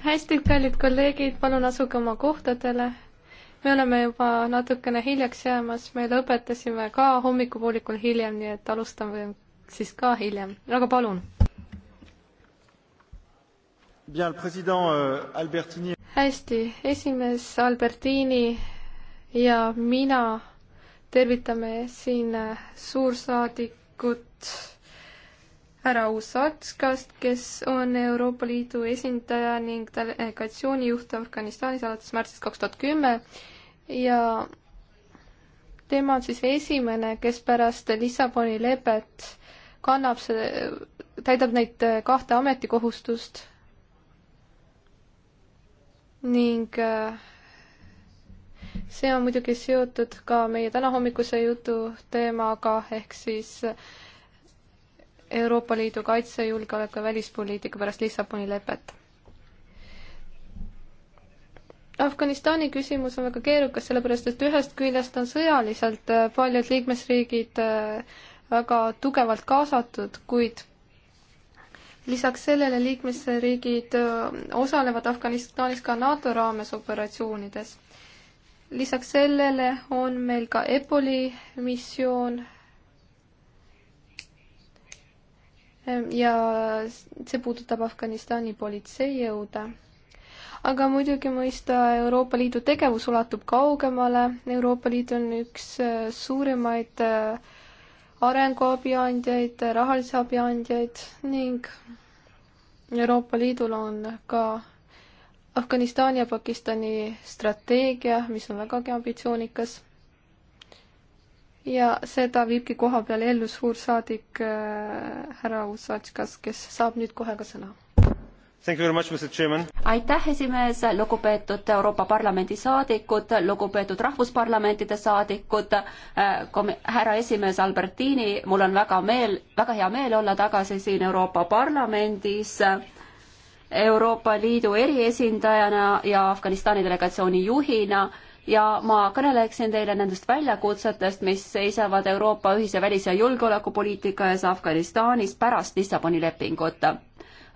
hästi, kallid kolleegid, palun asuge oma kohtadele. me oleme juba natukene hiljaks jäämas, me lõpetasime ka hommikupoolikul hiljem, nii et alustame siis ka hiljem, aga palun Bien, euh, Albertini... hästi, esimees Albertini ja mina tervitame siin suursaadikut härra Usatskast, kes on Euroopa Liidu esindaja ning delegatsiooni juht Afganistanis alates märtsist kaks tuhat kümme ja tema on siis esimene, kes pärast Lissaboni lepet kannab see, täidab neid kahte ametikohustust ning äh, see on muidugi seotud ka meie tänahommikuse jutu teemaga, ehk siis äh, Euroopa Liidu kaitse, julgeoleku ja välispoliitika pärast Lissaboni lepet. Afganistani küsimus on väga keerukas, sellepärast et ühest küljest on sõjaliselt äh, paljud liikmesriigid äh, väga tugevalt kaasatud, kuid lisaks sellele liikmesriigid äh, osalevad Afganistanis ka NATO raames operatsioonides. lisaks sellele on meil ka EPOLi missioon ja see puudutab Afganistani politseijõude. aga muidugi mõista Euroopa Liidu tegevus ulatub kaugemale, Euroopa Liit on üks äh, suurimaid äh, arenguabi andjaid, rahalise abi andjaid ning Euroopa Liidul on ka Afganistani ja Pakistani strateegia, mis on vägagi ambitsioonikas ja seda viibki koha peal ellu suursaadik äh, härra Usatskas, kes saab nüüd kohe ka sõna. aitäh, esimees, lugupeetud Euroopa Parlamendi saadikud, lugupeetud rahvusparlamentide saadikud, äh, härra esimees Albertini, mul on väga meel, väga hea meel olla tagasi siin Euroopa Parlamendis Euroopa Liidu eriesindajana ja Afganistani delegatsiooni juhina ja ma kõneleksin teile nendest väljakutsetest, mis seisavad Euroopa ühise välis- ja julgeolekupoliitika ees Afganistanis pärast Lissaboni lepingut.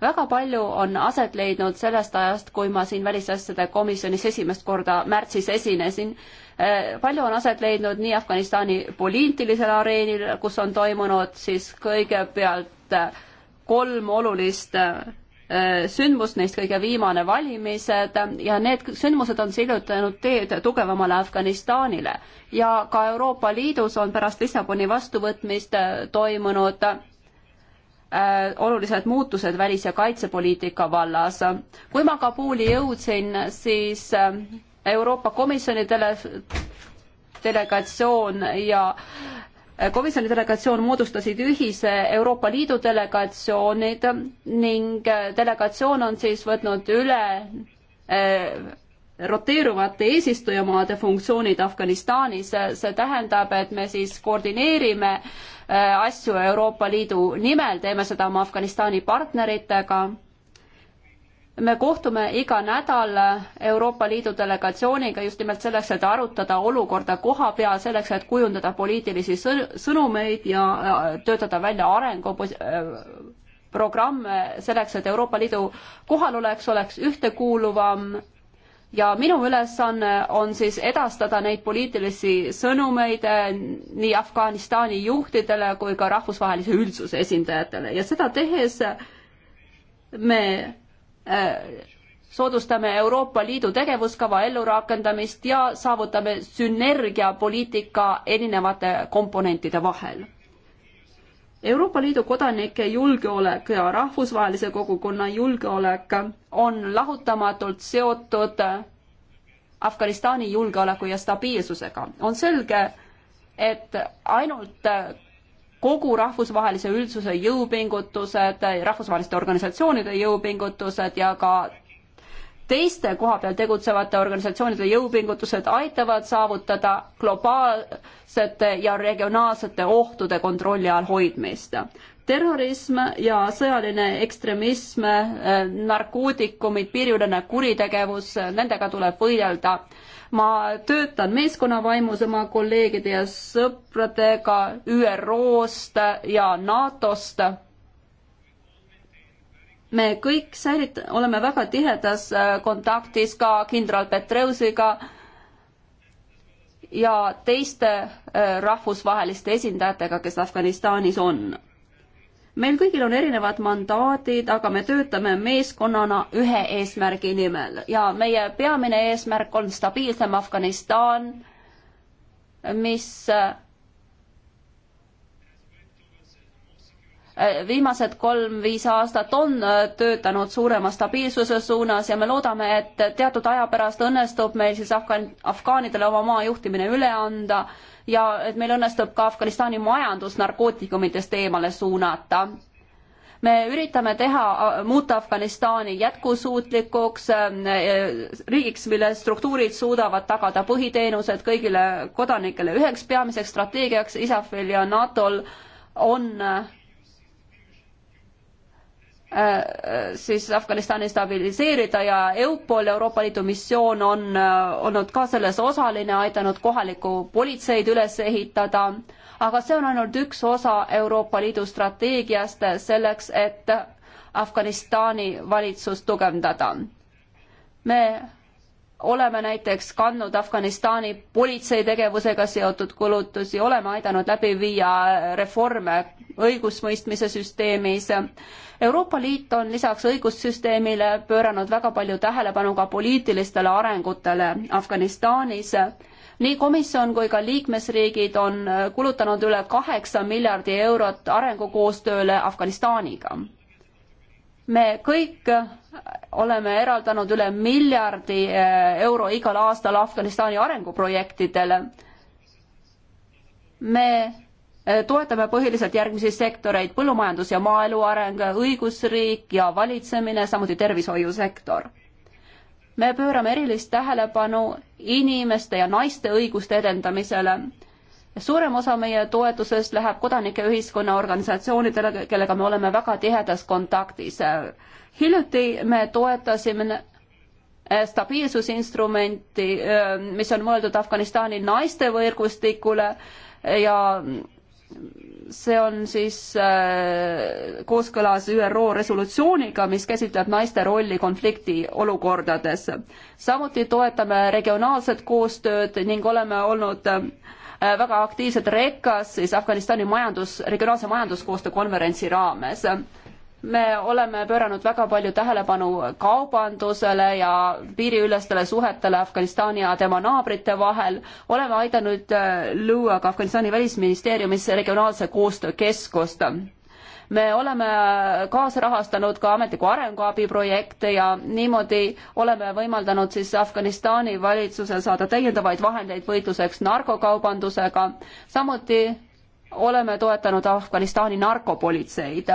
väga palju on aset leidnud sellest ajast, kui ma siin välisasjade komisjonis esimest korda märtsis esinesin. Eh, palju on aset leidnud nii Afganistani poliitilisel areenil, kus on toimunud siis kõigepealt kolm olulist eh, Äh, sündmust, neist kõige viimane valimised ja need sündmused on sillutanud teed tugevamale Afganistanile. ja ka Euroopa Liidus on pärast Lissaboni vastuvõtmist äh, toimunud äh, olulised muutused välis- ja kaitsepoliitika vallas. kui ma Kabuli jõudsin, siis Euroopa Komisjoni tele, delegatsioon ja äh, Äh, komisjoni delegatsioon moodustasid ühise Euroopa Liidu delegatsioonid ning äh, delegatsioon on siis võtnud üle äh, roteeruvate eesistujamaade funktsioonid Afganistanis, see tähendab, et me siis koordineerime asju Euroopa Liidu nimel, teeme seda oma Afganistani partneritega me kohtume iga nädal Euroopa Liidu delegatsiooniga just nimelt selleks, et arutada olukorda koha peal, selleks, et kujundada poliitilisi sõnumeid ja töötada välja arenguprogramme selleks, et Euroopa Liidu kohalolek oleks ühtekuuluvam. ja minu ülesanne on, on siis edastada neid poliitilisi sõnumeid eh, nii Afganistani juhtidele kui ka rahvusvahelise üldsuse esindajatele ja seda tehes me Äh, soodustame Euroopa Liidu tegevuskava ellurakendamist ja saavutame sünergia poliitika erinevate komponentide vahel. Euroopa Liidu kodanike julgeolek ja rahvusvahelise kogukonna julgeolek on lahutamatult seotud Afganistani julgeoleku ja stabiilsusega. on selge, et ainult kogu rahvusvahelise üldsuse jõupingutused, rahvusvaheliste organisatsioonide jõupingutused ja ka teiste kohapeal tegutsevate organisatsioonide jõupingutused aitavad saavutada globaalsete ja regionaalsete ohtude kontrolli all hoidmist terrorism ja sõjaline ekstremism, äh, narkootikumid, piiriülene kuritegevus, nendega tuleb võidelda. ma töötan meeskonnavaimus oma kolleegide ja sõpradega ÜRO-st ja NATO-st. me kõik säilit-, oleme väga tihedas äh, kontaktis ka kindral Petreusiga ja teiste äh, rahvusvaheliste esindajatega, kes Afganistanis on meil kõigil on erinevad mandaadid, aga me töötame meeskonnana ühe eesmärgi nimel ja meie peamine eesmärk on stabiilsem Afganistan, mis Äh, viimased kolm-viis aastat on äh, töötanud suurema stabiilsuse suunas ja me loodame, et teatud aja pärast õnnestub meil siis Afgan-, afgaanidele oma maa juhtimine üle anda ja et meil õnnestub ka Afganistani majandus narkootikumitest eemale suunata. me üritame teha, muuta Afganistani jätkusuutlikuks äh, riigiks, mille struktuurid suudavad tagada põhiteenused kõigile kodanikele. üheks peamiseks strateegiaks ISAF-il ja NATO-l on Äh, siis Afganistani stabiliseerida ja EUPOL, Euroopa Liidu missioon, on äh, olnud ka selles osaline, aidanud kohalikku politseid üles ehitada, aga see on ainult üks osa Euroopa Liidu strateegiast selleks, et Afganistani valitsust tugevdada. me oleme näiteks kandnud Afganistani politsei tegevusega seotud kulutusi, oleme aidanud läbi viia reforme õigusmõistmise süsteemis. Euroopa Liit on lisaks õigussüsteemile pööranud väga palju tähelepanu ka poliitilistele arengutele Afganistanis nii komisjon kui ka liikmesriigid on kulutanud üle kaheksa miljardi eurot arengukoostööle Afganistaniga me kõik oleme eraldanud üle miljardi eh, euro igal aastal Afganistani arenguprojektidele. me eh, toetame põhiliselt järgmisi sektoreid, põllumajandus ja maaelu areng, õigusriik ja valitsemine, samuti tervishoiusektor. me pöörame erilist tähelepanu inimeste ja naiste õiguste edendamisele suurem osa meie toetusest läheb kodanike ühiskonna organisatsioonidele, kellega me oleme väga tihedas kontaktis. hiljuti me toetasime stabiilsusinstrumenti, mis on mõeldud Afganistani naistevõrgustikule ja see on siis äh, kooskõlas ÜRO resolutsiooniga, mis käsitleb naiste rolli konfliktiolukordades. samuti toetame regionaalset koostööd ning oleme olnud äh, Äh, väga aktiivselt Rekas siis Afganistani majandus, regionaalse majanduskoostöö konverentsi raames. me oleme pööranud väga palju tähelepanu kaubandusele ja piiriülestele suhetele Afganistani ja tema naabrite vahel. oleme aidanud äh, luua ka Afganistani välisministeeriumis regionaalse koostöökeskust me oleme kaasrahastanud ka ametliku arenguabi projekte ja niimoodi oleme võimaldanud siis Afganistani valitsusel saada täiendavaid vahendeid võitluseks narkokaubandusega. samuti oleme toetanud Afganistani narkopolitseid.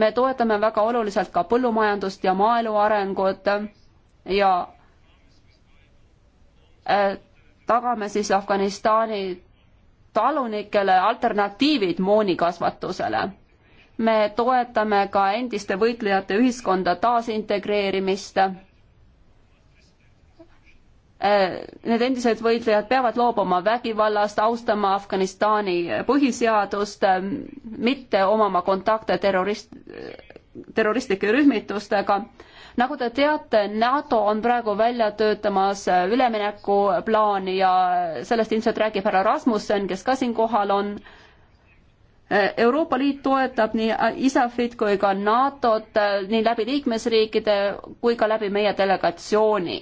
me toetame väga oluliselt ka põllumajandust ja maaelu arengut ja äh, tagame siis Afganistani talunikele alternatiivid moonikasvatusele. me toetame ka endiste võitlejate ühiskonda taasintegreerimist. Äh, need endised võitlejad peavad loobuma vägivallast, austama Afganistani põhiseadust, äh, mitte omama kontakte terrorist, terroristlike rühmitustega nagu te teate, NATO on praegu välja töötamas üleminekuplaani ja sellest ilmselt räägib härra Rasmussen, kes ka siin kohal on. Euroopa Liit toetab nii ISAF-it kui ka NATO-t nii läbi liikmesriikide kui ka läbi meie delegatsiooni.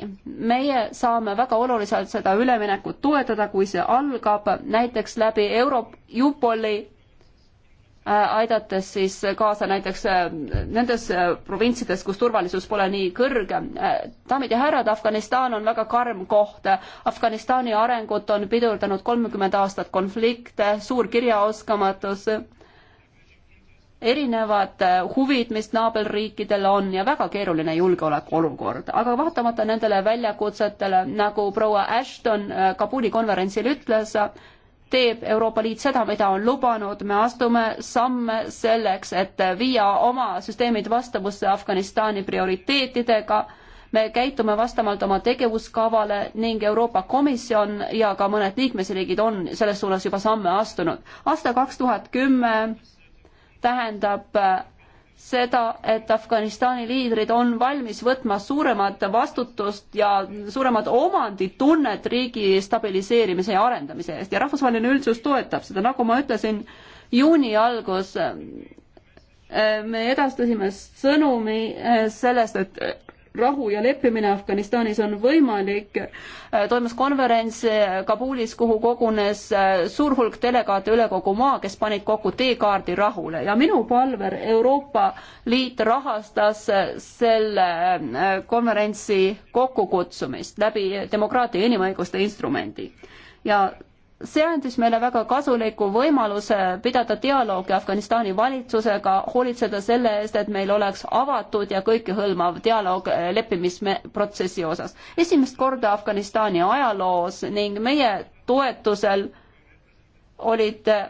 meie saame väga oluliselt seda üleminekut toetada, kui see algab näiteks läbi Euro-, Jupoli Äh, aidates siis kaasa näiteks äh, nendes äh, provintsides, kus turvalisus pole nii kõrge. daamid ja härrad, Afganistan on väga karm koht. Afganistani arengut on pidurdanud kolmkümmend aastat konflikte, suur kirjaoskamatus, erinevad huvid, mis naaberriikidel on ja väga keeruline julgeolekuolukord. aga vaatamata nendele väljakutsetele, nagu proua Ashton Kabuli konverentsil ütles, teeb Euroopa Liit seda, mida on lubanud, me astume samme selleks, et viia oma süsteemid vastavusse Afganistani prioriteetidega, me käitume vastavalt oma tegevuskavale ning Euroopa Komisjon ja ka mõned liikmesriigid on selles suunas juba samme astunud. aasta kaks tuhat kümme tähendab seda, et Afganistani liidrid on valmis võtma suuremat vastutust ja suuremat omanditunnet riigi stabiliseerimise ja arendamise eest ja rahvusvaheline üldsus toetab seda, nagu ma ütlesin, juuni algus äh, me edastasime sõnumi äh, sellest, et rahu ja leppimine Afganistanis on võimalik. Äh, toimus konverents äh, Kabulis, kuhu kogunes äh, suur hulk delegaate üle kogu maa, kes panid kokku teekaardi rahule ja minu palvel Euroopa Liit rahastas selle konverentsi kokkukutsumist läbi demokraatia ja inimõiguste instrumendi ja see andis meile väga kasuliku võimaluse pidada dialoogi Afganistani valitsusega, hoolitseda selle eest, et meil oleks avatud ja kõikehõlmav dialoog eh, leppimisprotsessi osas. esimest korda Afganistani ajaloos ning meie toetusel olid eh,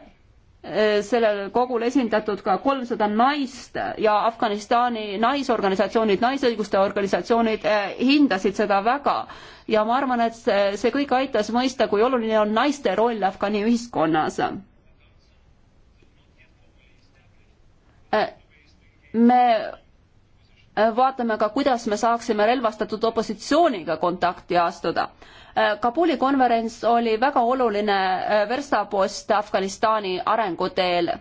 Äh, sellel kogul esindatud ka kolmsada naist ja Afganistani naisorganisatsioonid, naisõiguste organisatsioonid äh, hindasid seda väga. ja ma arvan, et see, see kõik aitas mõista, kui oluline on naiste roll Afgani ühiskonnas. Äh, me vaatame ka, kuidas me saaksime relvastatud opositsiooniga kontakti astuda Äh, Kabuli konverents oli väga oluline äh, verstapost Afganistani arenguteel. Äh,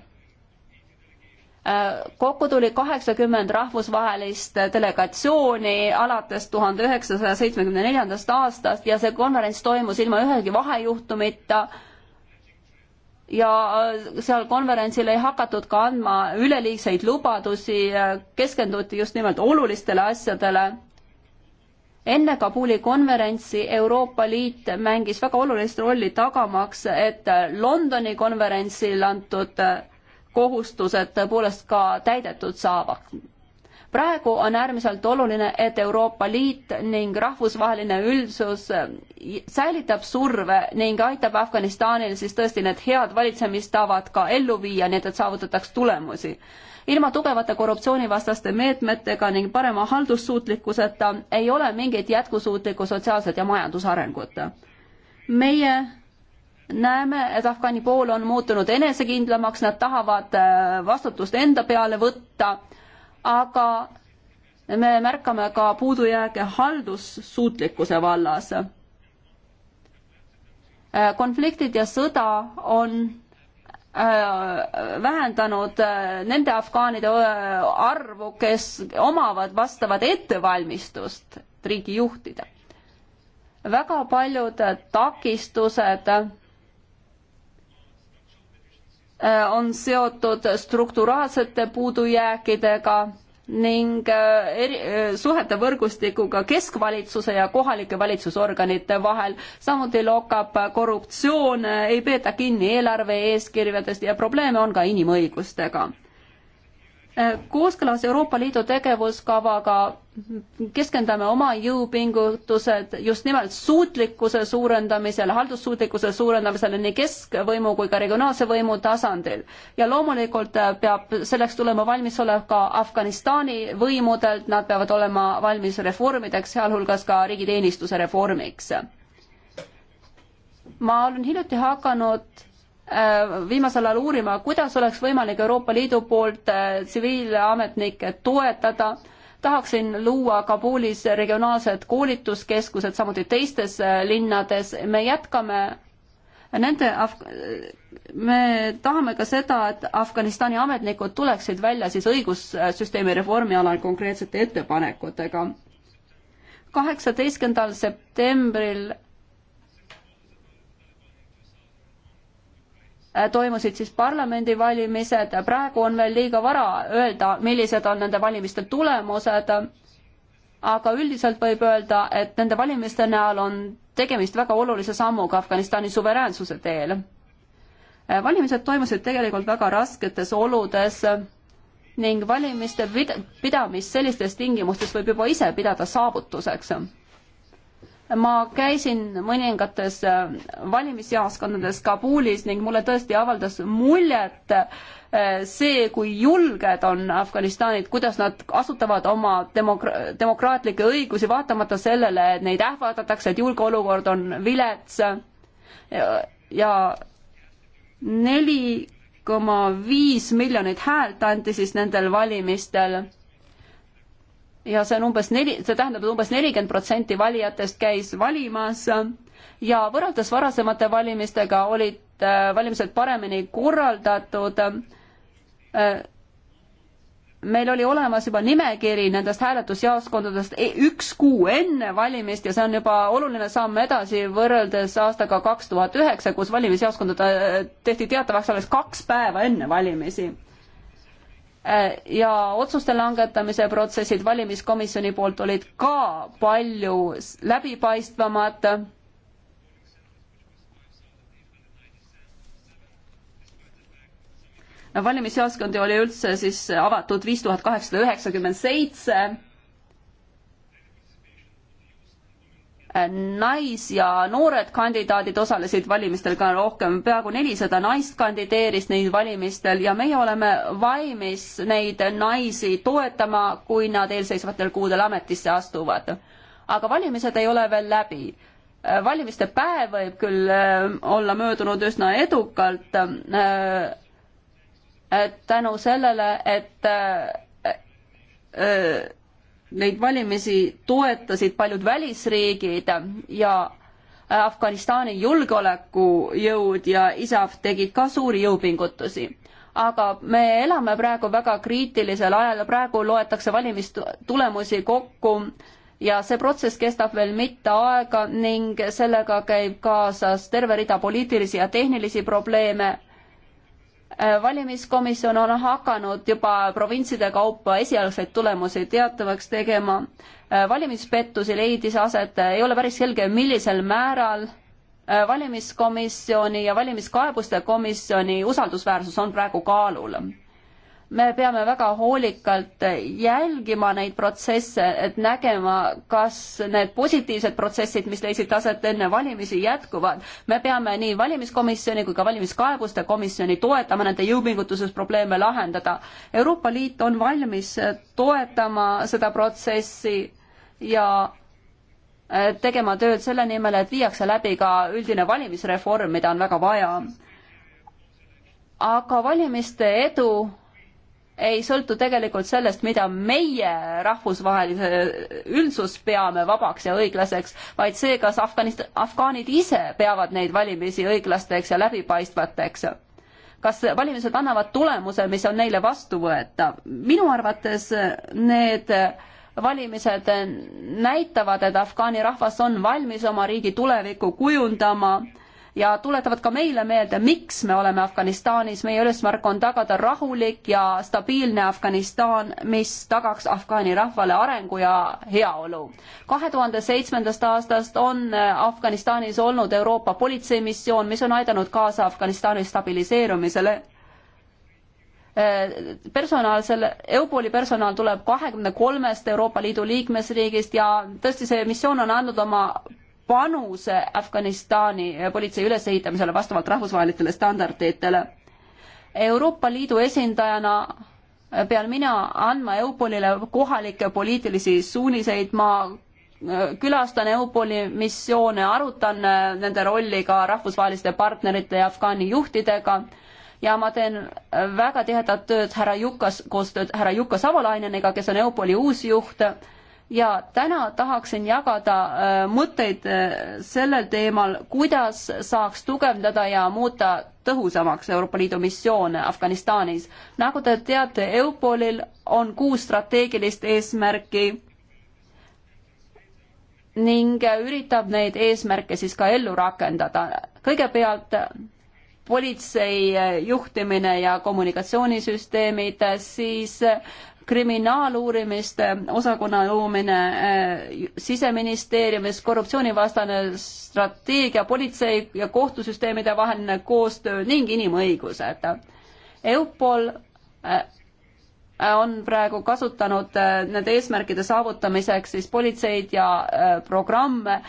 kokku tuli kaheksakümmend rahvusvahelist delegatsiooni alates tuhande üheksasaja seitsmekümne neljandast aastast ja see konverents toimus ilma ühegi vahejuhtumita ja seal konverentsil ei hakatud ka andma üleliigseid lubadusi, keskenduti just nimelt olulistele asjadele enne Kabuli konverentsi Euroopa Liit mängis väga olulist rolli tagamaks, et Londoni konverentsil antud kohustused tõepoolest ka täidetud saavad praegu on äärmiselt oluline, et Euroopa Liit ning rahvusvaheline üldsus äh, säilitab surve ning aitab Afganistanil siis tõesti need head valitsemistavad ka ellu viia, nii et, et saavutataks tulemusi. ilma tugevate korruptsioonivastaste meetmetega ning parema haldussuutlikkuseta ei ole mingit jätkusuutlikku sotsiaalset ja majandusarengut. meie näeme, et Afgani pool on muutunud enesekindlamaks, nad tahavad äh, vastutust enda peale võtta aga me märkame ka puudujääke haldussuutlikkuse vallas. konfliktid ja sõda on äh, vähendanud äh, nende afgaanide äh, arvu, kes omavad vastavat ettevalmistust riigi juhtida. väga paljud takistused Äh, on seotud strukturaalsete puudujääkidega ning äh, eri, äh, suhete võrgustikuga keskvalitsuse ja kohalike valitsusorganite vahel. samuti lokkab korruptsioon, ei peeta kinni eelarve eeskirjadest ja probleeme on ka inimõigustega kooskõlas Euroopa Liidu tegevuskavaga keskendame oma jõupingutused just nimelt suutlikkuse suurendamisele, haldussuutlikkuse suurendamisele nii keskvõimu kui ka regionaalse võimu tasandil. ja loomulikult peab selleks tulema valmisolek ka Afganistani võimudelt, nad peavad olema valmis reformideks, sealhulgas ka riigiteenistuse reformiks. ma olen hiljuti hakanud Äh, viimasel ajal uurima, kuidas oleks võimalik Euroopa Liidu poolt äh, tsiviilametnikke toetada, tahaksin luua Kabulis regionaalsed koolituskeskused, samuti teistes äh, linnades, me jätkame nende Af-, me tahame ka seda, et Afganistani ametnikud tuleksid välja siis õigussüsteemi reformi alal konkreetsete ettepanekutega. kaheksateistkümnendal septembril Äh, toimusid siis parlamendivalimised, praegu on veel liiga vara öelda, millised on nende valimiste tulemused, aga üldiselt võib öelda, et nende valimiste näol on tegemist väga olulise sammuga Afganistani suveräänsuse teel. Äh, valimised toimusid tegelikult väga rasketes oludes ning valimiste pidamist sellistes tingimustes võib juba ise pidada saavutuseks ma käisin mõningates äh, valimisjaoskondades Kabulis ning mulle tõesti avaldas muljet äh, see, kui julged on Afganistanid, kuidas nad kasutavad oma demokra-, demokraatlikke õigusi, vaatamata sellele, et neid ähvardatakse, et julgeolukord on vilets ja neli koma viis miljonit häält anti siis nendel valimistel ja see on umbes neli, see tähendab, et umbes nelikümmend protsenti valijatest käis valimas ja võrreldes varasemate valimistega olid äh, valimised paremini korraldatud. Äh, meil oli olemas juba nimekiri nendest hääletusjaoskondadest e, üks kuu enne valimist ja see on juba oluline samm edasi võrreldes aastaga kaks tuhat üheksa, kus valimisjaoskondade äh, tehti teatavaks alles kaks päeva enne valimisi Äh, ja otsuste langetamise protsessid valimiskomisjoni poolt olid ka palju läbipaistvamad. valimisjaoskondi oli üldse siis avatud viis tuhat kaheksasada üheksakümmend seitse nais- ja noored kandidaadid osalesid valimistel ka rohkem, peaaegu nelisada naist kandideeris neil valimistel ja meie oleme valmis neid naisi toetama, kui nad eelseisvatel kuudel ametisse astuvad. aga valimised ei ole veel läbi. valimiste päev võib küll äh, olla möödunud üsna edukalt, äh, äh, tänu sellele, et neid valimisi toetasid paljud välisriigid ja äh, Afganistani julgeolekujõud ja ISAF tegid ka suuri jõupingutusi. aga me elame praegu väga kriitilisel ajal ja praegu loetakse valimistulemusi kokku ja see protsess kestab veel mitte aega ning sellega käib kaasas terve rida poliitilisi ja tehnilisi probleeme Äh, valimiskomisjon on hakanud juba provintside kaupa esialgseid tulemusi teatavaks tegema. Äh, valimispettusi leidis aset, äh, ei ole päris selge, millisel määral valimiskomisjoni ja valimiskaebuste komisjoni usaldusväärsus on praegu kaalul me peame väga hoolikalt jälgima neid protsesse, et nägema, kas need positiivsed protsessid, mis leidsid aset enne valimisi, jätkuvad. me peame nii valimiskomisjoni kui ka valimiskaebuste komisjoni toetama nende jõupingutuses probleeme lahendada. Euroopa Liit on valmis toetama seda protsessi ja e, tegema tööd selle nimel, et viiakse läbi ka üldine valimisreform, mida on väga vaja. aga valimiste edu ei sõltu tegelikult sellest, mida meie rahvusvahelise üldsus peame vabaks ja õiglaseks, vaid see, kas Afganist-, afgaanid ise peavad neid valimisi õiglasteks ja läbipaistvateks. kas valimised annavad tulemuse, mis on neile vastuvõetav? minu arvates need valimised näitavad, et afgaani rahvas on valmis oma riigi tulevikku kujundama ja tuletavad ka meile meelde, miks me oleme Afganistanis. meie ülesmärk on tagada rahulik ja stabiilne Afganistan, mis tagaks Afgaani rahvale arengu ja heaolu. kahe tuhande seitsmendast aastast on Afganistanis olnud Euroopa politseimissioon, mis on aidanud kaasa Afganistani stabiliseerumisele personal, selle EUPOL-i personal tuleb kahekümne kolmest Euroopa Liidu liikmesriigist ja tõesti, see missioon on andnud oma panuse Afganistani politsei ülesehitamisele vastavalt rahvusvahelistele standarditele. Euroopa Liidu esindajana pean mina andma EUPOLile kohalikke poliitilisi suuniseid, ma äh, külastan EUPOLi missioone, arutan äh, nende rolli ka rahvusvaheliste partnerite ja Afgaani juhtidega ja ma teen äh, väga tihedat tööd härra Jukas, koostööd härra Jukas Avalaineniga, kes on EUPOLi uus juht ja täna tahaksin jagada äh, mõtteid äh, sellel teemal, kuidas saaks tugevdada ja muuta tõhusamaks Euroopa Liidu missioone Afganistanis. nagu te teate, EUPOL-il on kuus strateegilist eesmärki ning üritab neid eesmärke siis ka ellu rakendada. kõigepealt politsei juhtimine ja kommunikatsioonisüsteemid, siis kriminaaluurimiste osakonna loomine äh, siseministeeriumis, korruptsioonivastane strateegia, politsei ja kohtusüsteemide vaheline koostöö ning inimõigused. EUPOL äh, on praegu kasutanud äh, nende eesmärkide saavutamiseks siis politseid ja programme,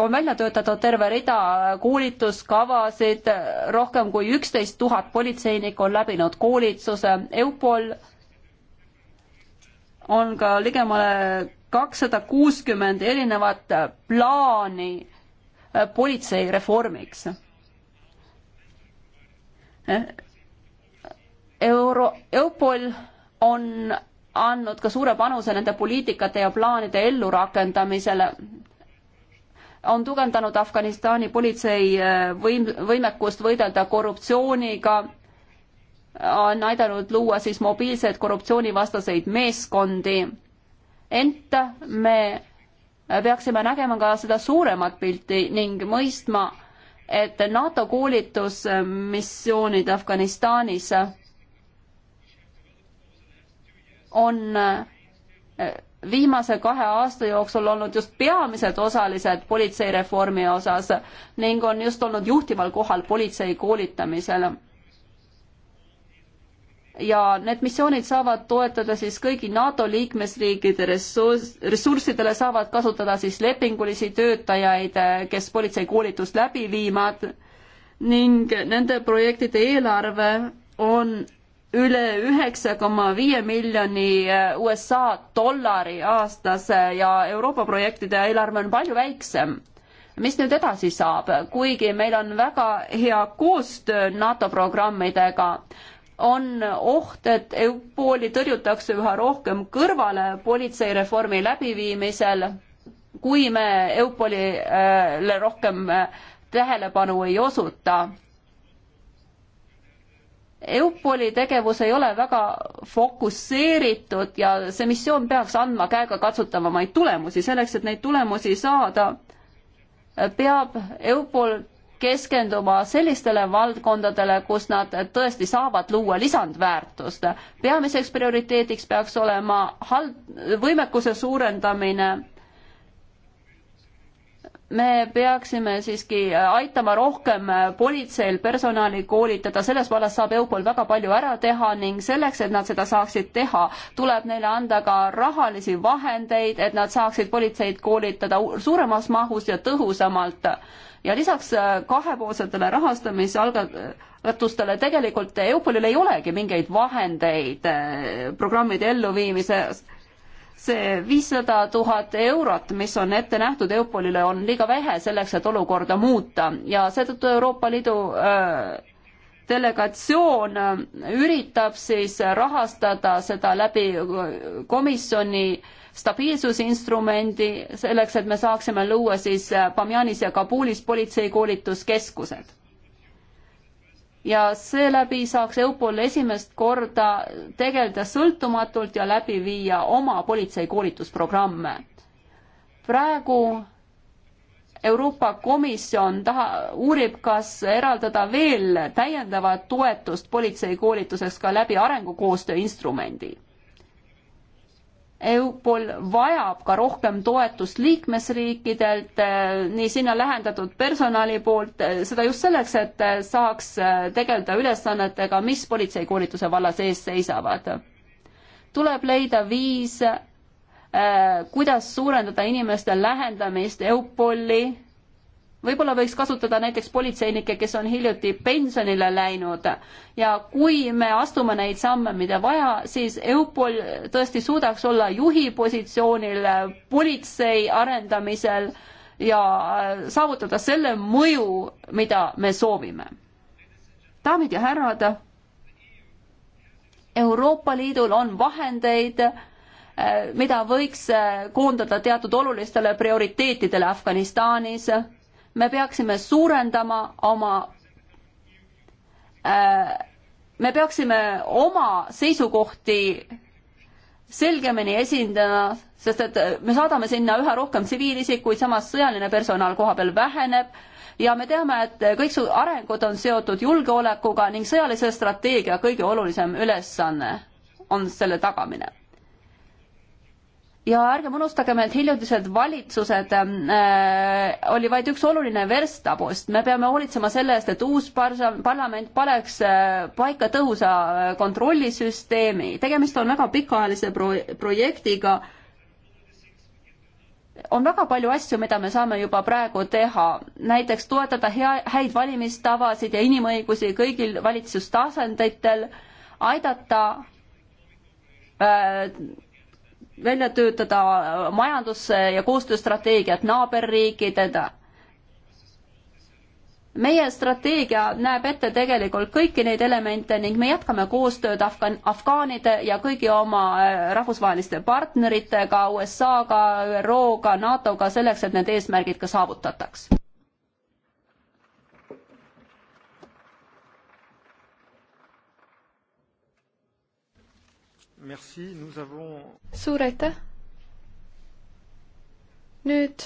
on välja töötatud terve rida koolituskavasid, rohkem kui üksteist tuhat politseinikku on läbinud koolituse, EUPOL on ka ligemale kakssada kuuskümmend erinevat plaani äh, politsei reformiks. Äh, Euro, Eupol on andnud ka suure panuse nende poliitikate ja plaanide ellurakendamisele, on tugevdanud Afganistani politsei äh, võim-, võimekust võidelda korruptsiooniga on aidanud luua siis mobiilseid korruptsioonivastaseid meeskondi. ent me peaksime nägema ka seda suuremat pilti ning mõistma, et NATO koolitusmissioonid Afganistanis on viimase kahe aasta jooksul olnud just peamised osalised politseireformi osas ning on just olnud juhtival kohal politsei koolitamisel ja need missioonid saavad toetada siis kõigi NATO liikmesriikide ressurss, ressurssidele saavad kasutada siis lepingulisi töötajaid, kes politseikoolitust läbi viivad ning nende projektide eelarve on üle üheksa koma viie miljoni eh, USA dollari aastas eh, ja Euroopa projektide eelarve on palju väiksem mis nüüd edasi saab, kuigi meil on väga hea koostöö NATO programmidega, on oht, et EUPOL-i tõrjutakse üha rohkem kõrvale politseireformi läbiviimisel, kui me EUPOL-ile rohkem äh, tähelepanu ei osuta. EUPOL-i tegevus ei ole väga fokusseeritud ja see missioon peaks andma käegakatsutavamaid tulemusi, selleks et neid tulemusi saada, peab EUPOL keskenduma sellistele valdkondadele, kus nad tõesti saavad luua lisandväärtust. peamiseks prioriteediks peaks olema hald-, võimekuse suurendamine. me peaksime siiski aitama rohkem politseil personali koolitada, selles vallas saab EUPOL väga palju ära teha ning selleks, et nad seda saaksid teha, tuleb neile anda ka rahalisi vahendeid, et nad saaksid politseid koolitada suuremas mahus ja tõhusamalt ja lisaks äh, kahepoolsetele rahastamisalgatustele tegelikult EUPOL-il ei olegi mingeid vahendeid äh, programmide elluviimises. see viissada tuhat eurot, mis on ette nähtud EUPOL-ile, on liiga vähe selleks, et olukorda muuta ja seetõttu Euroopa Liidu äh, delegatsioon üritab siis rahastada seda läbi komisjoni äh, stabiilsusinstrumendi selleks, et me saaksime luua siis Bamjanis äh, ja Kabulis politseikoolituskeskused. ja seeläbi saaks EUPOL esimest korda tegeleda sõltumatult ja läbi viia oma politseikoolitusprogramme. praegu Euroopa Komisjon taha, uurib, kas eraldada veel täiendavat toetust politseikoolituseks ka läbi arengukoostöö instrumendi. EUPOL vajab ka rohkem toetust liikmesriikidelt, eh, nii sinna lähendatud personali poolt, eh, seda just selleks, et eh, saaks tegeleda ülesannetega, mis politseikoolituse vallas ees seisavad. tuleb leida viis, kuidas suurendada inimeste lähendamist EUPOL-i võib-olla võiks kasutada näiteks politseinikke, kes on hiljuti pensionile läinud ja kui me astume neid samme, mida vaja, siis EUPOL tõesti suudaks olla juhi positsioonil politsei arendamisel ja äh, saavutada selle mõju, mida me soovime. daamid ja härrad, Euroopa Liidul on vahendeid, äh, mida võiks äh, koondada teatud olulistele prioriteetidele Afganistanis me peaksime suurendama oma äh, me peaksime oma seisukohti selgemini esindama, sest et äh, me saadame sinna üha rohkem tsiviilisikuid, samas sõjaline personal koha peal väheneb ja me teame, et äh, kõik su arengud on seotud julgeolekuga ning sõjalise strateegia kõige olulisem ülesanne on selle tagamine ja ärgem unustagem, et hiljutised valitsused äh, oli vaid üks oluline verstapost. me peame hoolitsema selle eest, et uus par-, parlament paneks äh, paika tõhusa äh, kontrollisüsteemi. tegemist on väga pikaajalise pro-, projektiga. on väga palju asju, mida me saame juba praegu teha. näiteks toetada hea, häid valimistavasid ja inimõigusi kõigil valitsustasanditel, aidata äh, välja töötada majandus- ja koostööstrateegiat naaberriikidega. meie strateegia näeb ette tegelikult kõiki neid elemente ning me jätkame koostööd Afgan-, afgaanide ja kõigi oma äh, rahvusvaheliste partneritega, USA-ga, ÜRO-ga, NATO-ga selleks, et need eesmärgid ka saavutataks. Merci, nous avons suur aitäh! nüüd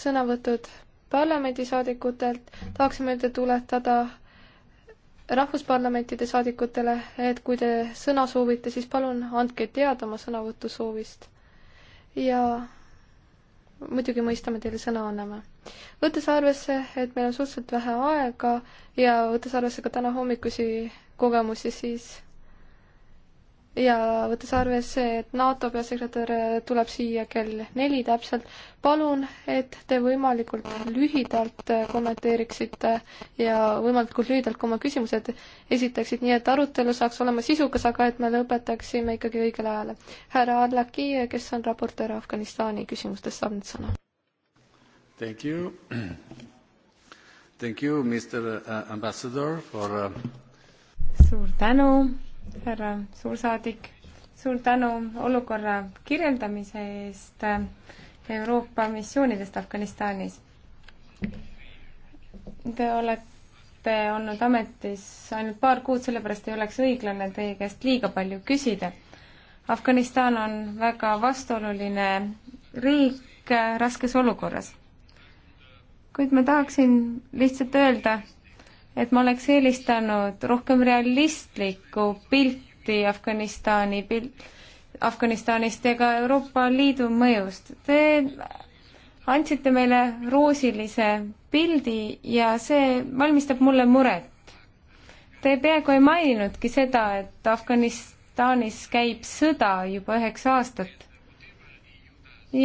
sõnavõtud parlamendisaadikutelt, tahaksime meelde tuletada rahvusparlamentide saadikutele, et kui te sõna soovite, siis palun andke teada oma sõnavõtusoovist. ja muidugi mõistame, teile sõna anname. võttes arvesse, et meil on suhteliselt vähe aega ja võttes arvesse ka täna hommikusi kogemusi, siis ja võttes arvesse, et NATO peasekretär tuleb siia kell neli täpselt, palun, et te võimalikult lühidalt kommenteeriksite ja võimalikult lühidalt ka oma küsimused esitaksid, nii et arutelu saaks olema sisukas, aga et me lõpetaksime ikkagi õigel ajal. härra Adlaki, kes on raportöör Afganistani küsimustes, saab nüüd sõna. Thank you. Thank you, Mr uh, Ambassador for uh, suur tänu härra suursaadik, suur tänu olukorra kirjeldamise eest äh, Euroopa missioonidest Afganistanis. Te olete olnud ametis ainult paar kuud, sellepärast ei oleks õiglane teie käest liiga palju küsida. Afganistan on väga vastuoluline riik äh, raskes olukorras. kuid ma tahaksin lihtsalt öelda, et ma oleks eelistanud rohkem realistlikku pilti Afganistani pil-, Afganistanist ja ka Euroopa Liidu mõjust. Te andsite meile roosilise pildi ja see valmistab mulle muret. Te peaaegu ei maininudki seda, et Afganistanis käib sõda juba üheksa aastat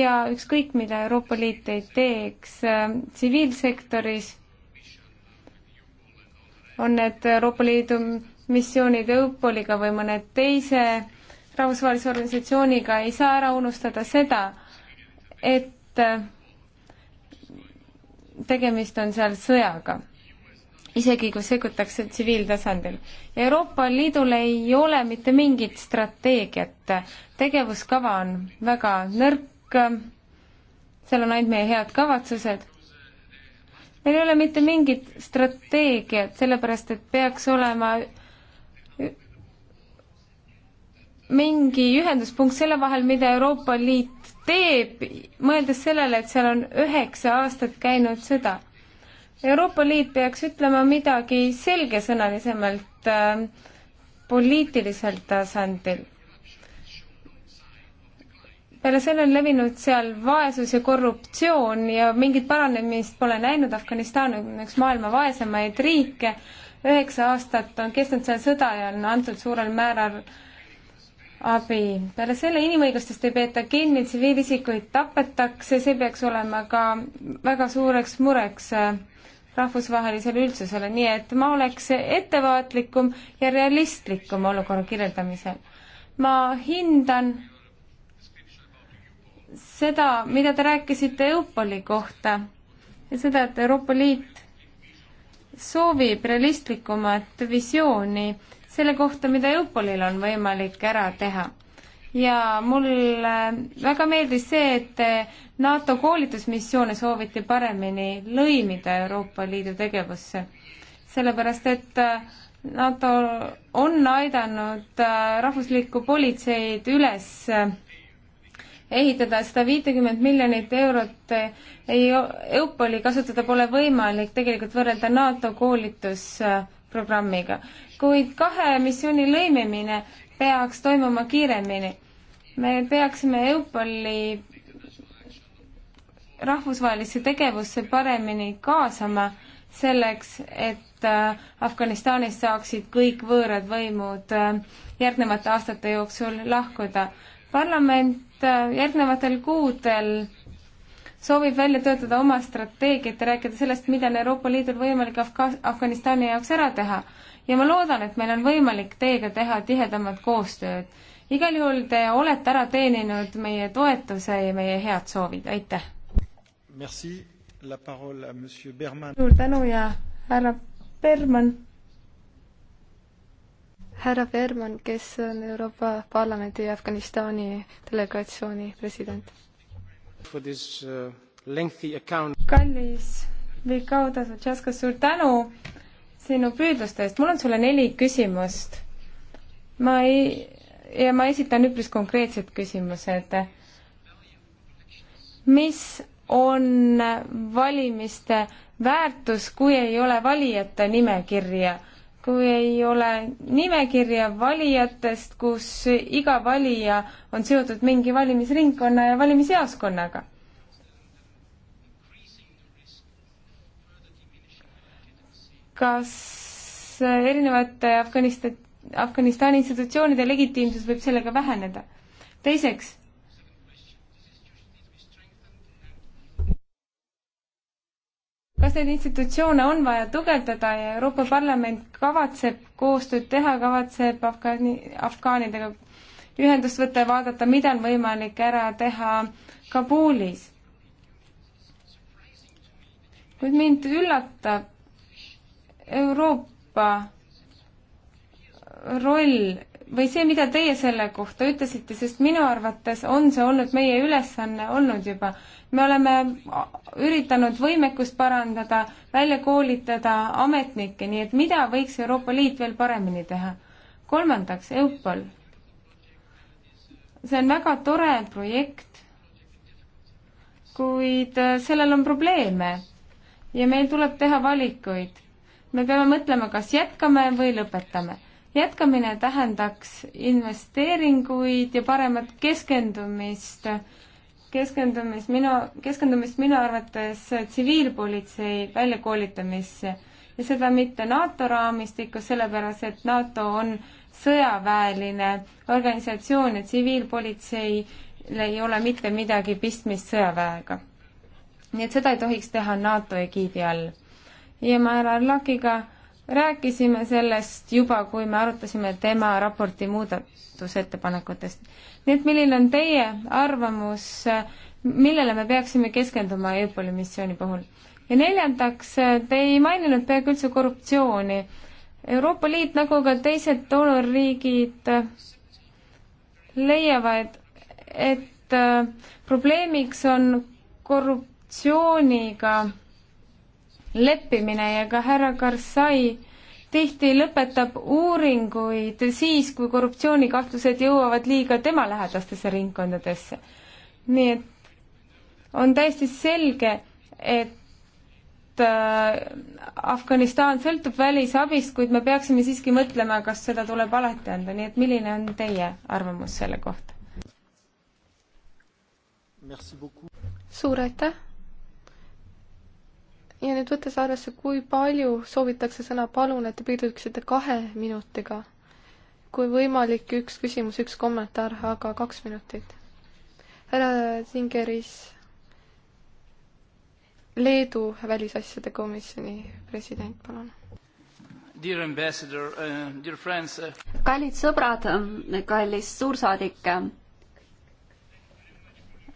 ja ükskõik, mida Euroopa Liit ei teeks äh, tsiviilsektoris on need Euroopa Liidu missioonid Eupoliga või mõne teise rahvusvahelise organisatsiooniga, ei saa ära unustada seda, et tegemist on seal sõjaga, isegi kui sekkutakse tsiviiltasandil. Euroopa Liidul ei ole mitte mingit strateegiat, tegevuskava on väga nõrk, seal on ainult meie head kavatsused meil ei ole mitte mingit strateegiat, sellepärast et peaks olema mingi ühenduspunkt selle vahel, mida Euroopa Liit teeb, mõeldes sellele, et seal on üheksa aastat käinud sõda. Euroopa Liit peaks ütlema midagi selgesõnalisemalt äh, poliitilisel tasandil peale selle on levinud seal vaesus ja korruptsioon ja mingit paranemist pole näinud, Afganistan on üks maailma vaesemaid riike, üheksa aastat on kestnud seal sõda ja on antud suurel määral abi. peale selle inimõigustest ei peeta kinni, tsiviilisikuid tapetakse, see peaks olema ka väga suureks mureks äh, rahvusvahelisele üldsusele, nii et ma oleks ettevaatlikum ja realistlikum olukorra kirjeldamisel. ma hindan seda, mida te rääkisite Eupoli kohta ja seda, et Euroopa Liit soovib realistlikumat visiooni selle kohta, mida Eupolil on võimalik ära teha. ja mulle väga meeldis see, et NATO koolitusmissioone sooviti paremini lõimida Euroopa Liidu tegevusse. sellepärast, et NATO on aidanud rahvuslikku politseid üles ehitada, sada viitekümmet miljonit eurot ei, EUPOL-i kasutada pole võimalik tegelikult võrrelda NATO koolitusprogrammiga. kuid kahe missiooni lõimimine peaks toimuma kiiremini. me peaksime EUPOL-i rahvusvahelisse tegevusse paremini kaasama selleks, et äh, Afganistanis saaksid kõik võõrad võimud äh, järgnevate aastate jooksul lahkuda. parlament Liit äh, järgnevatel kuudel soovib välja töötada oma strateegiat ja rääkida sellest, mida on Euroopa Liidul võimalik Afga-, Afganistani jaoks ära teha. ja ma loodan, et meil on võimalik teiega teha tihedamat koostööd. igal juhul te olete ära teeninud meie toetuse ja meie head soovid, aitäh! suur tänu ja härra Berman! härra Berman, kes on Euroopa Parlamendi Afganistani delegatsiooni president. Uh, kallis Vikao Tasutšaskas, suur tänu sinu püüdluste eest. mul on sulle neli küsimust. ma ei, ja ma esitan üpris konkreetsed küsimused. mis on valimiste väärtus, kui ei ole valijate nimekirja? kui ei ole nimekirja valijatest, kus iga valija on seotud mingi valimisringkonna ja valimisjaoskonnaga. kas erinevate Afganistan, Afganistani institutsioonide legitiimsus võib sellega väheneda? teiseks kas neid institutsioone on vaja tugevdada ja Euroopa Parlament kavatseb koostööd teha, kavatseb Afgaani, afgaanidega ühendust võtta ja vaadata, mida on võimalik ära teha Kabulis. kuid mind üllatab Euroopa roll või see, mida teie selle kohta ütlesite, sest minu arvates on see olnud meie ülesanne olnud juba. me oleme üritanud võimekust parandada, välja koolitada ametnikke, nii et mida võiks Euroopa Liit veel paremini teha? kolmandaks, EUPOL. see on väga tore projekt, kuid äh, sellel on probleeme ja meil tuleb teha valikuid. me peame mõtlema, kas jätkame või lõpetame jätkamine tähendaks investeeringuid ja paremat keskendumist, keskendumist minu, keskendumist minu arvates tsiviilpolitsei väljakoolitamisse ja seda mitte NATO raamistikus, sellepärast et NATO on sõjaväeline organisatsioon ja tsiviilpolitseil ei ole mitte midagi pistmist sõjaväega. nii et seda ei tohiks teha NATO egiidi all. ja ma härra Lakiga rääkisime sellest juba, kui me arutasime tema raporti muudatusettepanekutest. nii et milline on teie arvamus, millele me peaksime keskenduma EUPOL-i missiooni puhul? ja neljandaks, te ei maininud peaaegu üldse korruptsiooni. Euroopa Liit nagu ka teised doonorriigid leiavad, et äh, probleemiks on korruptsiooniga leppimine ja ka härra Karzai tihti lõpetab uuringuid siis, kui korruptsioonikahtlused jõuavad liiga tema lähedastesse ringkondadesse. nii et on täiesti selge, et äh, Afganistan sõltub välisabist, kuid me peaksime siiski mõtlema, kas seda tuleb alati anda, nii et milline on teie arvamus selle kohta? suur aitäh! ja nüüd võttes arvesse, kui palju soovitakse sõna, palun, et te piirduksite kahe minutiga. kui võimalik, üks küsimus, üks kommentaar, aga kaks minutit. härra Zingeris, Leedu välisasjade komisjoni president, palun uh, uh, kallid sõbrad, kallis suursaadik,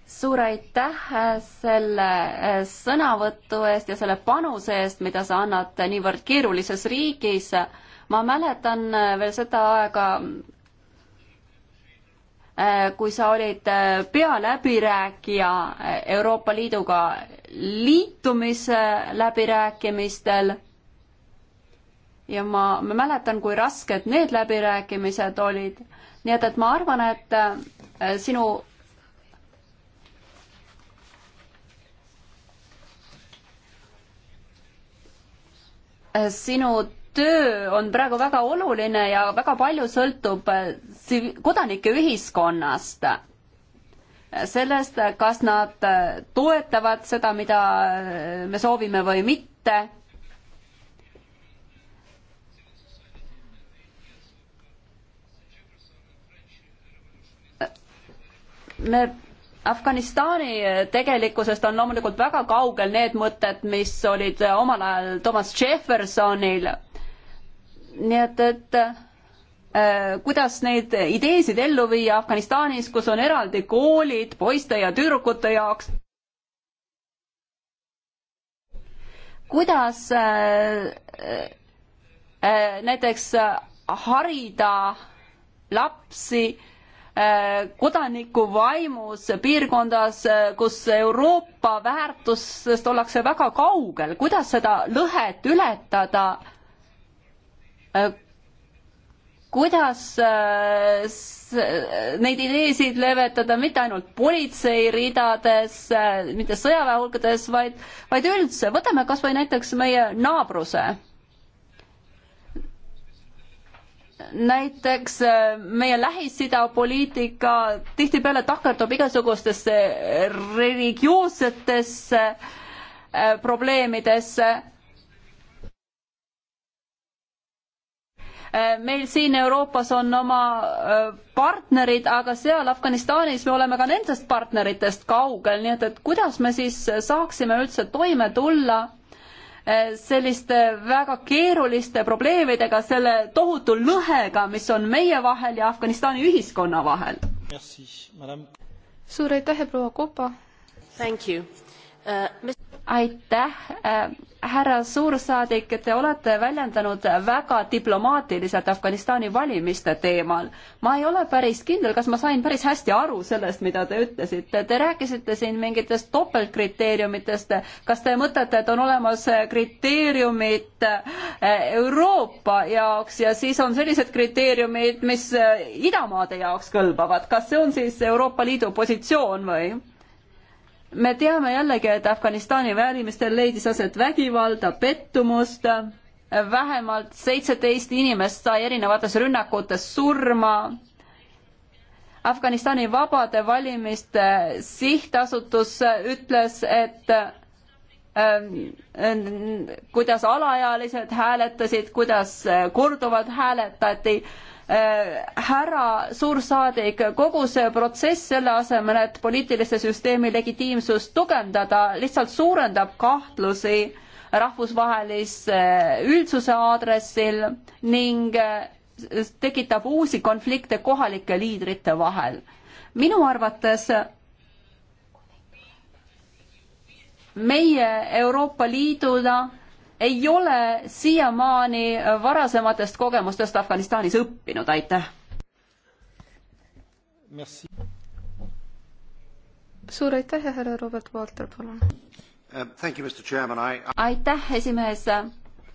suur aitäh äh, selle äh, sõnavõtu eest ja selle panuse eest, mida sa annad niivõrd keerulises riigis. ma mäletan äh, veel seda aega, kui sa olid pealäbirääkija Euroopa Liiduga liitumise läbirääkimistel ja ma, ma mäletan, kui rasked need läbirääkimised olid. nii et, et ma arvan, et sinu sinu töö on praegu väga oluline ja väga palju sõltub äh, kodanike ühiskonnast. sellest, kas nad äh, toetavad seda, mida äh, me soovime või mitte me Afganistani tegelikkusest on loomulikult väga kaugel need mõtted, mis olid omal ajal Thomas Jeffersonil. nii et, et äh, kuidas neid ideesid ellu viia Afganistanis, kus on eraldi koolid poiste ja tüdrukute jaoks. kuidas äh, äh, näiteks harida lapsi äh, Äh, kodaniku vaimus piirkondas, äh, kus Euroopa väärtustest ollakse väga kaugel, kuidas seda lõhet ületada? Äh, kuidas neid ideesid levetada mitte ainult politsei ridades, mitte sõjaväe hulkades, vaid, vaid üldse, võtame kas või näiteks meie naabruse näiteks äh, meie Lähis-Ida poliitika tihtipeale takerdub igasugustesse religioossetesse äh, probleemidesse äh, meil siin Euroopas on oma partnerid, aga seal Afganistanis me oleme ka nendest partneritest kaugel, nii et, et kuidas me siis saaksime üldse toime tulla Eh, selliste väga keeruliste probleemidega, selle tohutu lõhega, mis on meie vahel ja Afganistani ühiskonna vahel. suur aitäh ja proua Kopa! Uh, mis aitäh, äh, härra suursaadik, te olete väljendanud väga diplomaatiliselt Afganistani valimiste teemal. ma ei ole päris kindel, kas ma sain päris hästi aru sellest, mida te ütlesite. Te rääkisite siin mingitest topeltkriteeriumitest. kas te mõtlete, et on olemas kriteeriumid äh, Euroopa jaoks ja siis on sellised kriteeriumid, mis äh, idamaade jaoks kõlbavad? kas see on siis Euroopa Liidu positsioon või? me teame jällegi, et Afganistani väärimistel leidis aset vägivalda, pettumust, vähemalt seitseteist inimest sai erinevates rünnakutes surma. Afganistani Vabade Valimiste Sihtasutus ütles, et ähm, kuidas alaealised hääletasid, kuidas äh, korduvalt hääletati Äh, härra suursaadik, kogu see protsess selle asemel, et poliitilise süsteemi legitiimsust tugevdada, lihtsalt suurendab kahtlusi rahvusvahelise äh, üldsuse aadressil ning äh, tekitab uusi konflikte kohalike liidrite vahel. minu arvates meie Euroopa Liiduna ei ole siiamaani varasematest kogemustest Afganistanis õppinud, aitäh. suur aitäh ja härra Robert Walter, palun uh,. I... aitäh, esimees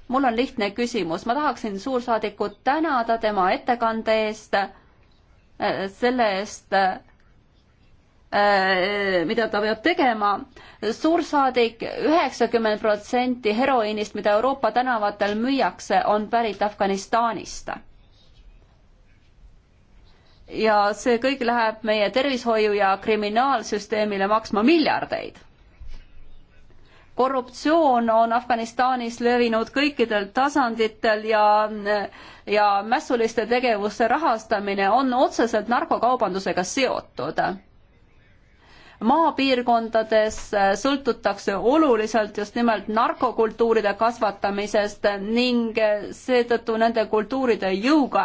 mul on lihtne küsimus, ma tahaksin suursaadikut tänada tema ettekande eest, eh, selle eest, eh, Äh, mida ta peab tegema. suursaadik, üheksakümmend protsenti heroiinist, mida Euroopa tänavatel müüakse, on pärit Afganistanist. ja see kõik läheb meie tervishoiu ja kriminaalsüsteemile maksma miljardeid. korruptsioon on Afganistanis levinud kõikidel tasanditel ja, ja mässuliste tegevuste rahastamine on otseselt narkokaubandusega seotud maapiirkondades äh, sõltutakse oluliselt just nimelt narkokultuuride kasvatamisest ning äh, seetõttu nende kultuuride jõuga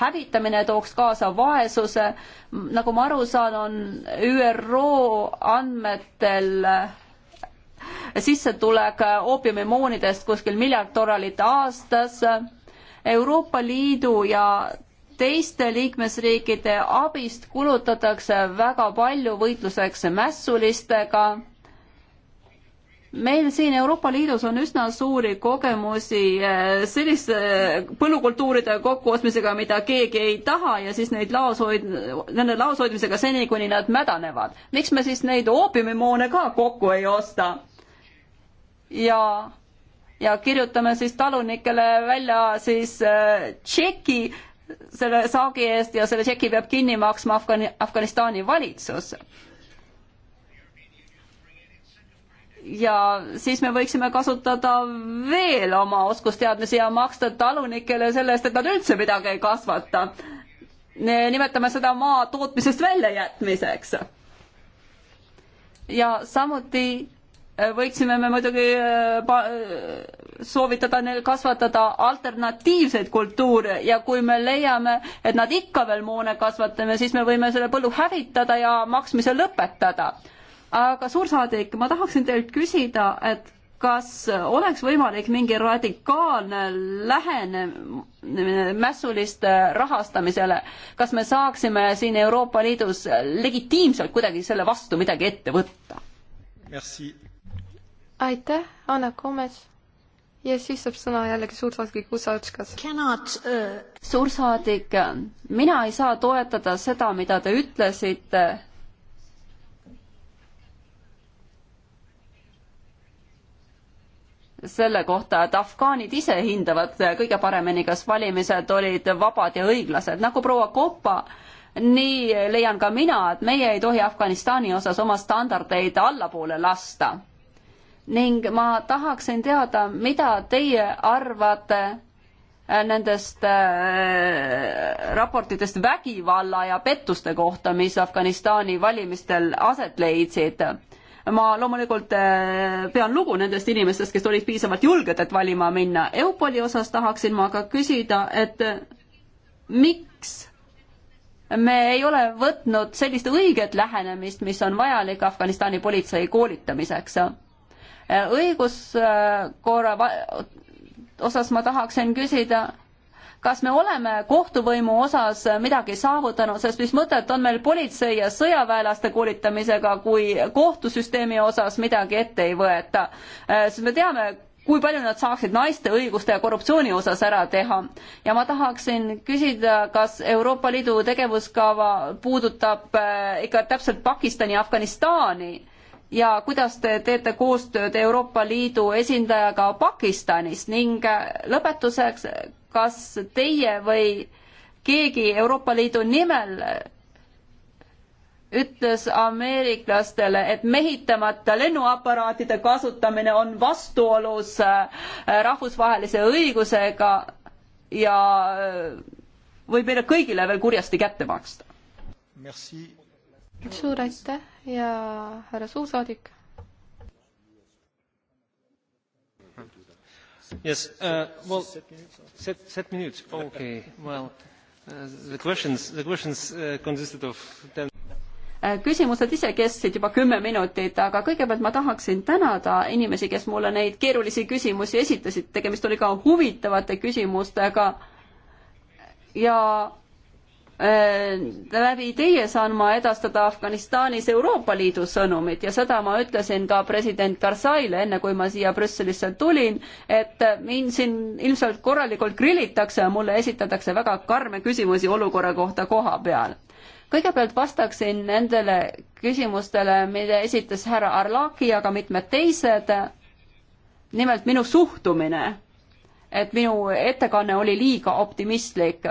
hävitamine tooks kaasa vaesuse. nagu ma aru saan, on ÜRO andmetel äh, sissetulek oopiumimoonidest kuskil miljard dollarit aastas Euroopa Liidu ja teiste liikmesriikide abist kulutatakse väga palju võitluseks mässulistega. meil siin Euroopa Liidus on üsna suuri kogemusi eh, selliste põllukultuuride kokkuostmisega, mida keegi ei taha ja siis neid laoshoid-, nende laoshoidmisega seni, kuni nad mädanevad. miks me siis neid oopimimoone ka kokku ei osta? ja ja kirjutame siis talunikele välja siis eh, tšeki selle saagi eest ja selle tšeki peab kinni maksma Afgani-, Afganistani valitsus. ja siis me võiksime kasutada veel oma oskusteadmisi ja maksta talunikele selle eest, et nad üldse midagi ei kasvata. nimetame seda maa tootmisest väljajätmiseks. ja samuti võiksime me muidugi äh, soovitada neil kasvatada alternatiivseid kultuure ja kui me leiame, et nad ikka veel moone kasvatame, siis me võime selle põllu hävitada ja maksmise lõpetada. aga suursaadik, ma tahaksin teilt küsida, et kas oleks võimalik mingi radikaalne lähenemine mässuliste rahastamisele, kas me saaksime siin Euroopa Liidus legitiimselt kuidagi selle vastu midagi ette võtta? Merci aitäh, Anna Komes. ja siis saab sõna jällegi suursaadik Usatskas. Uh... suursaadik, mina ei saa toetada seda, mida te ütlesite selle kohta, et afgaanid ise hindavad kõige paremini, kas valimised olid vabad ja õiglased, nagu proua Koppa, nii leian ka mina, et meie ei tohi Afganistani osas oma standardeid allapoole lasta ning ma tahaksin teada, mida teie arvate äh, nendest äh, raportitest vägivalla ja pettuste kohta, mis Afganistani valimistel aset leidsid. ma loomulikult äh, pean lugu nendest inimestest, kes olid piisavalt julged, et valima minna. Eupoli osas tahaksin ma ka küsida, et miks me ei ole võtnud sellist õiget lähenemist, mis on vajalik Afganistani politsei koolitamiseks õiguskorra osas ma tahaksin küsida, kas me oleme kohtuvõimu osas midagi saavutanud, sest mis mõtet on meil politsei ja sõjaväelaste koolitamisega, kui kohtusüsteemi osas midagi ette ei võeta, sest me teame, kui palju nad saaksid naiste õiguste ja korruptsiooni osas ära teha. ja ma tahaksin küsida, kas Euroopa Liidu tegevuskava puudutab äh, ikka täpselt Pakistani ja Afganistani ja kuidas te teete koostööd Euroopa Liidu esindajaga Pakistanis ning lõpetuseks, kas teie või keegi Euroopa Liidu nimel ütles ameeriklastele, et mehitamata lennuaparaatide kasutamine on vastuolus äh, rahvusvahelise õigusega ja äh, võib meile kõigile veel kurjasti kätte maksta suur aitäh ja härra suursaadik. Yes, uh, well, set, set minutes. Okay, well, uh, the questions, the questions uh, consisted of ten äh, küsimused ise kestsid juba kümme minutit, aga kõigepealt ma tahaksin tänada inimesi, kes mulle neid keerulisi küsimusi esitasid, tegemist oli ka huvitavate küsimustega. ja Äh, läbi teie saan ma edastada Afganistanis Euroopa Liidu sõnumit ja seda ma ütlesin ka president Karzaile, enne kui ma siia Brüsselisse tulin, et mind siin ilmselt korralikult grillitakse ja mulle esitatakse väga karme küsimusi olukorra kohta koha peal. kõigepealt vastaksin nendele küsimustele, mida esitas härra Arlaki ja ka mitmed teised, nimelt minu suhtumine, et minu ettekanne oli liiga optimistlik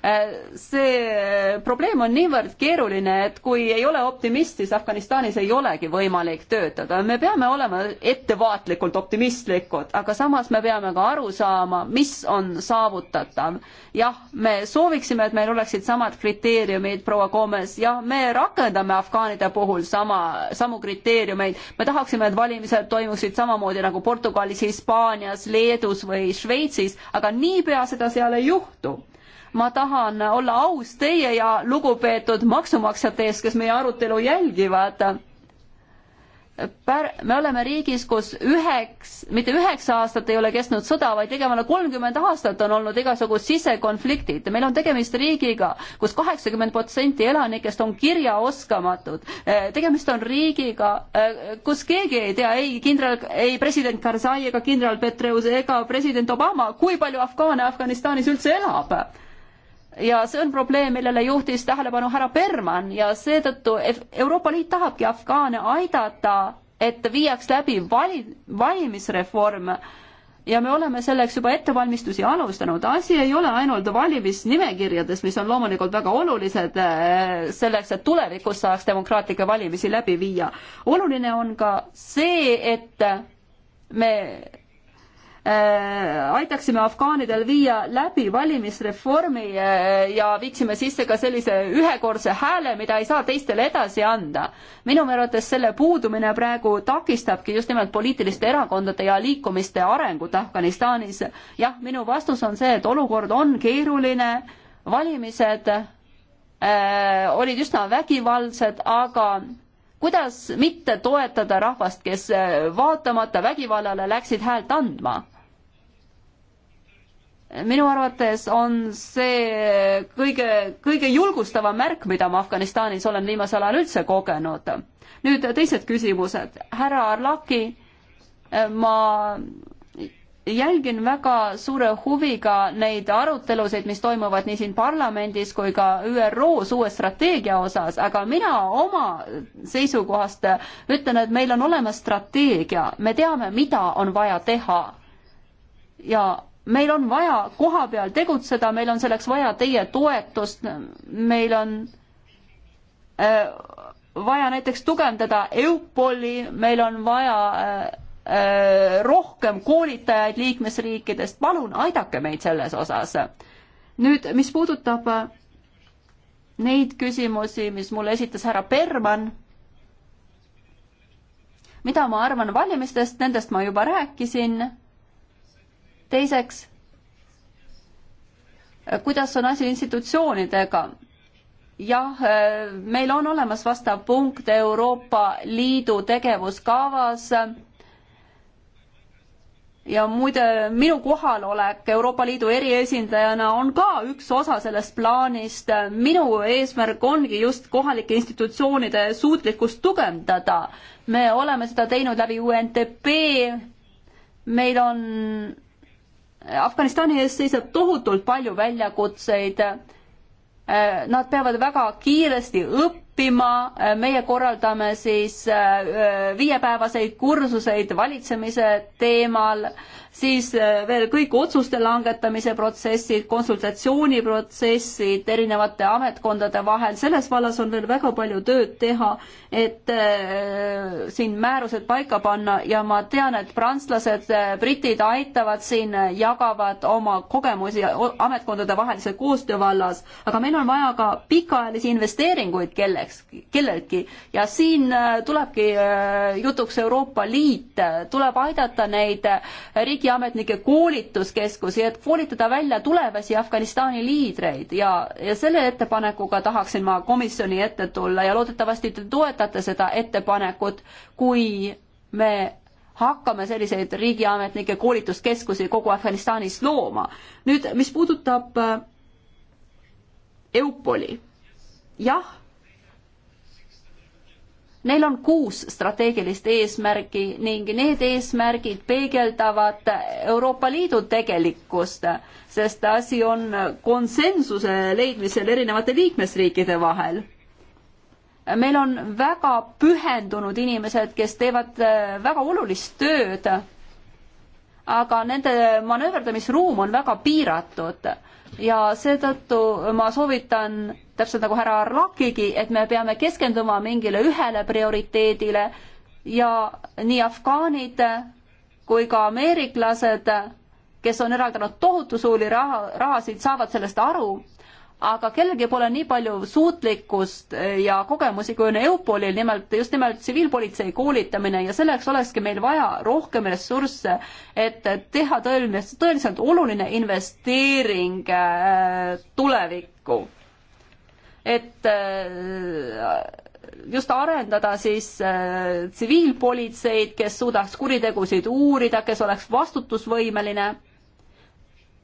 Äh, see äh, probleem on niivõrd keeruline, et kui ei ole optimisti, siis Afganistanis ei olegi võimalik töötada. me peame olema ettevaatlikult optimistlikud, aga samas me peame ka aru saama, mis on saavutatav. jah, me sooviksime, et meil oleksid samad kriteeriumid, proua Gomes, jah, me rakendame afgaanide puhul sama, samu kriteeriumeid. me tahaksime, et valimised toimuksid samamoodi nagu Portugalis, Hispaanias, Leedus või Šveitsis, aga niipea seda seal ei juhtu ma tahan olla aus teie ja lugupeetud maksumaksjate ees, kes meie arutelu jälgivad pär-, me oleme riigis, kus üheks, mitte üheksa aastat ei ole kestnud sõda, vaid ligemale kolmkümmend aastat on olnud igasugused sisekonfliktid. meil on tegemist riigiga kus, kus kaheksakümmend protsenti elanikest on kirjaoskamatud. Eh, tegemist on riigiga, eh, kus keegi ei tea ei kindral, ei president Karzai ega kindral Petreus ega president Obama, kui palju afgaane Afganistanis üldse elab ja see on probleem, millele juhtis tähelepanu härra Berman ja seetõttu Euroopa Liit tahabki afgaane aidata, et viiaks läbi vali-, valimisreform ja me oleme selleks juba ettevalmistusi alustanud. asi ei ole ainult valimisnimekirjades, mis on loomulikult väga olulised äh, selleks, et tulevikus saaks demokraatlikke valimisi läbi viia. oluline on ka see, et me Äh, aitaksime afgaanidel viia läbi valimisreformi äh, ja viiksime sisse ka sellise ühekordse hääle, mida ei saa teistele edasi anda. minu arvates selle puudumine praegu takistabki just nimelt poliitiliste erakondade ja liikumiste arengut Afganistanis. jah, minu vastus on see, et olukord on keeruline, valimised äh, olid üsna vägivaldsed, aga kuidas mitte toetada rahvast, kes äh, vaatamata vägivallale läksid häält andma? minu arvates on see kõige, kõige julgustavam märk, mida ma Afganistanis olen viimasel ajal üldse kogenud. nüüd teised küsimused. härra Arlaki, äh, ma jälgin väga suure huviga neid arutelusid, mis toimuvad nii siin parlamendis kui ka ÜRO-s uue strateegia osas, aga mina oma seisukohast ütlen, et meil on olemas strateegia, me teame, mida on vaja teha. ja meil on vaja koha peal tegutseda, meil on selleks vaja teie toetust, meil on äh, vaja näiteks tugevdada EUPOL-i, meil on vaja äh, Äh, rohkem koolitajaid liikmesriikidest, palun aidake meid selles osas. nüüd, mis puudutab äh, neid küsimusi, mis mulle esitas härra Berman, mida ma arvan valimistest, nendest ma juba rääkisin. teiseks, äh, kuidas on asi institutsioonidega? jah, meil on olemas vastav punkt Euroopa Liidu tegevuskavas ja muide, minu kohalolek Euroopa Liidu eriesindajana on ka üks osa sellest plaanist. minu eesmärk ongi just kohalike institutsioonide suutlikkust tugevdada. me oleme seda teinud läbi UNDP, meil on Afganistani ees seisab tohutult palju väljakutseid. Nad peavad väga kiiresti õppima õppima, meie korraldame siis äh, viiepäevaseid kursuseid valitsemise teemal, siis äh, veel kõik otsuste langetamise protsessid, konsultatsiooniprotsessid erinevate ametkondade vahel, selles vallas on veel väga palju tööd teha, et äh, siin määrused paika panna ja ma tean, et prantslased, britid aitavad siin, jagavad oma kogemusi ametkondade vahelise koostöö vallas, aga meil on vaja ka pikaajalisi investeeringuid kellelegi milleks, kelleltki. ja siin äh, tulebki äh, jutuks Euroopa Liit, tuleb aidata neid äh, riigiametnike koolituskeskusi, et koolitada välja tulevasi Afganistani liidreid ja, ja selle ettepanekuga tahaksin ma komisjoni ette tulla ja loodetavasti te toetate seda ettepanekut, kui me hakkame selliseid riigiametnike koolituskeskusi kogu Afganistanis looma. nüüd, mis puudutab Eupoli, jah, Neil on kuus strateegilist eesmärgi ning need eesmärgid peegeldavad Euroopa Liidu tegelikkust, sest asi on konsensuse leidmisel erinevate liikmesriikide vahel. meil on väga pühendunud inimesed, kes teevad äh, väga olulist tööd, aga nende manööverdamisruum on väga piiratud ja seetõttu ma soovitan täpselt nagu härra Arlakigi, et me peame keskenduma mingile ühele prioriteedile ja nii afgaanid kui ka ameeriklased, kes on eraldanud tohutu suuri raha, rahasid, saavad sellest aru, aga kellelgi pole nii palju suutlikkust ja kogemusi, kui on EUPOL-il, nimelt just nimelt tsiviilpolitsei koolitamine ja selleks olekski meil vaja rohkem ressursse, et teha tõeline, tõeliselt oluline investeering äh, tulevikku et äh, just arendada siis äh, tsiviilpolitseid, kes suudaks kuritegusid uurida, kes oleks vastutusvõimeline.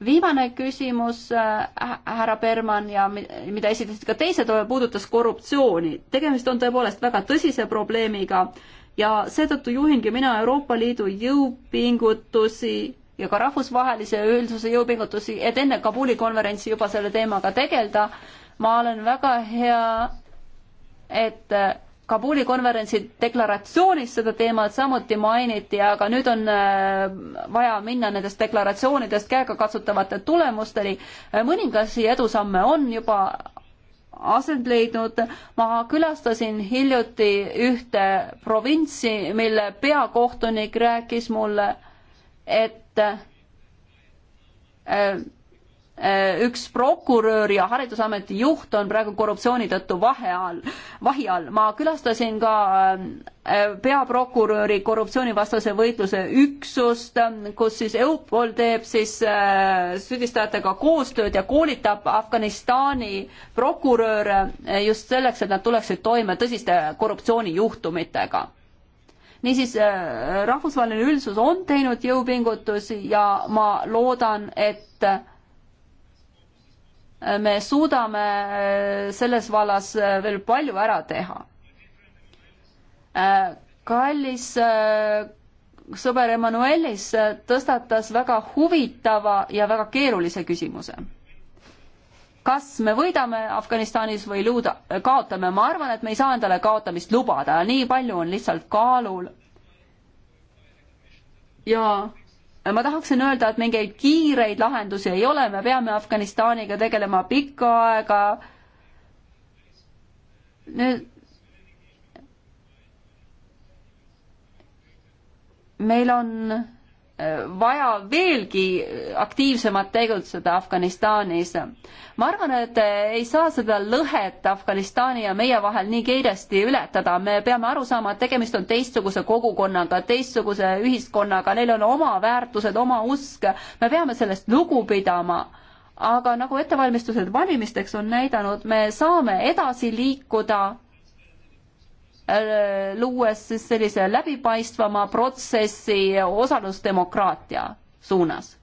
viimane küsimus äh,, härra Berman ja mida esitasid ka teised, puudutas korruptsiooni. tegemist on tõepoolest väga tõsise probleemiga ja seetõttu juhingi mina Euroopa Liidu jõupingutusi ja ka rahvusvahelise üldsuse jõupingutusi, et enne Kabuli konverentsi juba selle teemaga tegeleda ma olen väga hea, et äh, Kabuli konverentsi deklaratsioonis seda teemat samuti mainiti, aga nüüd on äh, vaja minna nendest deklaratsioonidest käegakatsutavate tulemusteni. Äh, mõningasi edusamme on juba aset leidnud. ma külastasin hiljuti ühte provintsi, mille peakohtunik rääkis mulle, et Äh, üks prokurör ja Haridusameti juht on praegu korruptsiooni tõttu vahe all, vahi all. ma külastasin ka äh, äh, peaprokuröri korruptsioonivastase võitluse üksust, kus siis EUPOL teeb siis süüdistajatega koostööd ja koolitab Afganistani prokuröre just selleks, et nad tuleksid toime tõsiste korruptsioonijuhtumitega niisiis rahvusvaheline üldsus on teinud jõupingutusi ja ma loodan, et me suudame äh, selles vallas äh, veel palju ära teha. Äh, kallis sõber Emmanuelis tõstatas väga huvitava ja väga keerulise küsimuse. kas me võidame Afganistanis või luuda, kaotame, ma arvan, et me ei saa endale kaotamist lubada, nii palju on lihtsalt kaalul. ja ma tahaksin öelda, et mingeid kiireid lahendusi ei ole, me peame Afganistaniga tegelema pikka aega. nüüd meil on vaja veelgi aktiivsemalt tegutseda Afganistanis. ma arvan, et ei saa seda lõhet Afganistani ja meie vahel nii kiiresti ületada, me peame aru saama, et tegemist on teistsuguse kogukonnaga, teistsuguse ühiskonnaga, neil on oma väärtused, oma usk, me peame sellest lugu pidama aga nagu ettevalmistused valimisteks on näidanud, me saame edasi liikuda Äh, luues siis sellise läbipaistvama protsessi osalusdemokraatia suunas.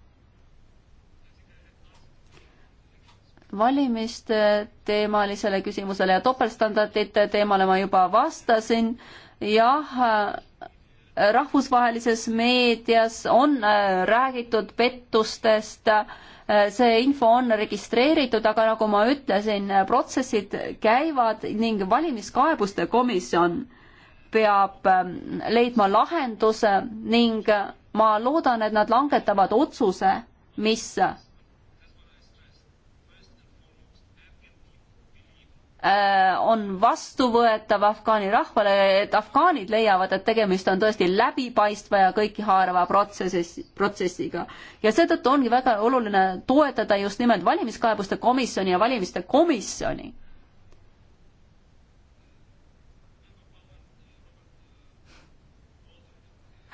valimiste teemalisele küsimusele ja topeltstandardite teemale ma juba vastasin, jah, äh, rahvusvahelises meedias on äh, räägitud pettustest äh,, Äh, see info on registreeritud, aga nagu ma ütlesin, protsessid käivad ning valimiskaebuste komisjon peab ähm, leidma lahenduse ning ma loodan, et nad langetavad otsuse, mis Äh, on vastuvõetav Afgaani rahvale, et afgaanid leiavad, et tegemist on tõesti läbipaistva ja kõiki haarava protsessis, protsessiga. ja seetõttu ongi väga oluline toetada just nimelt valimiskaebuste komisjoni ja valimiste komisjoni.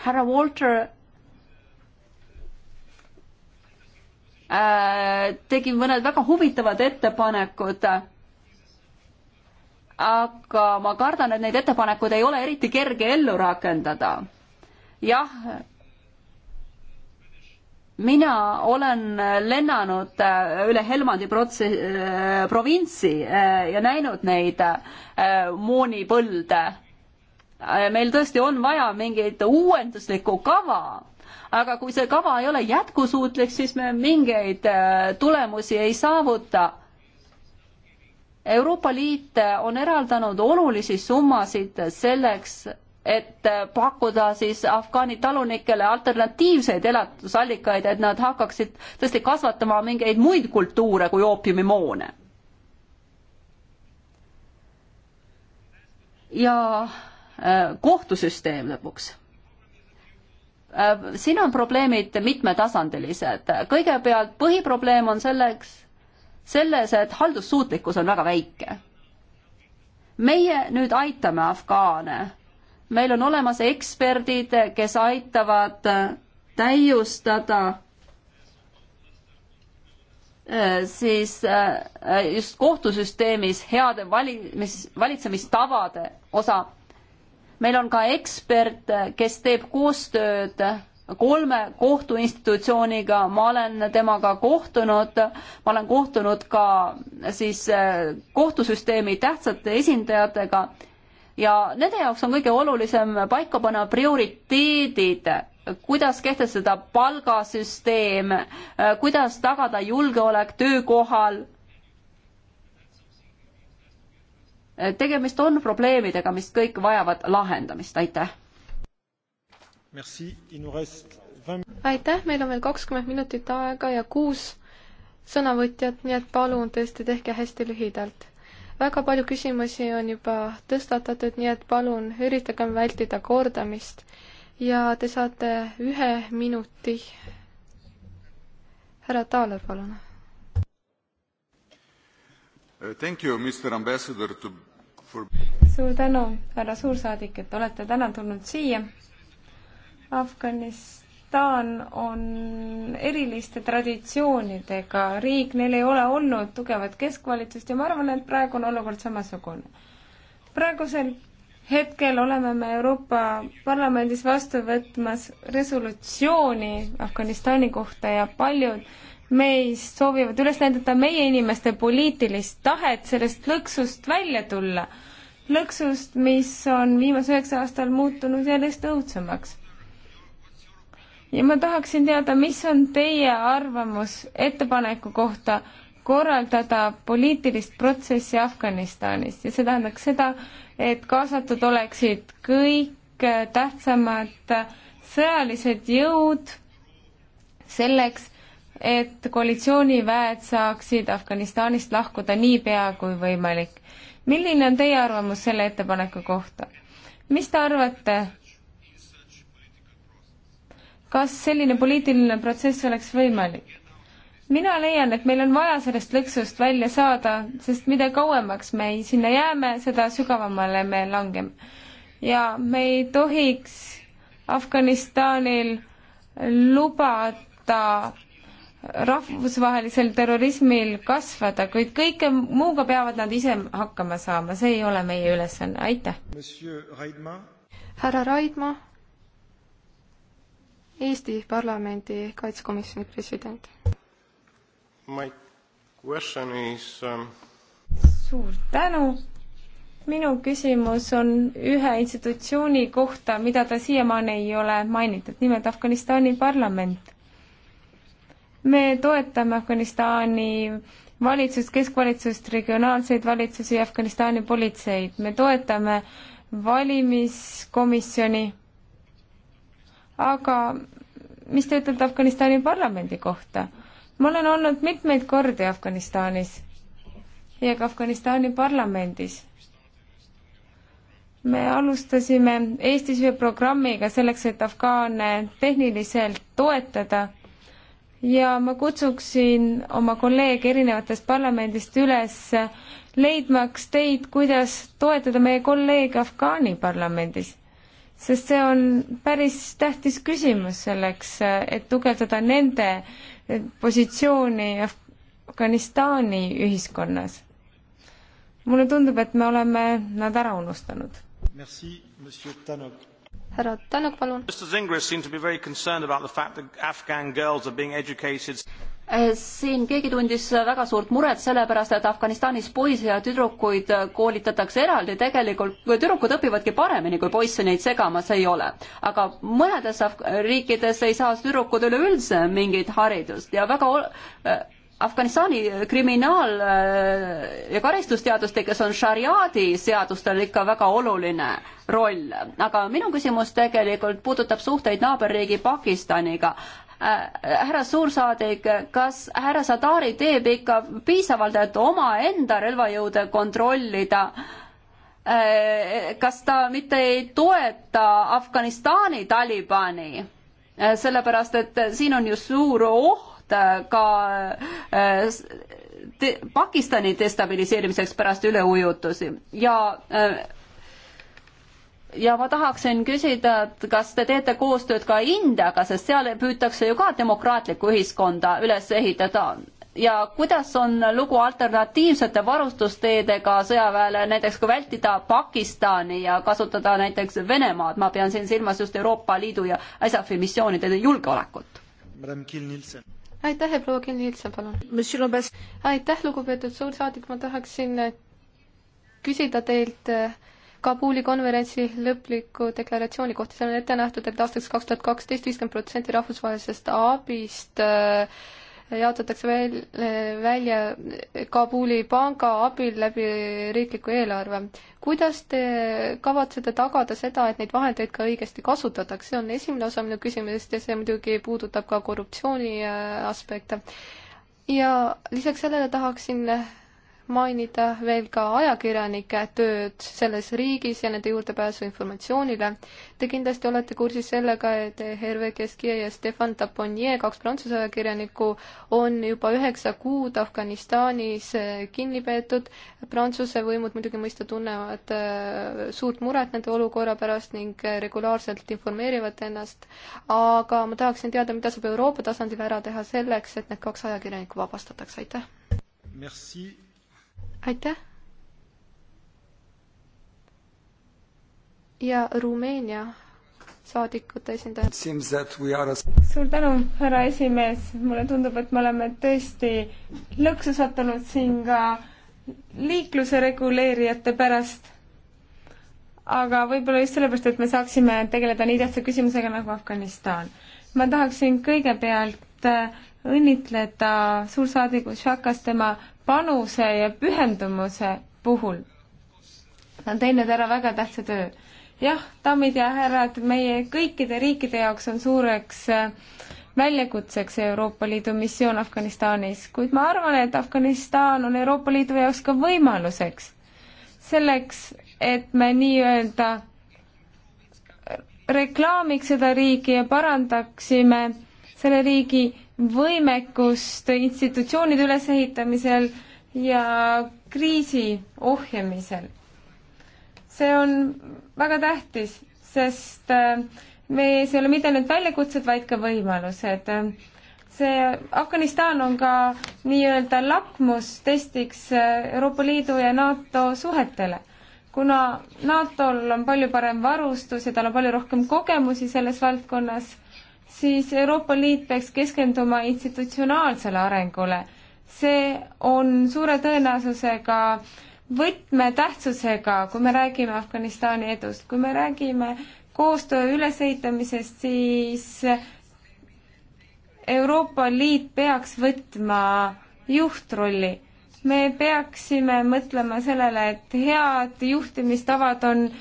härra Walter äh, tegi mõned väga huvitavad ettepanekud äh, aga ma kardan, et neid ettepanekuid ei ole eriti kerge ellu rakendada. jah, mina olen lennanud äh, üle Helmandi protsi-, äh, provintsi äh, ja näinud neid moonipõlde. meil tõesti on vaja mingit uuenduslikku kava aga kui see kava ei ole jätkusuutlik, siis me mingeid tulemusi ei saavuta Euroopa Liit on eraldanud olulisi summasid selleks, et pakkuda siis Afgaani talunikele alternatiivseid elatusallikaid, et nad hakkaksid tõesti kasvatama mingeid muid kultuure kui oopiumimoone. ja äh, kohtusüsteem lõpuks. Äh, siin on probleemid mitmetasandilised, kõigepealt põhiprobleem on selleks selles, et haldussuutlikkus on väga väike. meie nüüd aitame afgaane. meil on olemas eksperdid, kes aitavad täiustada äh, siis äh, just kohtusüsteemis heade valimis, valitsemistavade osa. meil on ka ekspert, kes teeb koostööd kolme kohtuinstitutsiooniga, ma olen temaga kohtunud, ma olen kohtunud ka siis eh, kohtusüsteemi tähtsate esindajatega ja nende jaoks on kõige olulisem paika panna prioriteedid, kuidas kehtestada palgasüsteem, eh, kuidas tagada julgeolek töökohal. Eh, tegemist on probleemidega, mis kõik vajavad lahendamist, aitäh aitäh, meil on veel kakskümmend minutit aega ja kuus sõnavõtjat, nii et palun tõesti tehke hästi lühidalt. väga palju küsimusi on juba tõstatatud, nii et palun üritagem vältida kordamist ja te saate ühe minuti. härra Taaler, palun. Uh, thank you, Mr Ambassador to for... suur tänu, härra suursaadik, et olete täna tulnud siia Afganistan on eriliste traditsioonidega riik, neil ei ole olnud tugevat keskvalitsust ja ma arvan, et praegu on olukord samasugune. praegusel hetkel oleme me Euroopa Parlamendis vastu võtmas resolutsiooni Afganistani kohta ja paljud meist soovivad üles näidata meie inimeste poliitilist tahet sellest lõksust välja tulla lõksust, mis on viimase üheksa aastal muutunud järjest õudsemaks ja ma tahaksin teada, mis on teie arvamus ettepaneku kohta korraldada poliitilist protsessi Afganistanis ja see tähendaks seda, et kaasatud oleksid kõik äh, tähtsamad äh, sõjalised jõud selleks, et koalitsiooniväed saaksid Afganistanist lahkuda niipea kui võimalik. milline on teie arvamus selle ettepaneku kohta? mis te arvate, kas selline poliitiline protsess oleks võimalik? mina leian, et meil on vaja sellest lõksust välja saada, sest mida kauemaks me sinna jääme, seda sügavamale me langeme. ja me ei tohiks Afganistanil lubada rahvusvahelisel terrorismil kasvada, kuid kõike muuga peavad nad ise hakkama saama, see ei ole meie ülesanne, aitäh. härra Raidma Eesti Parlamendi kaitsekomisjoni president. My question is um... suur tänu. minu küsimus on ühe institutsiooni kohta, mida ta siiamaani ei ole mainitud, nimelt Afganistani parlament. me toetame Afganistani valitsust, keskvalitsust, regionaalseid valitsusi, Afganistani politseid, me toetame valimiskomisjoni aga mis te ütlete Afganistani parlamendi kohta? ma olen olnud mitmeid kordi Afganistanis ja ka Afganistani parlamendis. me alustasime Eestis ühe programmiga selleks, et afgaane tehniliselt toetada ja ma kutsuksin oma kolleege erinevatest parlamendist üles leidmaks teid, kuidas toetada meie kolleege Afgaani parlamendis sest see on päris tähtis küsimus selleks, et tugevdada nende positsiooni Afganistani ühiskonnas. mulle tundub, et me oleme nad ära unustanud. härra Tanok, palun. Äh, siin keegi tundis väga suurt muret sellepärast, et Afganistanis poisse ja tüdrukuid koolitatakse eraldi, tegelikult tüdrukud õpivadki paremini, kui poisse neid segamas ei ole. aga mõnedes Af riikides ei saa tüdrukud üleüldse mingit haridust ja väga äh, Afganistani kriminaal- ja karistusteadustikes on šariaadi seadustel ikka väga oluline roll, aga minu küsimus tegelikult puudutab suhteid naaberriigi Pakistaniga. Äh, härra suursaadik, kas härra Sadari teeb ikka piisavalt, et omaenda relvajõude kontrollida? Äh, kas ta mitte ei toeta Afganistani Talibani? Äh, sellepärast, et siin on ju suur oht ka te Pakistani destabiliseerimiseks pärast üleujutusi ja ja ma tahaksin küsida, et kas te teete koostööd ka Indiaga, sest seal püütakse ju ka demokraatlikku ühiskonda üles ehitada ja kuidas on lugu alternatiivsete varustusteedega sõjaväele, näiteks kui vältida Pakistani ja kasutada näiteks Venemaad, ma pean siin silmas just Euroopa Liidu ja ISAF-i missioonide julgeolekut. aitäh ja proua Kill-Nielsen, palun. aitäh, lugupeetud suursaadik, ma tahaksin küsida teilt äh, Kabuli konverentsi lõpliku deklaratsiooni kohta, seal on ette nähtud, et aastaks kaks tuhat kaksteist viiskümmend protsenti rahvusvahelisest abist äh, jaotatakse veel, äh, välja Kabuli panga abil läbi riikliku eelarve. kuidas te kavatsete tagada seda, et neid vahendeid ka õigesti kasutatakse, on esimene osa minu küsimusest ja see muidugi puudutab ka korruptsiooni äh, aspekte. ja lisaks sellele tahaksin mainida veel ka ajakirjanike tööd selles riigis ja nende juurdepääsu informatsioonile. Te kindlasti olete kursis sellega, et Herve Keskie ja Stefan Taponier, kaks prantsuse ajakirjanikku, on juba üheksa kuud Afganistanis kinni peetud. Prantsuse võimud muidugi mõista tunnevad äh, suurt muret nende olukorra pärast ning regulaarselt informeerivad ennast. aga ma tahaksin teada, mida saab Euroopa tasandil ära teha selleks, et need kaks ajakirjanikku vabastataks, aitäh! Merci aitäh. ja Rumeenia saadikute esindajad. Are... suur tänu, härra esimees, mulle tundub, et me oleme tõesti lõksu sattunud siin ka liikluse reguleerijate pärast. aga võib-olla just sellepärast, et me saaksime tegeleda nii tähtsa küsimusega nagu Afganistan. ma tahaksin kõigepealt õnnitleda suursaadiku Šakas tema panuse ja pühendumuse puhul. Nad on teinud ära väga tähtsa töö. jah, daamid ja härrad, meie kõikide riikide jaoks on suureks äh, väljakutseks Euroopa Liidu missioon Afganistanis, kuid ma arvan, et Afganistan on Euroopa Liidu jaoks ka võimaluseks. selleks, et me nii-öelda reklaamiks seda riiki ja parandaksime selle riigi võimekust institutsioonide ülesehitamisel ja kriisi ohjamisel. see on väga tähtis, sest äh, mees ei ole mitte ainult väljakutsed, vaid ka võimalused. see Afganistan on ka nii-öelda lakmustestiks äh, Euroopa Liidu ja NATO suhetele kuna NATO-l on palju parem varustus ja tal on palju rohkem kogemusi selles valdkonnas siis Euroopa Liit peaks keskenduma institutsionaalsele arengule. see on suure tõenäosusega võtmetähtsusega, kui me räägime Afganistani edust, kui me räägime koostöö ülesehitamisest, siis Euroopa Liit peaks võtma juhtrolli. me peaksime mõtlema sellele, et head juhtimistavad on äh,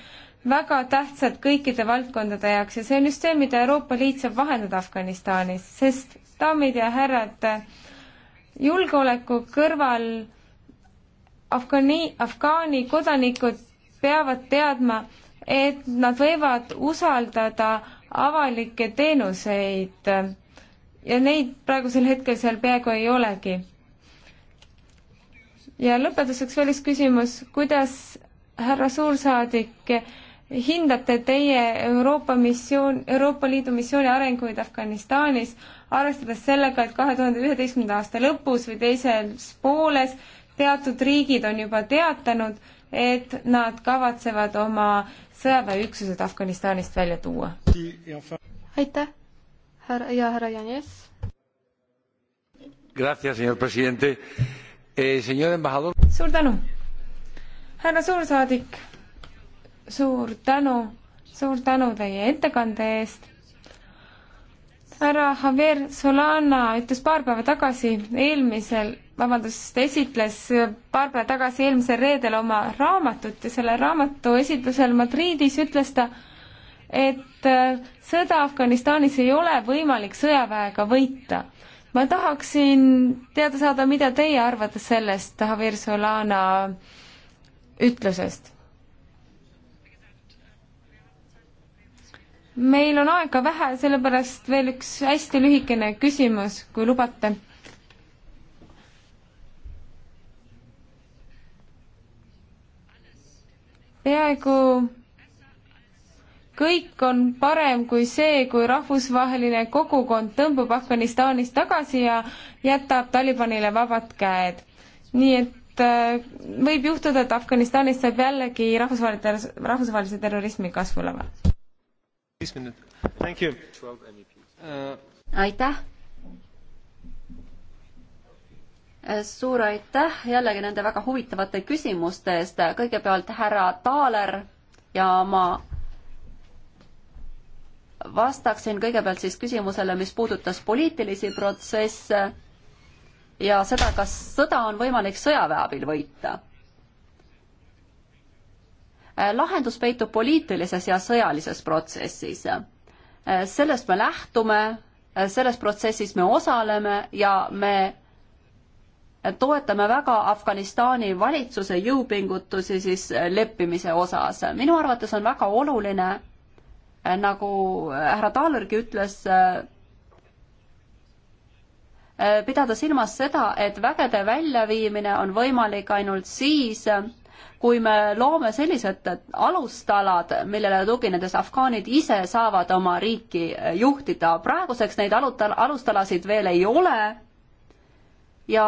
väga tähtsad kõikide valdkondade jaoks ja see on just see, mida Euroopa Liit saab vahendada Afganistanis, sest daamid ja härrad, julgeoleku kõrval Afgani, Afgaani kodanikud peavad teadma, et nad võivad usaldada avalikke teenuseid ja neid praegusel hetkel seal peaaegu ei olegi. ja lõpetuseks veel üks küsimus, kuidas härra suursaadik hindate teie Euroopa missioon, Euroopa Liidu missiooni arenguid Afganistanis, arvestades sellega, et kahe tuhande üheteistkümnenda aasta lõpus või teises pooles teatud riigid on juba teatanud, et nad kavatsevad oma sõjaväeüksused Afganistanist välja tuua? aitäh, härra ja härra Janes. Eh, suur tänu, härra suursaadik suur tänu, suur tänu teie ettekande eest. härra Javier Solana ütles paar päeva tagasi eelmisel, vabandust, esitles paar päeva tagasi eelmisel reedel oma raamatut ja selle raamatu esitlusel Madridis ütles ta, et äh, sõda Afganistanis ei ole võimalik sõjaväega võita. ma tahaksin teada saada, mida teie arvate sellest Javier Solana ütlusest? meil on aega vähe, sellepärast veel üks hästi lühikene küsimus, kui lubate. peaaegu kõik on parem kui see, kui rahvusvaheline kogukond tõmbub Afganistanis tagasi ja jätab Talibanile vabad käed. nii et äh, võib juhtuda, et Afganistanist saab jällegi rahvusvaheline, rahvusvahelise terrorismi kasvulaval. Äh, aitäh! Äh, suur aitäh jällegi nende väga huvitavate küsimuste eest. kõigepealt härra Taaler ja ma vastaksin kõigepealt siis küsimusele, mis puudutas poliitilisi protsesse ja seda, kas sõda on võimalik sõjaväe abil võita. Äh, lahendus peitub poliitilises ja sõjalises protsessis. Äh, sellest me lähtume, äh, selles protsessis me osaleme ja me toetame väga Afganistani valitsuse jõupingutusi siis leppimise osas. minu arvates on väga oluline, nagu härra Taalergi ütles, pidada silmas seda, et vägede väljaviimine on võimalik ainult siis, kui me loome sellised alustalad, millele tuginedes afgaanid ise saavad oma riiki juhtida, praeguseks neid alutal-, alustalasid veel ei ole ja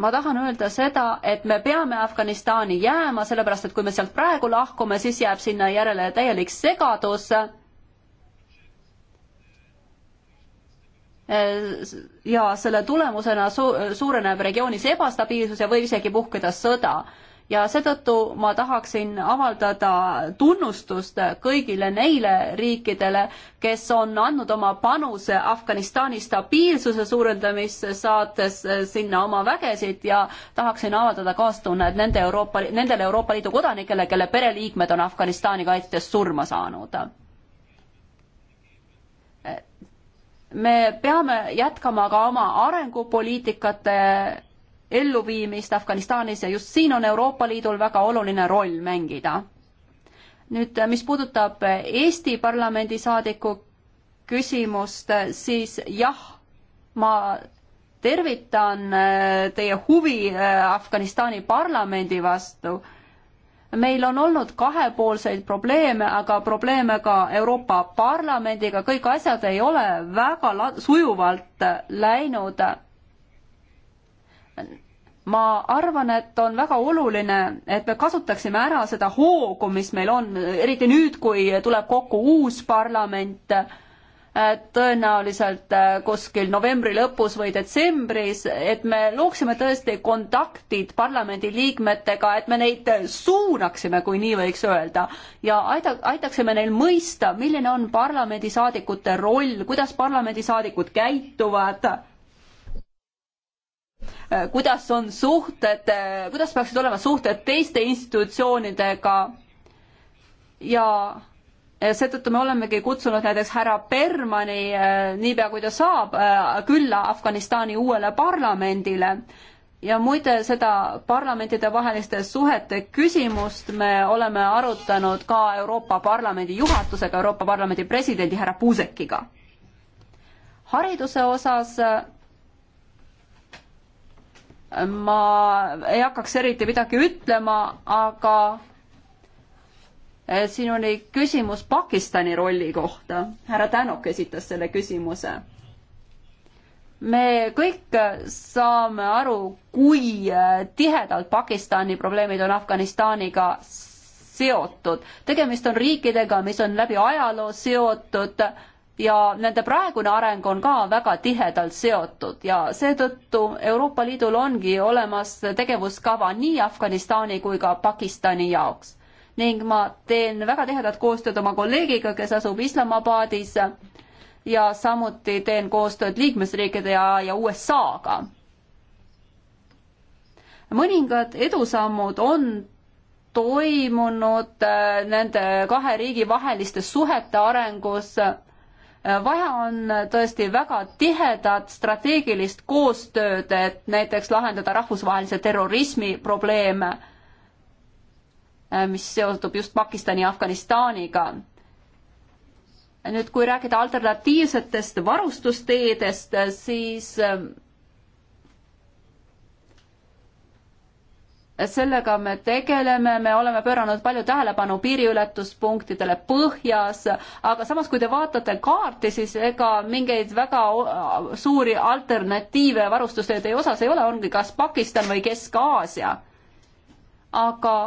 ma tahan öelda seda, et me peame Afganistani jääma, sellepärast et kui me sealt praegu lahkume, siis jääb sinna järele täielik segadus ja selle tulemusena su suureneb regioonis ebastabiilsus ja võib isegi puhkeda sõda. ja seetõttu ma tahaksin avaldada tunnustust kõigile neile riikidele, kes on andnud oma panuse Afganistani stabiilsuse suurendamisse, saates sinna oma vägesid ja tahaksin avaldada kaastunnet nende Euroopa, nendele Euroopa Liidu kodanikele, kelle pereliikmed on Afganistani kaitstes surma saanud me peame jätkama ka oma arengupoliitikate elluviimist Afganistanis ja just siin on Euroopa Liidul väga oluline roll mängida. nüüd, mis puudutab Eesti parlamendi saadiku küsimust, siis jah, ma tervitan äh, teie huvi äh, Afganistani parlamendi vastu meil on olnud kahepoolseid probleeme, aga probleeme ka Euroopa Parlamendiga, kõik asjad ei ole väga sujuvalt läinud. ma arvan, et on väga oluline, et me kasutaksime ära seda hoogu, mis meil on, eriti nüüd, kui tuleb kokku uus parlament Äh, tõenäoliselt äh, kuskil novembri lõpus või detsembris, et me looksime tõesti kontaktid parlamendiliikmetega, et me neid suunaksime, kui nii võiks öelda, ja aida-, aitaksime neil mõista, milline on parlamendisaadikute roll, kuidas parlamendisaadikud käituvad, äh, kuidas on suhted, kuidas peaksid olema suhted teiste institutsioonidega ja Eh, seetõttu me olemegi kutsunud näiteks härra Bermani eh, niipea, kui ta saab, eh, külla Afganistani uuele parlamendile. ja muide, seda parlamentidevaheliste suhete küsimust me oleme arutanud ka Euroopa Parlamendi juhatusega, Euroopa Parlamendi presidendi härra Puusekiga. hariduse osas ma ei hakkaks eriti midagi ütlema, aga Äh, siin oli küsimus Pakistani rolli kohta. härra Tänok esitas selle küsimuse. me kõik äh, saame aru, kui äh, tihedalt Pakistani probleemid on Afganistaniga seotud. tegemist on riikidega, mis on läbi ajaloo seotud ja nende praegune areng on ka väga tihedalt seotud ja seetõttu Euroopa Liidul ongi olemas tegevuskava nii Afganistani kui ka Pakistani jaoks ning ma teen väga tihedat koostööd oma kolleegiga, kes asub Islamabadis ja samuti teen koostööd liikmesriikide ja, ja USA-ga. mõningad edusammud on toimunud äh, nende kahe riigi vaheliste suhete arengus. vaja on tõesti väga tihedat strateegilist koostööd, et näiteks lahendada rahvusvahelise terrorismi probleeme Äh, mis seotub just Pakistani ja Afganistaniga. nüüd, kui rääkida alternatiivsetest varustusteedest, siis äh, sellega me tegeleme, me oleme pööranud palju tähelepanu piiriületuspunktidele põhjas, aga samas, kui te vaatate kaarti, siis ega mingeid väga äh, suuri alternatiive varustusteede osas ei ole, ongi kas Pakistan või Kesk-Aasia. aga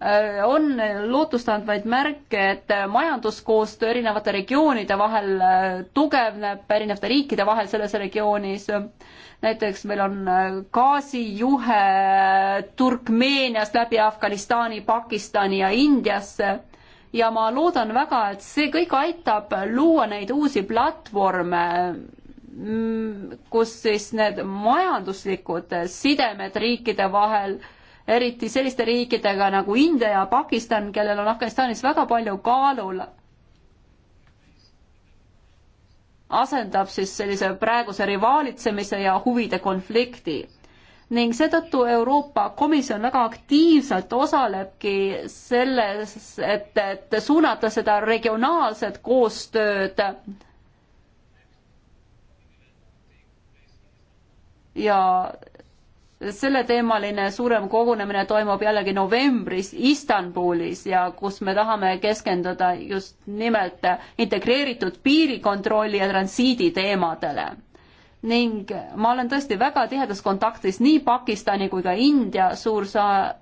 Äh, on lootustandvaid märke, et majanduskoostöö erinevate regioonide vahel äh, tugevneb, erinevate riikide vahel selles regioonis. näiteks meil on äh, gaasijuhe Turkmeeniast läbi Afganistani, Pakistani ja Indiasse ja ma loodan väga, et see kõik aitab luua neid uusi platvorme, mm, kus siis need majanduslikud sidemed riikide vahel äh, eriti selliste riikidega nagu India ja Pakistan, kellel on Afganistanis väga palju kaalul, asendab siis sellise praeguse rivaalitsemise ja huvide konflikti ning seetõttu Euroopa Komisjon väga aktiivselt osalebki selles, et, et suunata seda regionaalset koostööd ja selleteemaline suurem kogunemine toimub jällegi novembris Istanbulis ja kus me tahame keskenduda just nimelt integreeritud piirikontrolli ja transiidi teemadele. ning ma olen tõesti väga tihedas kontaktis nii Pakistani kui ka India suursa-,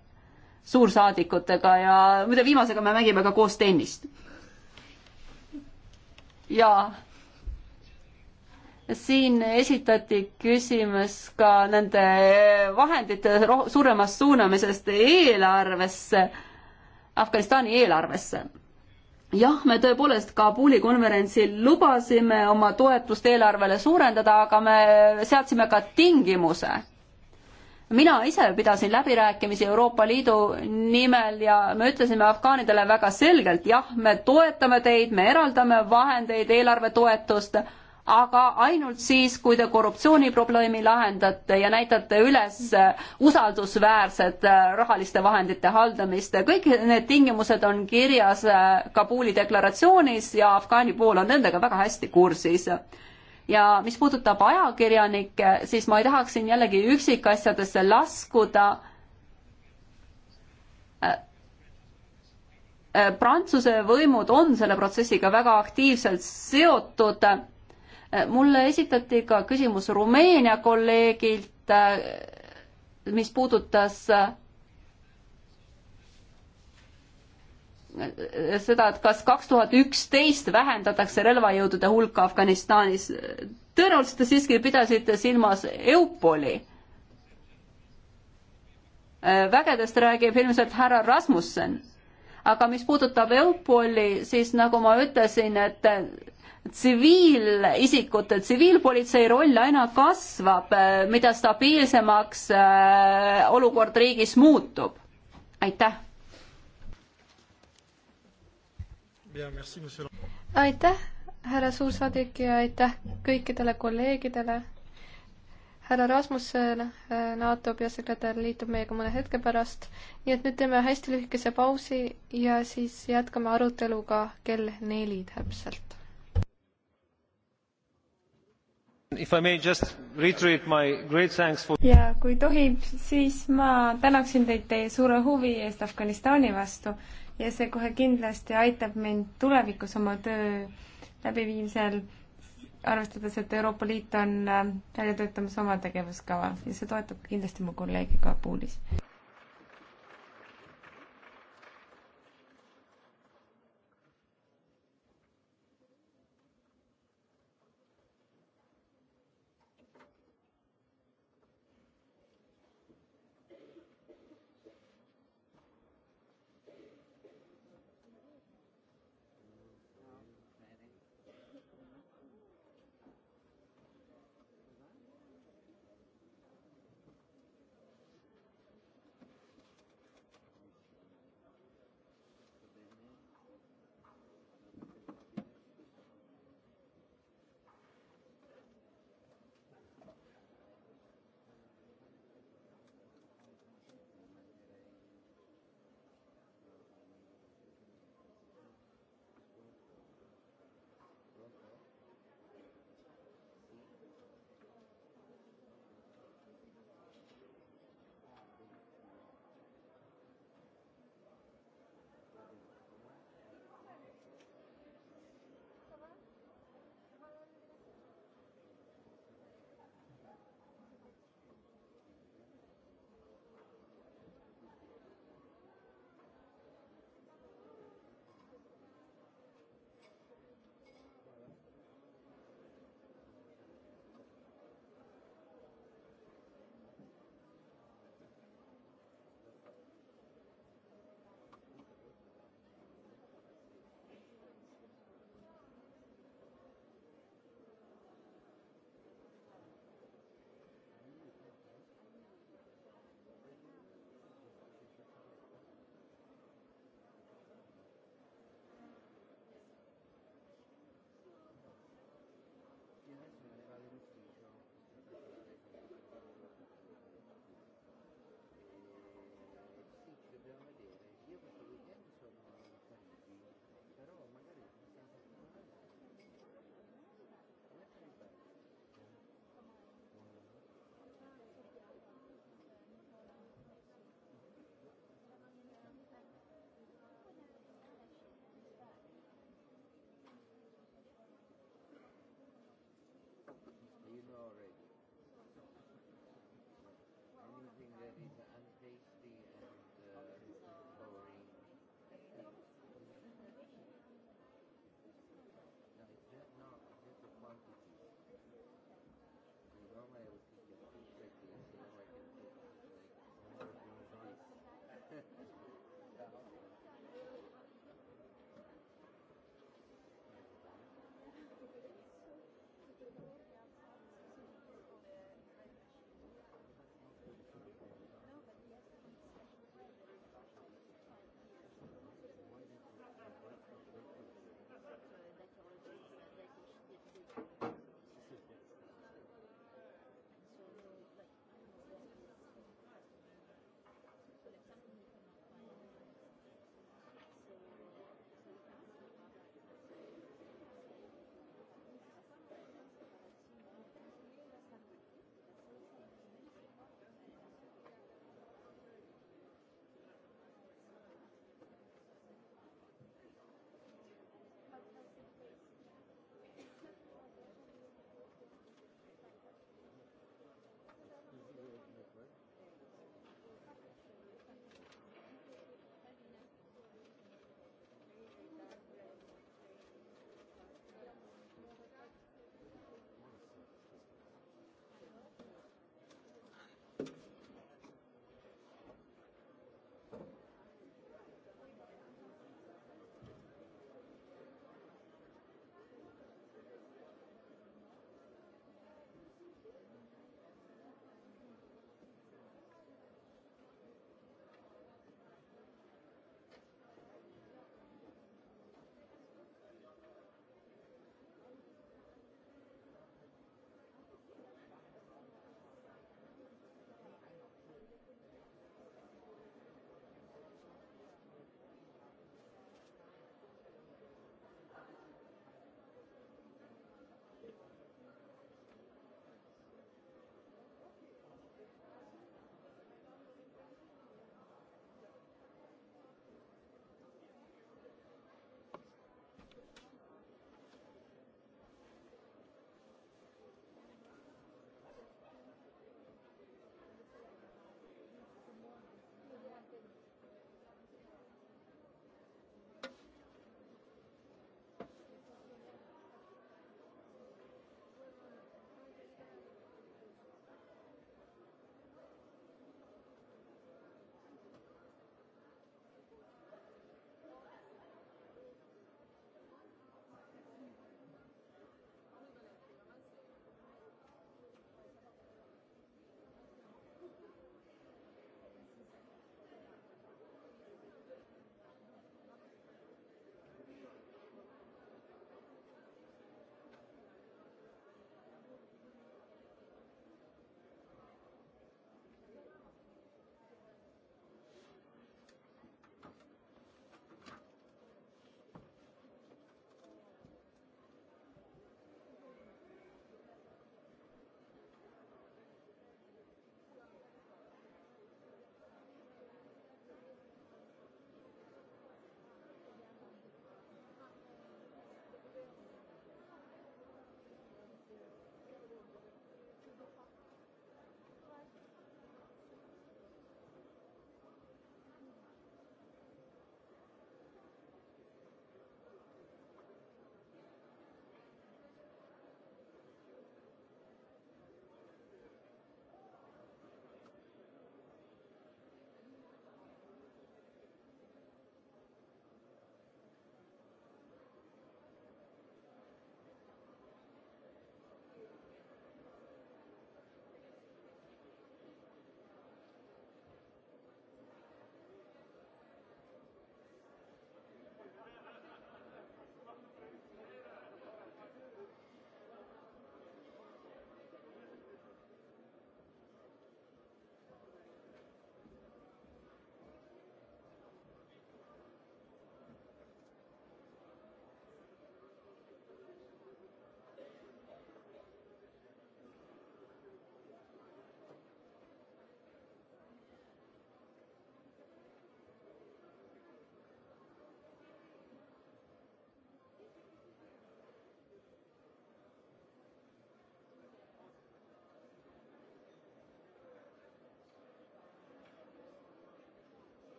suursaadikutega ja muide viimasega me mängime ka koos tennist. jaa siin esitati küsimus ka nende vahendite suuremast suunamisest eelarvesse, Afganistani eelarvesse jah, me tõepoolest Kabuli konverentsil lubasime oma toetust eelarvele suurendada, aga me seadsime ka tingimuse. mina ise pidasin läbirääkimisi Euroopa Liidu nimel ja me ütlesime afgaanidele väga selgelt, jah, me toetame teid, me eraldame vahendeid, eelarvetoetust aga ainult siis, kui te korruptsiooniprobleemi lahendate ja näitate üles usaldusväärset äh, rahaliste vahendite haldamist. kõik need tingimused on kirjas äh, Kabuli deklaratsioonis ja Afgaani pool on nendega väga hästi kursis ja mis puudutab ajakirjanikke, siis ma ei tahaks siin jällegi üksikasjadesse laskuda äh, Prantsuse võimud on selle protsessiga väga aktiivselt seotud Äh, mulle esitati ka küsimus Rumeenia kolleegilt, äh, mis puudutas äh, seda, et kas kaks tuhat üksteist vähendatakse relvajõudude hulka Afganistanis. tõenäoliselt te siiski pidasite silmas EUPOL-i. vägedest räägib ilmselt härra Rasmussen. aga mis puudutab EUPOL-i, siis nagu ma ütlesin, et tsiviilisikute, tsiviilpolitsei roll aina kasvab, äh, mida stabiilsemaks äh, olukord riigis muutub. aitäh. aitäh, härra suursaadik ja aitäh kõikidele kolleegidele. härra Rasmussen, äh, NATO peasekretär liitub meiega mõne hetke pärast, nii et nüüd teeme hästi lühikese pausi ja siis jätkame aruteluga kell neli täpselt. For... ja kui tohib, siis ma tänaksin teid teie suure huvi eest Afganistani vastu ja see kohe kindlasti aitab mind tulevikus oma töö läbiviimisel, arvestades, et Euroopa Liit on äh, välja töötamas oma tegevuskava ja see toetab kindlasti mu kolleegi Kabulis.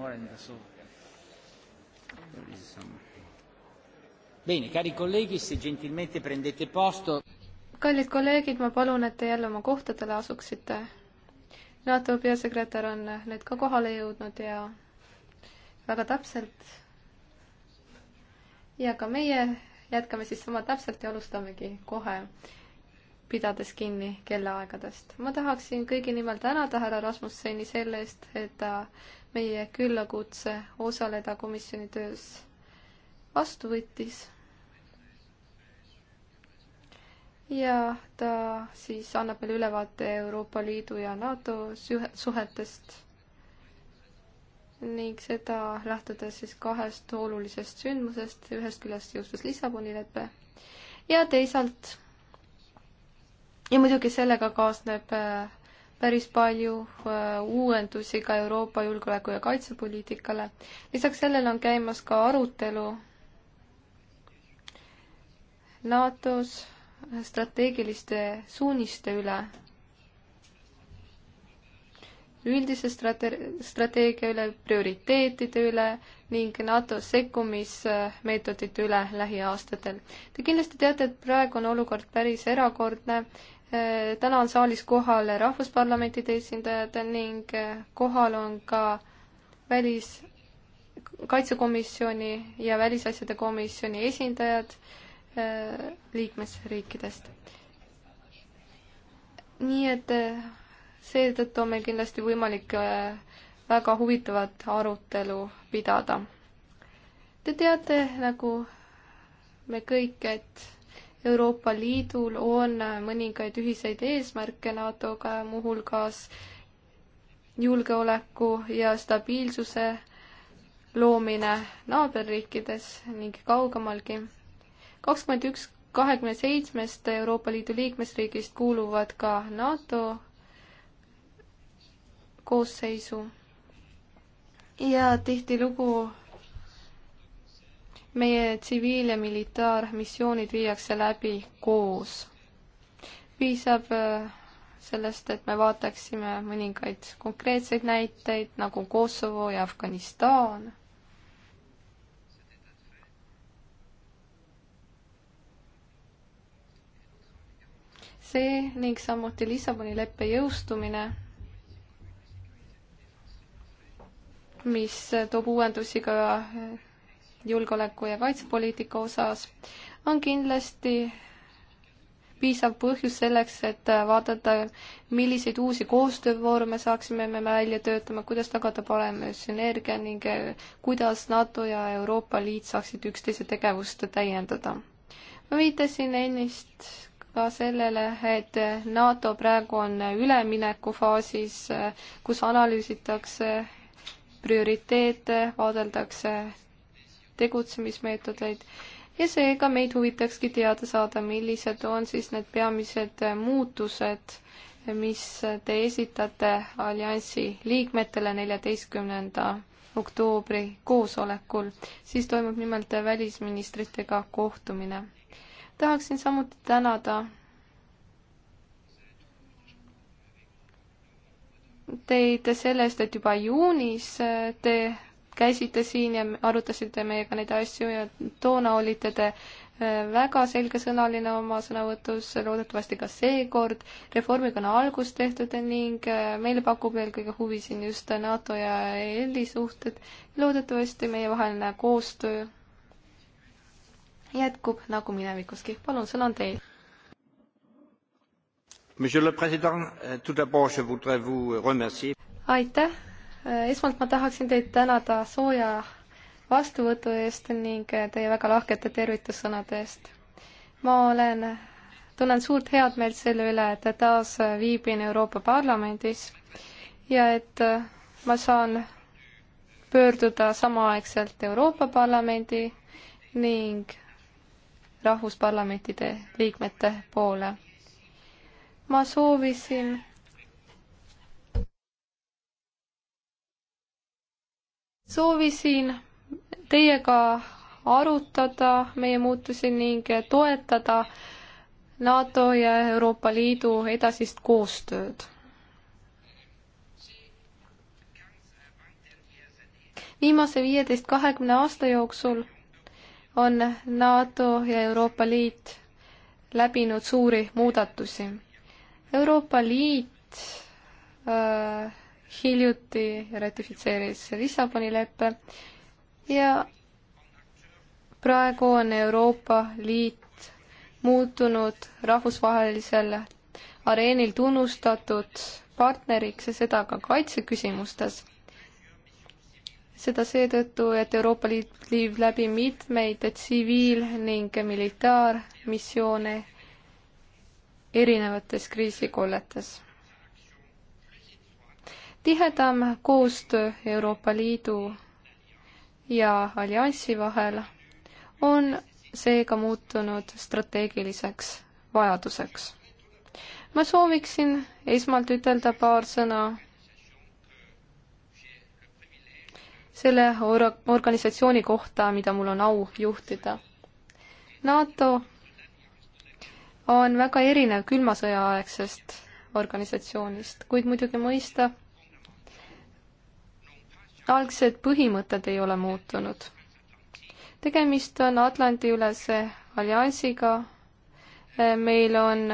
un'ora in Bene, cari colleghi, se gentilmente prendete posto. kallid kolleegid, ma palun, et te jälle oma kohtadele asuksite. NATO peasekretär on nüüd ka kohale jõudnud ja väga täpselt. ja ka meie jätkame siis sama täpselt ja alustamegi kohe pidades kinni kellaaegadest. ma tahaksin kõigi nimel tänada härra Rasmusseni selle eest, et ta meie küllakutse osaleda komisjoni töös vastu võttis. ja ta siis annab meile ülevaate Euroopa Liidu ja NATO suhetest ning seda lähtudes siis kahest olulisest sündmusest, ühest küljest jõustus Lissaboni lepe ja teisalt ja muidugi sellega kaasneb äh, päris palju äh, uuendusi ka Euroopa julgeoleku- ja kaitsepoliitikale. lisaks sellele on käimas ka arutelu NATO-s strateegiliste suuniste üle, üldise strate-, strateegia üle, prioriteetide üle ning NATO sekkumismeetodite üle lähiaastatel. Te kindlasti teate, et praegu on olukord päris erakordne täna on saalis kohal rahvusparlamentide esindajad ning kohal on ka välis, kaitsekomisjoni ja välisasjade komisjoni esindajad äh, liikmesriikidest. nii et äh, seetõttu on meil kindlasti võimalik äh, väga huvitavat arutelu pidada. Te teate nagu me kõik, et Euroopa Liidul on mõningaid ühiseid eesmärke NATO-ga, muuhulgas julgeoleku ja stabiilsuse loomine naaberriikides ning kaugemalgi. kakskümmend üks kahekümne seitsmest Euroopa Liidu liikmesriigist kuuluvad ka NATO koosseisu. ja tihtilugu meie tsiviil- ja militaarmissioonid viiakse läbi koos. piisab äh, sellest, et me vaataksime mõningaid konkreetseid näiteid nagu Kosovo ja Afganistan. see ning samuti Lissaboni leppe jõustumine, mis toob uuendusi ka äh, julgeoleku ja kaitsepoliitika osas, on kindlasti piisav põhjus selleks, et äh, vaadata, milliseid uusi koostöövorme saaksime me välja töötama, kuidas tagada parem sünergia ning äh, kuidas NATO ja Euroopa Liit saaksid üksteise tegevust täiendada. ma viitasin ennist ka sellele, et äh, NATO praegu on üleminekufaasis, kus analüüsitakse prioriteete, vaadeldakse tegutsemismeetodeid ja seega meid huvitakski teada saada, millised on siis need peamised äh, muutused, äh, mis te esitate alliansi liikmetele neljateistkümnenda oktoobri koosolekul, siis toimub nimelt äh, välisministritega kohtumine. tahaksin samuti tänada teid selle eest, et juba juunis te käisite siin ja arutasite meiega neid asju ja toona olite te äh, väga selgesõnaline oma sõnavõtus, loodetavasti ka seekord. reformiga on algus tehtud ning äh, meile pakub eelkõige huvi siin just NATO ja EL-i suhted. loodetavasti meievaheline koostöö jätkub nagu minevikuski. palun, sõna on teil. Monsieur le Président, tout d'abord je voudrais vous remercier. aitäh Äh, esmalt ma tahaksin teid tänada sooja vastuvõtu eest ning teie väga lahkete tervitussõnade eest. ma olen, tunnen suurt headmeelt selle üle, et taas viibin Euroopa Parlamendis ja et äh, ma saan pöörduda samaaegselt Euroopa Parlamendi ning rahvusparlamentide liikmete poole. ma soovisin soovisin teiega arutada meie muutusi ning toetada NATO ja Euroopa Liidu edasist koostööd. viimase viieteist, kahekümne aasta jooksul on NATO ja Euroopa Liit läbinud suuri muudatusi. Euroopa Liit öö, äh, hiljuti ratifitseeris Lissaboni leppe ja praegu on Euroopa Liit muutunud rahvusvahelisel areenil tunnustatud partneriks ja seda ka kaitseküsimustes. seda seetõttu, et Euroopa Liit viib läbi mitmeid tsiviil- ning militaarmissioone erinevates kriisikolletes tihedam koostöö Euroopa Liidu ja alliansi vahel on seega muutunud strateegiliseks vajaduseks. ma sooviksin esmalt ütelda paar sõna selle or-, organisatsiooni kohta, mida mul on au juhtida. NATO on väga erinev külma sõja aegsest organisatsioonist, kuid muidugi mõista, algsed põhimõtted ei ole muutunud. tegemist on Atlandi-ülese alliansiga, äh, meil on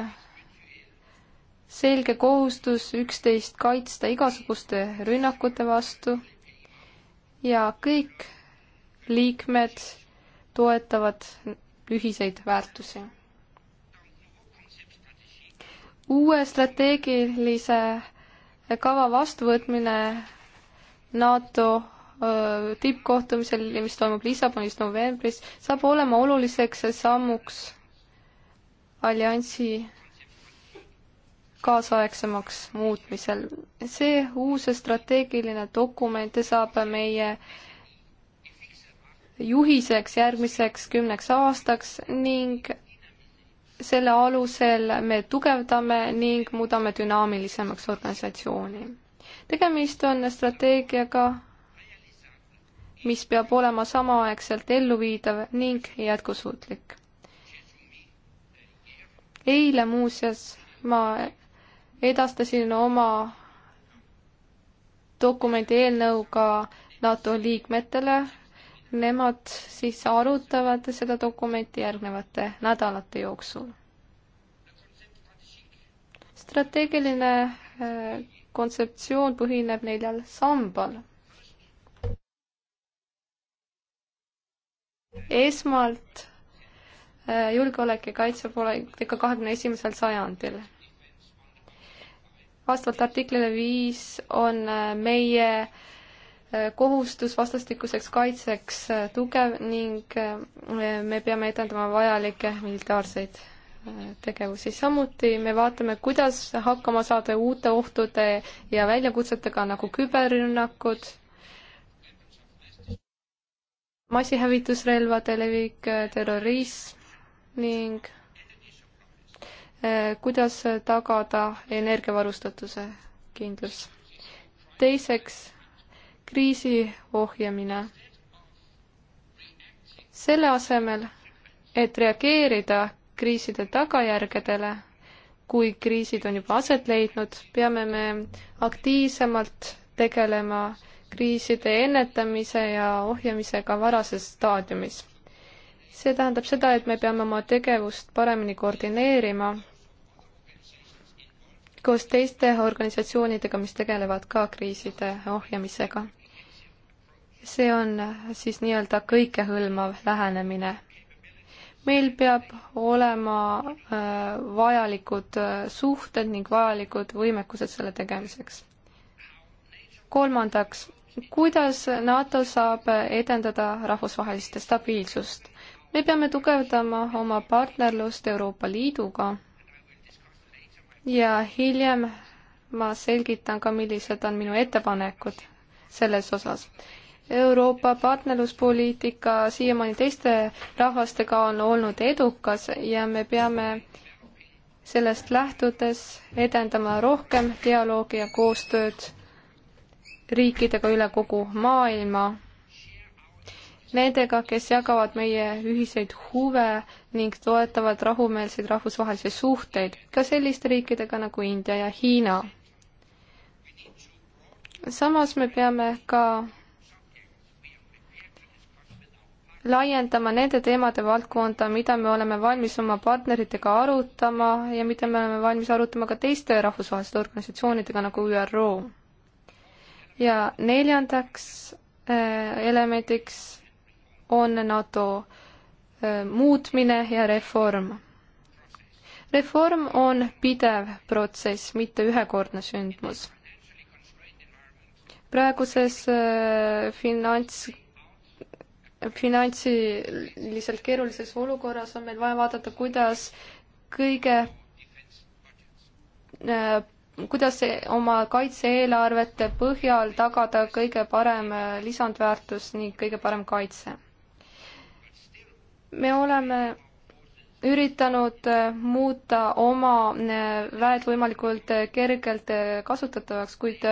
selge kohustus üksteist kaitsta igasuguste rünnakute vastu ja kõik liikmed toetavad ühiseid väärtusi. uue strateegilise kava vastuvõtmine NATO tippkohtumisel, mis toimub Lissabonis novembris, saab olema oluliseks sammuks alliansi kaasaegsemaks muutmisel. see uus strateegiline dokument saab meie juhiseks järgmiseks kümneks aastaks ning selle alusel me tugevdame ning muudame dünaamilisemaks organisatsiooni tegemist on strateegiaga, mis peab olema samaaegselt elluviidav ning jätkusuutlik. eile muuseas ma edastasin oma dokumendi eelnõuga NATO liikmetele, nemad siis arutavad seda dokumenti järgnevate nädalate jooksul. strateegiline äh, kontseptsioon põhineb neljal sambal. esmalt äh, julgeolek ja kaitse pole ikka kahekümne esimesel sajandil. vastavalt artiklile viis on äh, meie äh, kohustus vastastikuseks kaitseks tugev ning me peame edendama vajalikke militaarseid tegevusi. samuti me vaatame, kuidas hakkama saada uute ohtude ja väljakutsetega nagu küberrünnakud, massihävitusrelvade levik, terrorism ning eh, kuidas tagada energiavarustatuse kindlus. teiseks, kriisi ohjamine. selle asemel, et reageerida kriiside tagajärgedele, kui kriisid on juba aset leidnud, peame me aktiivsemalt tegelema kriiside ennetamise ja ohjamisega varases staadiumis. see tähendab seda, et me peame oma tegevust paremini koordineerima koos teiste organisatsioonidega, mis tegelevad ka kriiside ohjamisega. see on siis nii-öelda kõikehõlmav lähenemine meil peab olema äh, vajalikud äh, suhted ning vajalikud võimekused selle tegemiseks. kolmandaks, kuidas NATO saab edendada rahvusvahelist stabiilsust? me peame tugevdama oma partnerlust Euroopa Liiduga ja hiljem ma selgitan ka, millised on minu ettepanekud selles osas. Euroopa partnerluspoliitika siiamaani teiste rahvastega on olnud edukas ja me peame sellest lähtudes edendama rohkem dialoogi ja koostööd riikidega üle kogu maailma. Nendega, kes jagavad meie ühiseid huve ning toetavad rahumeelseid rahvusvahelisi suhteid, ka selliste riikidega nagu India ja Hiina. samas me peame ka laiendama nende teemade valdkonda, mida me oleme valmis oma partneritega arutama ja mida me oleme valmis arutama ka teiste rahvusvaheliste organisatsioonidega nagu ÜRO. ja neljandaks äh, elemendiks on NATO äh, muutmine ja reform. reform on pidev protsess, mitte ühekordne sündmus praeguses äh, finants finantsiliselt keerulises olukorras on meil vaja vaadata, kuidas kõige, äh, kuidas oma kaitse-eelarvete põhjal tagada kõige parem äh, lisandväärtus ning kõige parem kaitse. me oleme üritanud äh, muuta oma väed võimalikult kergelt kasutatavaks, kuid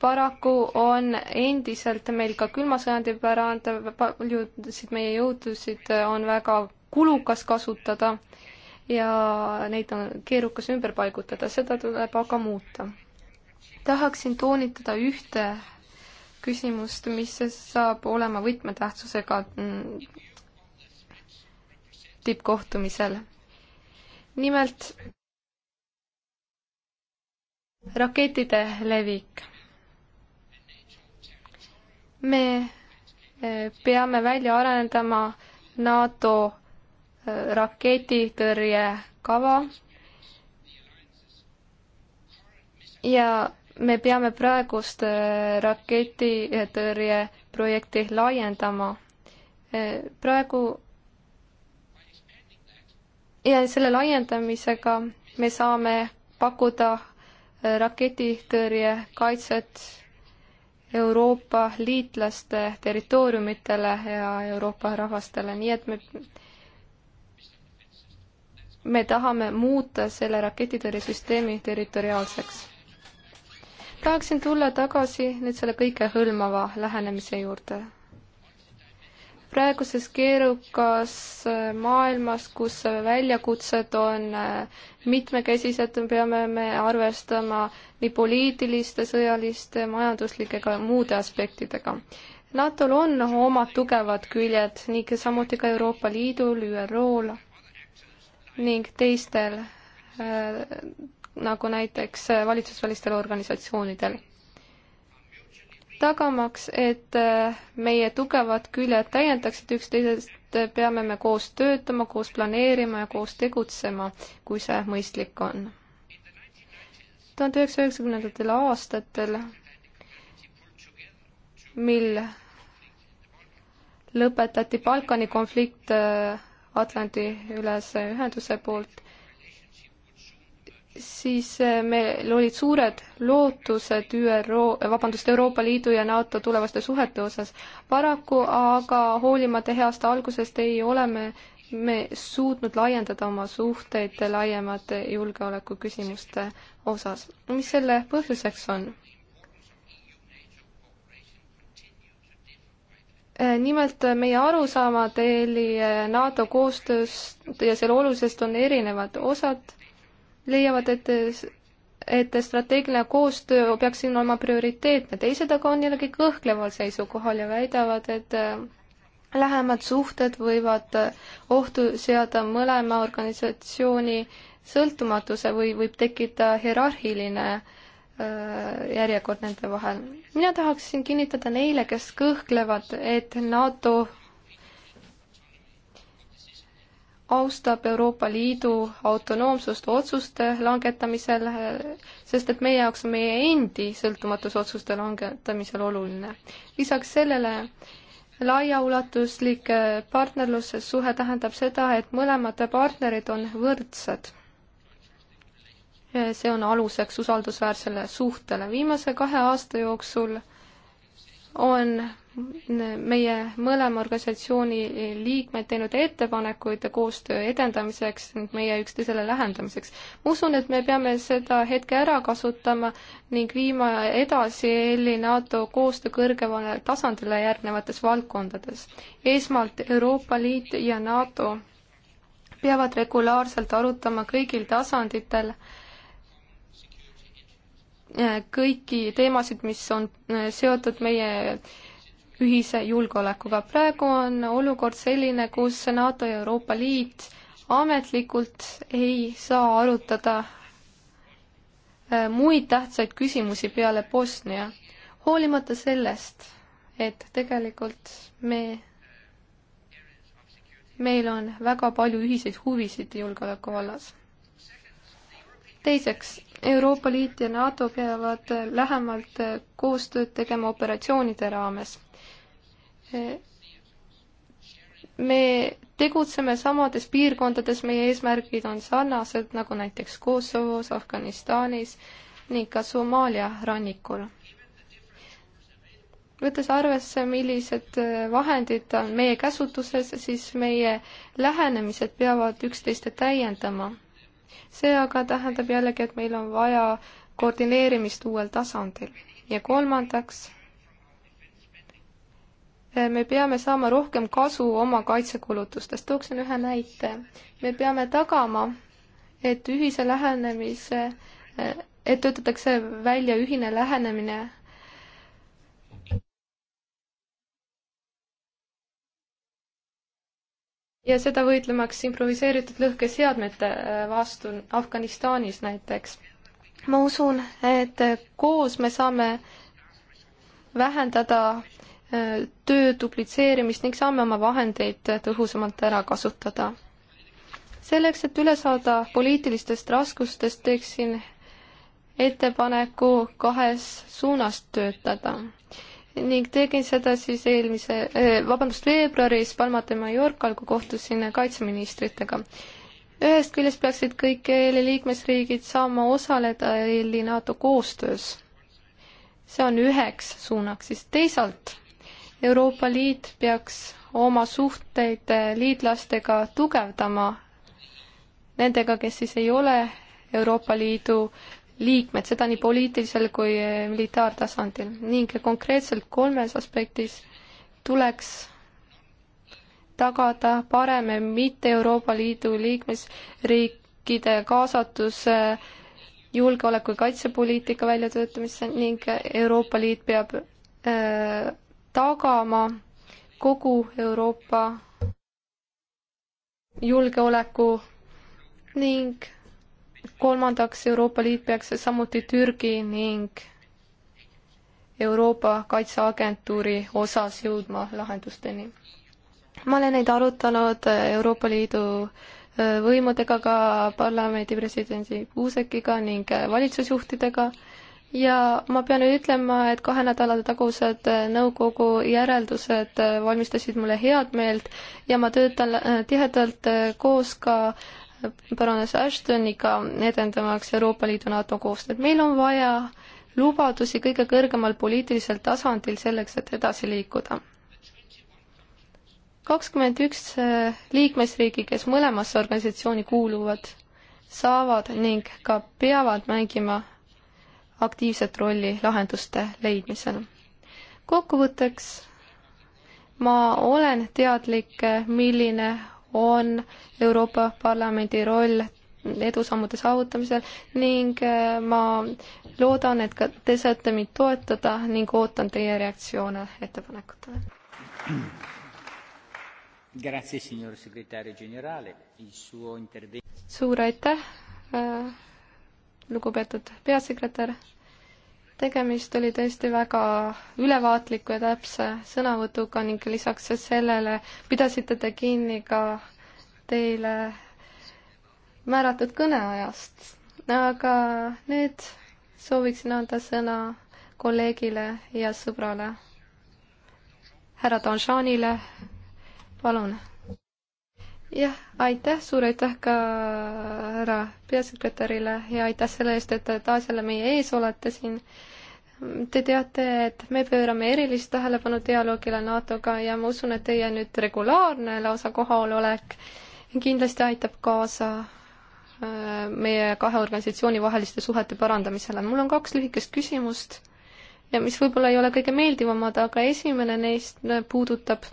paraku on endiselt meil ka külma sõjandi pärand, paljusid meie jõudusid on väga kulukas kasutada ja neid on keerukas ümber paigutada, seda tuleb aga muuta. tahaksin toonitada ühte küsimust, mis saab olema võtmetähtsusega mm, tippkohtumisel. nimelt rakettide levik me eh, peame välja arendama NATO eh, raketitõrjekava ja me peame praegust eh, raketitõrjeprojekti laiendama. praegu ja selle laiendamisega me saame pakkuda raketitõrjekaitset Euroopa liitlaste territooriumitele ja Euroopa rahvastele, nii et me me tahame muuta selle raketitõrjesüsteemi territoriaalseks. tahaksin tulla tagasi nüüd selle kõikehõlmava lähenemise juurde praeguses keerukas äh, maailmas, kus äh, väljakutsed on äh, mitmekesised, peame me arvestama nii poliitiliste, sõjaliste, majanduslike ka muude aspektidega. NATO-l on omad tugevad küljed ning samuti ka Euroopa Liidul, ÜRO-l ning teistel nagu näiteks valitsusvälistel organisatsioonidel tagamaks, et äh, meie tugevad küljed täiendaksid üksteisest, peame me koos töötama, koos planeerima ja koos tegutsema, kui see mõistlik on. tuhande üheksasaja üheksakümnendatel aastatel, mil lõpetati Balkani konflikt äh, Atlandi ülese ühenduse poolt, siis eh, meil olid suured lootused ÜRO, vabandust, Euroopa Liidu ja NATO tulevaste suhete osas. paraku aga hoolimata heast algusest ei ole me, me suutnud laiendada oma suhteid laiemate julgeolekuküsimuste osas. mis selle põhjuseks on? Eh, nimelt eh, meie arusaamad EL-i NATO koostööst ja selle olulisest on erinevad osad leiavad, et et strateegiline koostöö peaks siin olema prioriteetne, teised aga on jällegi kõhkleval seisukohal ja väidavad, et äh, lähemad suhted võivad äh, ohtu seada mõlema organisatsiooni sõltumatuse või võib tekkida hierarhiline äh, järjekord nende vahel. mina tahaksin kinnitada neile, kes kõhklevad, et NATO austab Euroopa Liidu autonoomsust otsuste langetamisel, sest et meie jaoks on meie endi sõltumatus otsuste langetamisel oluline. lisaks sellele laiaulatuslik partnerlussuhe tähendab seda, et mõlemad partnerid on võrdsed. see on aluseks usaldusväärsele suhtele. viimase kahe aasta jooksul on meie mõlema organisatsiooni liikmed teinud ettepanekuid koostöö edendamiseks ning meie üksteisele lähendamiseks. ma usun, et me peame seda hetke ära kasutama ning viima edasi EL-i NATO koostöö kõrgemale tasandile järgnevates valdkondades. esmalt Euroopa Liit ja NATO peavad regulaarselt arutama kõigil tasanditel eh, kõiki teemasid, mis on eh, seotud meie ühise julgeolekuga. praegu on olukord selline, kus NATO ja Euroopa Liit ametlikult ei saa arutada äh, muid tähtsaid küsimusi peale Bosnia, hoolimata sellest, et tegelikult me, meil on väga palju ühiseid huvisid julgeoleku vallas. teiseks, Euroopa Liit ja NATO peavad lähemalt äh, koostööd tegema operatsioonide raames me tegutseme samades piirkondades, meie eesmärgid on sarnased, nagu näiteks Kosovos, Afganistanis ning ka Somaalia rannikul. võttes arvesse, millised vahendid on meie käsutuses, siis meie lähenemised peavad üksteist täiendama. see aga tähendab jällegi, et meil on vaja koordineerimist uuel tasandil. ja kolmandaks Eh, me peame saama rohkem kasu oma kaitsekulutustest. tooksin ühe näite. me peame tagama, et ühise lähenemise, eh, et töötatakse välja ühine lähenemine ja seda võitlemaks improviseeritud lõhkeseadmete eh, vastu Afganistanis näiteks. ma usun, et koos me saame vähendada töö duplitseerimist ning saame oma vahendeid tõhusamalt ära kasutada. selleks, et üle saada poliitilistest raskustest, teeksin ettepaneku kahes suunas töötada ning tegin seda siis eelmise, eh, vabandust, veebruaris Palma de Mallorcal, kui kohtusin kaitseministritega. ühest küljest peaksid kõik EL-i liikmesriigid saama osaleda EL-i NATO koostöös. see on üheks suunaks, siis teisalt Euroopa Liit peaks oma suhteid eh, liitlastega tugevdama, nendega, kes siis ei ole Euroopa Liidu liikmed, seda nii poliitilisel kui eh, militaartasandil ning konkreetselt kolmes aspektis tuleks tagada parem mitte Euroopa Liidu liikmesriikide kaasatus eh, julgeoleku- ja kaitsepoliitika väljatöötamisse ning Euroopa Liit peab tagama kogu Euroopa julgeoleku ning kolmandaks Euroopa Liit peaks samuti Türgi ning Euroopa Kaitseagentuuri osas jõudma lahendusteni. ma olen neid arutanud Euroopa Liidu äh, võimudega, ka parlamendi presidendi Puusekiga ning äh, valitsusjuhtidega ja ma pean nüüd ütlema, et kahe nädala tagused nõukogu järeldused valmistasid mulle head meelt ja ma töötan äh, tihedalt äh, koos ka paranes äh, Ashtoniga, edendamaks Euroopa Liidu NATO koostööd. meil on vaja lubadusi kõige kõrgemal poliitilisel tasandil selleks, et edasi liikuda. kakskümmend üks liikmesriigi, kes mõlemasse organisatsiooni kuuluvad, saavad ning ka peavad mängima aktiivset rolli lahenduste leidmisel. kokkuvõtteks, ma olen teadlik, milline on Euroopa Parlamendi roll edusammude saavutamisel ning eh, ma loodan, et ka te saate mind toetada ning ootan teie reaktsioone ettepanekutele. suur aitäh eh, lugupeetud peasekretär. tegemist oli tõesti väga ülevaatliku ja täpse sõnavõtuga ning lisaks sellele pidasite te kinni ka teile määratud kõneajast. aga nüüd sooviksin anda sõna kolleegile ja sõbrale, härra Donžanile, palun jah, aitäh, suur aitäh ka härra peasekretärile ja aitäh selle eest, et te taas jälle meie ees olete siin. Te teate, et me pöörame erilist tähelepanu dialoogile NATO-ga ja ma usun, et teie nüüd regulaarne lausa kohalolek kindlasti aitab kaasa äh, meie kahe organisatsiooni vaheliste suhete parandamisele. mul on kaks lühikest küsimust ja mis võib-olla ei ole kõige meeldivamad, aga esimene neist puudutab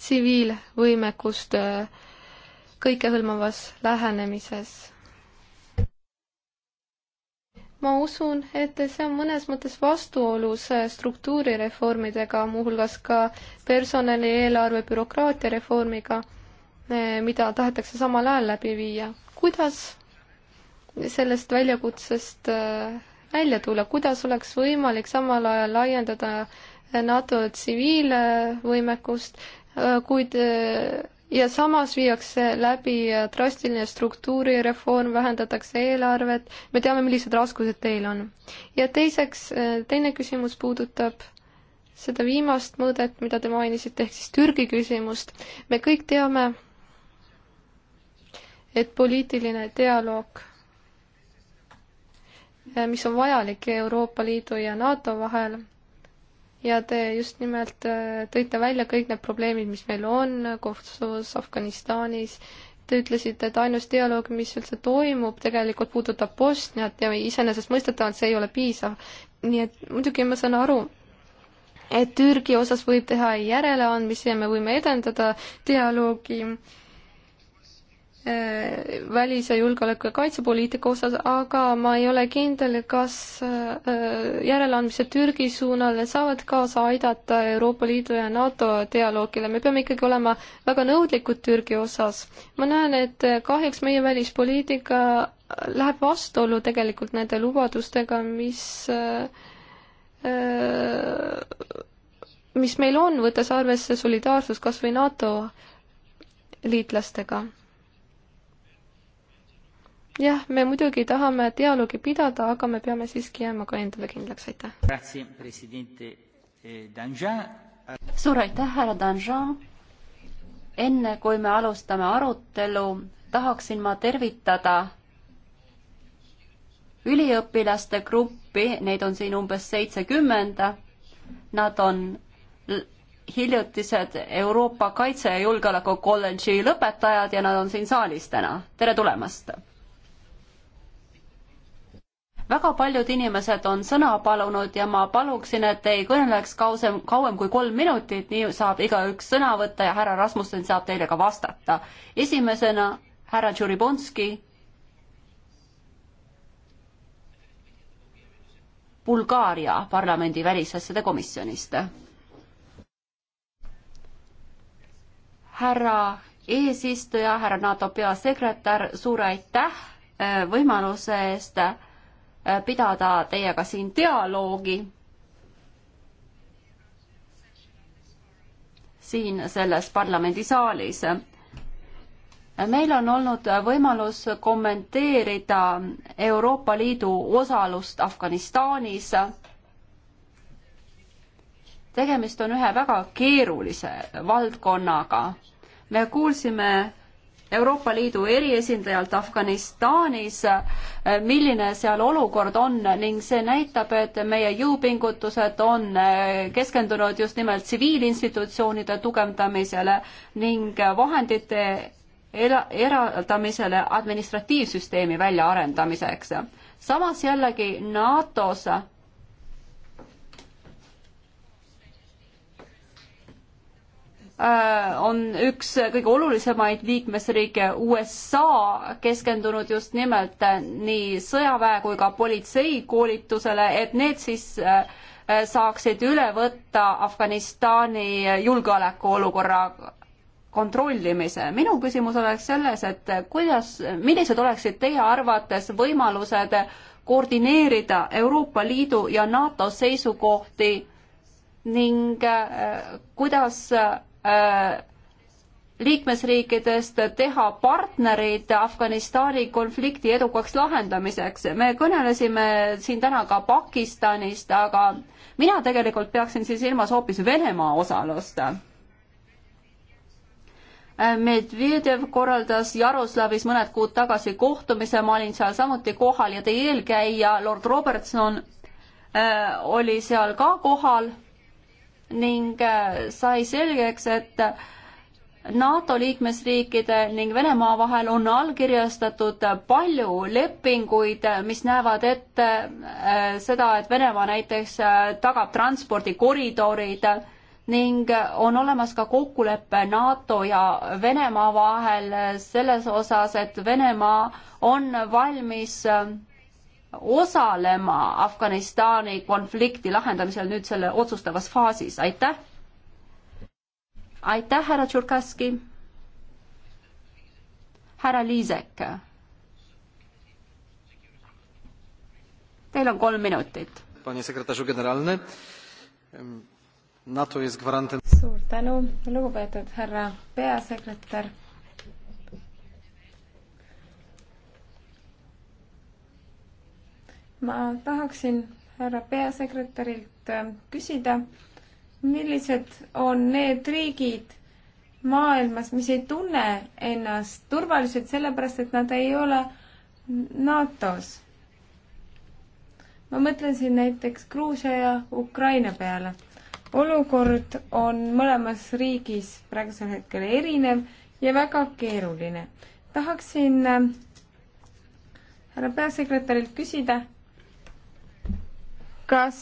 tsiviilvõimekust äh, kõikehõlmavas lähenemises. ma usun, et see on mõnes mõttes vastuolus äh, struktuurireformidega, muuhulgas ka personali, eelarve, bürokraatia reformiga, äh, mida tahetakse samal ajal läbi viia. kuidas sellest väljakutsest välja tulla, kuidas oleks võimalik samal ajal laiendada NATO tsiviilvõimekust kuid äh, ja samas viiakse läbi äh, drastiline struktuurireform, vähendatakse eelarvet, me teame, millised raskused teil on. ja teiseks, äh, teine küsimus puudutab seda viimast mõõdet, mida te mainisite, ehk siis Türgi küsimust. me kõik teame, et poliitiline dialoog, mis on vajalik Euroopa Liidu ja NATO vahel ja te just nimelt äh, tõite välja kõik need probleemid, mis meil on kohtus Afganistanis. Te ütlesite, et ainus dialoog, mis üldse toimub, tegelikult puudutab Bosniat ja iseenesestmõistetavalt see ei ole piisav. nii et muidugi ma saan aru, et Türgi osas võib teha järeleandmisi ja me võime edendada dialoogi äh, Äh, välis- ja julgeoleku- ja kaitsepoliitika osas, aga ma ei ole kindel, kas äh, järeleandmised Türgi suunal saavad kaasa aidata Euroopa Liidu ja NATO dialoogile. me peame ikkagi olema väga nõudlikud Türgi osas. ma näen, et kahjuks meie välispoliitika läheb vastuollu tegelikult nende lubadustega, mis äh, mis meil on, võttes arvesse solidaarsus kas või NATO liitlastega jah, me muidugi tahame dialoogi pidada, aga me peame siiski jääma ka endale kindlaks, aitäh. Eh, suur aitäh, härra Danjean. enne kui me alustame arutelu, tahaksin ma tervitada üliõpilaste gruppi, neid on siin umbes seitsekümmend. Nad on hiljutised Euroopa Kaitse- ja Julgeoleku kolledži lõpetajad ja nad on siin saalis täna. tere tulemast! väga paljud inimesed on sõna palunud ja ma paluksin, et ei kõneleks kausem, kauem kui kolm minutit, nii saab igaüks sõna võtta ja härra Rasmussen saab teile ka vastata. esimesena härra Tšuribonski. Bulgaaria parlamendi välisasjade komisjonist. härra eesistuja, härra NATO peasekretär, suur aitäh eh, võimaluse eest Äh, pidada teiega siin dialoogi siin selles parlamendisaalis. meil on olnud võimalus kommenteerida Euroopa Liidu osalust Afganistanis. tegemist on ühe väga keerulise valdkonnaga. me kuulsime Euroopa Liidu eriesindajalt Afganistanis, eh, milline seal olukord on ning see näitab, et meie jõupingutused on eh, keskendunud just nimelt tsiviilinstitutsioonide tugevdamisele ning vahendite era-, eraldamisele administratiivsüsteemi väljaarendamiseks. samas jällegi NATO-s Äh, on üks kõige olulisemaid liikmesriike USA keskendunud just nimelt äh, nii sõjaväe kui ka politseikoolitusele, et need siis äh, saaksid üle võtta Afganistani julgeolekuolukorra kontrollimise. minu küsimus oleks selles, et kuidas, millised oleksid teie arvates võimalused koordineerida Euroopa Liidu ja NATO seisukohti ning kuidas Äh, liikmesriikidest teha partnerid Afganistani konflikti edukaks lahendamiseks. me kõnelesime siin täna ka Pakistanist, aga mina tegelikult peaksin siin silmas hoopis Venemaa osalust. Äh, Medvedev korraldas Jaroslavis mõned kuud tagasi kohtumise, ma olin seal samuti kohal ja teie eelkäija, lord Robertson, äh, oli seal ka kohal ning äh, sai selgeks, et NATO liikmesriikide ning Venemaa vahel on allkirjastatud palju lepinguid, mis näevad ette äh, seda, et Venemaa näiteks äh, tagab transpordikoridorid ning on olemas ka kokkulepe NATO ja Venemaa vahel selles osas, et Venemaa on valmis osalema Afganistani konflikti lahendamisel nüüd selle otsustavas faasis, aitäh! aitäh, härra Tšurkaski! härra Liisek. Teil on kolm minutit. Panie sekretäru generaalne, NATO ees garant-. suur tänu, lugupeetud härra peasekretär ma tahaksin härra peasekretärilt äh, küsida, millised on need riigid maailmas, mis ei tunne ennast turvaliselt, sellepärast et nad ei ole NATO-s? ma mõtlen siin näiteks Gruusia ja Ukraina peale. olukord on mõlemas riigis praegusel hetkel erinev ja väga keeruline. tahaksin äh, härra peasekretärilt küsida, kas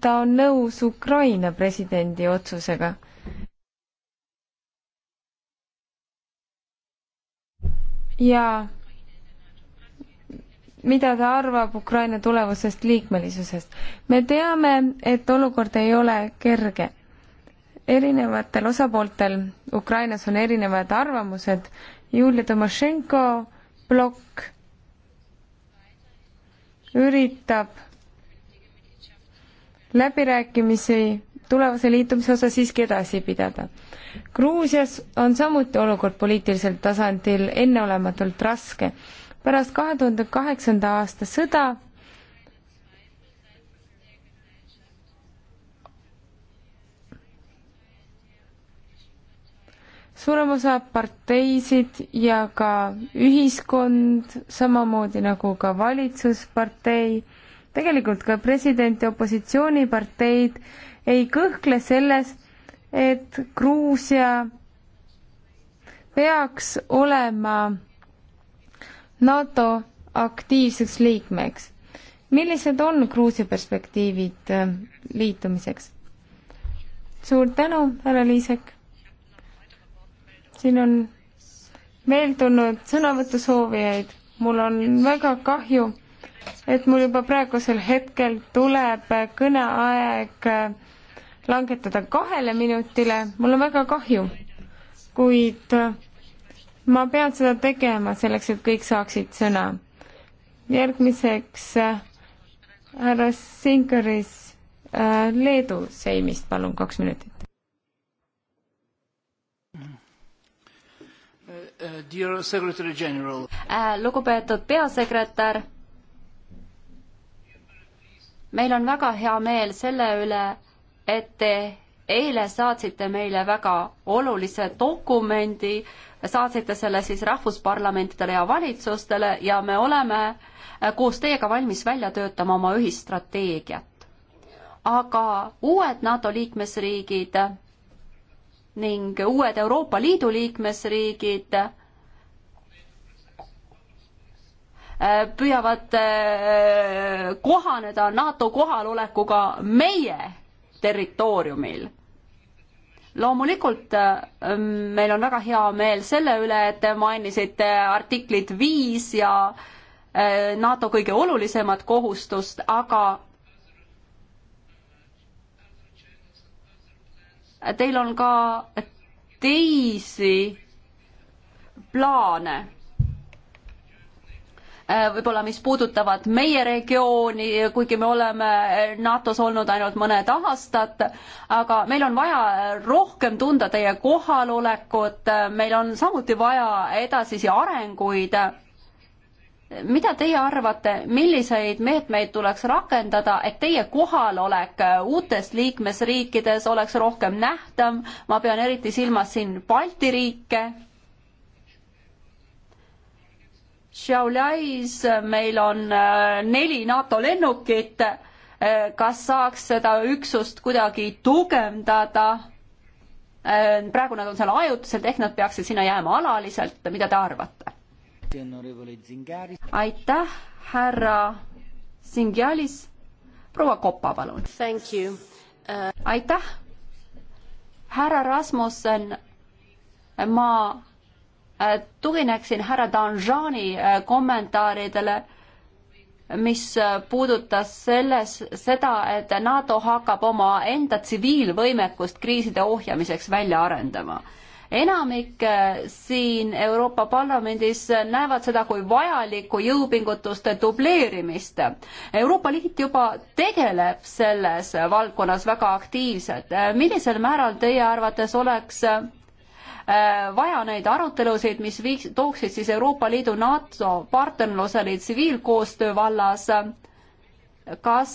ta on nõus Ukraina presidendi otsusega? ja mida ta arvab Ukraina tulevasest liikmelisusest. me teame, et olukord ei ole kerge. erinevatel osapooltel Ukrainas on erinevad arvamused, Julia Tomašenko plokk üritab läbirääkimisi tulevase liitumise osa siiski edasi pidada. Gruusias on samuti olukord poliitilisel tasandil enneolematult raske. pärast kahe tuhande kaheksanda aasta sõda suurem osa parteisid ja ka ühiskond, samamoodi nagu ka valitsuspartei tegelikult ka president ja opositsiooniparteid ei kõhkle selles, et Gruusia peaks olema NATO aktiivseks liikmeks. millised on Gruusia perspektiivid äh, liitumiseks? suur tänu, härra Liisek. siin on veel tulnud sõnavõtusoovijaid. mul on väga kahju et mul juba praegusel hetkel tuleb kõneaeg langetada kahele minutile, mul on väga kahju, kuid ma pean seda tegema selleks, et kõik saaksid sõna. järgmiseks härra Sinkeris äh, Leedu seimist, palun, kaks minutit. Uh, uh, uh, lugupeetud peasekretär meil on väga hea meel selle üle, et te eile saatsite meile väga olulise dokumendi, saatsite selle siis rahvusparlamentidele ja valitsustele ja me oleme äh, koos teiega valmis välja töötama oma ühisstrateegiat. aga uued NATO liikmesriigid ning uued Euroopa Liidu liikmesriigid Äh, püüavad äh, kohaneda NATO kohalolekuga meie territooriumil. loomulikult äh, meil on väga hea meel selle üle, et te mainisite artiklit viis ja NATO kõige olulisemat kohustust, aga teil on ka teisi plaane Äh, võib-olla mis puudutavad meie regiooni, kuigi me oleme NATO-s olnud ainult mõned aastad, aga meil on vaja rohkem tunda teie kohalolekut, meil on samuti vaja edasisi arenguid. mida teie arvate, milliseid meetmeid tuleks rakendada, et teie kohalolek uutes liikmesriikides oleks rohkem nähtav, ma pean eriti silmas siin Balti riike Šiauliais meil on äh, neli NATO lennukit. Äh, kas saaks seda üksust kuidagi tugevdada? Äh, praegu nad on seal ajutiselt, ehk nad peaksid sinna jääma alaliselt, mida te arvate? aitäh, härra Singialis. proua Koppa, palun. Uh... aitäh, härra Rasmussen. ma Äh, tugineksin härra Danjani äh, kommentaaridele, mis äh, puudutas selles, seda, et NATO hakkab omaenda tsiviilvõimekust kriiside ohjamiseks välja arendama. enamik siin Euroopa Parlamendis näevad seda kui vajalikku jõupingutuste dubleerimist. Euroopa Liit juba tegeleb selles valdkonnas väga aktiivselt. millisel määral teie arvates oleks Äh, vaja neid arutelusid, mis viiks, tooksid siis Euroopa Liidu NATO partnerlusele tsiviilkoostöö vallas. kas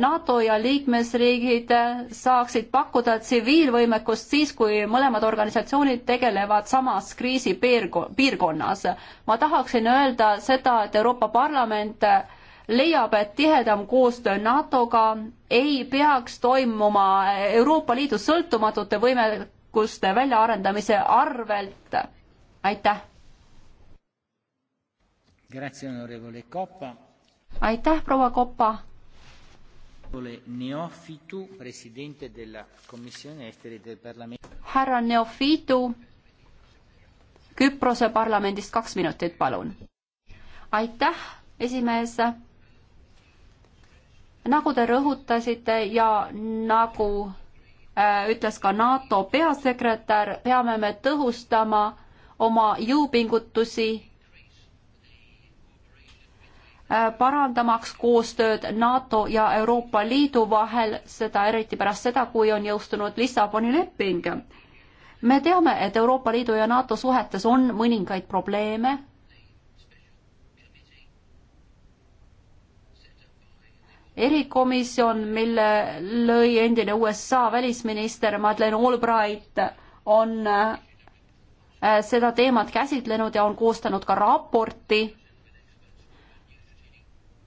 NATO ja liikmesriigid saaksid pakkuda tsiviilvõimekust siis, kui mõlemad organisatsioonid tegelevad samas kriisipiirkonnas? ma tahaksin öelda seda, et Euroopa Parlament leiab, et tihedam koostöö NATO-ga ei peaks toimuma Euroopa Liidu sõltumatute võime-, oskuste väljaarendamise arvelt. aitäh. aitäh, proua Kopa. härra Neofitu, Küprose parlamendist kaks minutit, palun. aitäh, esimees nagu te rõhutasite ja nagu Äh, ütles ka NATO peasekretär, peame me tõhustama oma jõupingutusi äh, parandamaks koostööd NATO ja Euroopa Liidu vahel, seda eriti pärast seda, kui on jõustunud Lissaboni leping. me teame, et Euroopa Liidu ja NATO suhetes on mõningaid probleeme erikomisjon, mille lõi endine USA välisminister Madeleine Albright, on äh, seda teemat käsitlenud ja on koostanud ka raporti.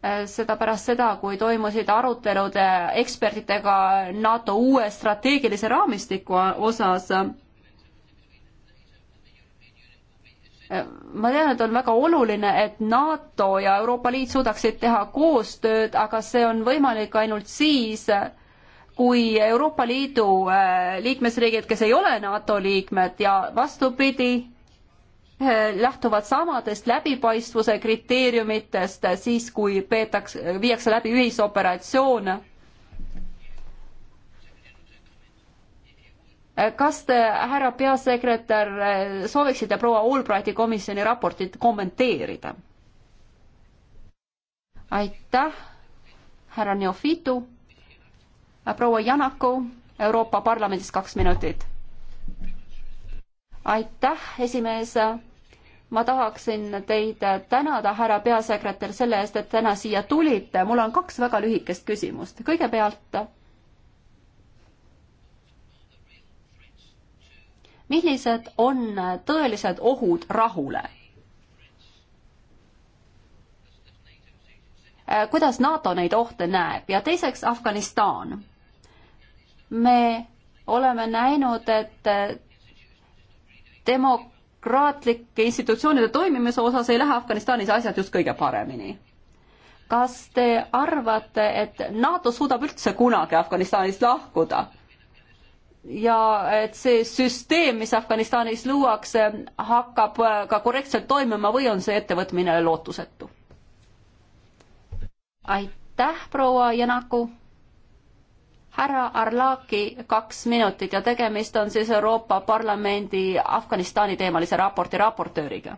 Äh, seda pärast seda, kui toimusid arutelud äh, ekspertidega NATO uue strateegilise raamistiku osas ma tean, et on väga oluline, et NATO ja Euroopa Liit suudaksid teha koostööd, aga see on võimalik ainult siis, kui Euroopa Liidu äh, liikmesriigid, kes ei ole NATO liikmed ja vastupidi, äh, lähtuvad samadest läbipaistvuse kriteeriumitest äh, siis, kui peetakse, viiakse läbi ühisoperatsioone kas te, härra peasekretär, sooviksite proua Albrighti komisjoni raportit kommenteerida? aitäh, härra Neofitu. proua Janaku, Euroopa Parlamendis kaks minutit. aitäh, esimees. ma tahaksin teid tänada, härra peasekretär, selle eest, et täna siia tulite. mul on kaks väga lühikest küsimust. kõigepealt millised on tõelised ohud rahule? kuidas NATO neid ohte näeb ja teiseks Afganistan. me oleme näinud, et demokraatlike institutsioonide toimimise osas ei lähe Afganistanis asjad just kõige paremini kas te arvate, et NATO suudab üldse kunagi Afganistanist lahkuda? ja et see süsteem, mis Afganistanis luuakse, hakkab äh, ka korrektselt toimima või on see ettevõtmine lootusetu? aitäh, proua Janaku. härra Arlaki, kaks minutit ja tegemist on siis Euroopa Parlamendi Afganistani teemalise raporti raportööriga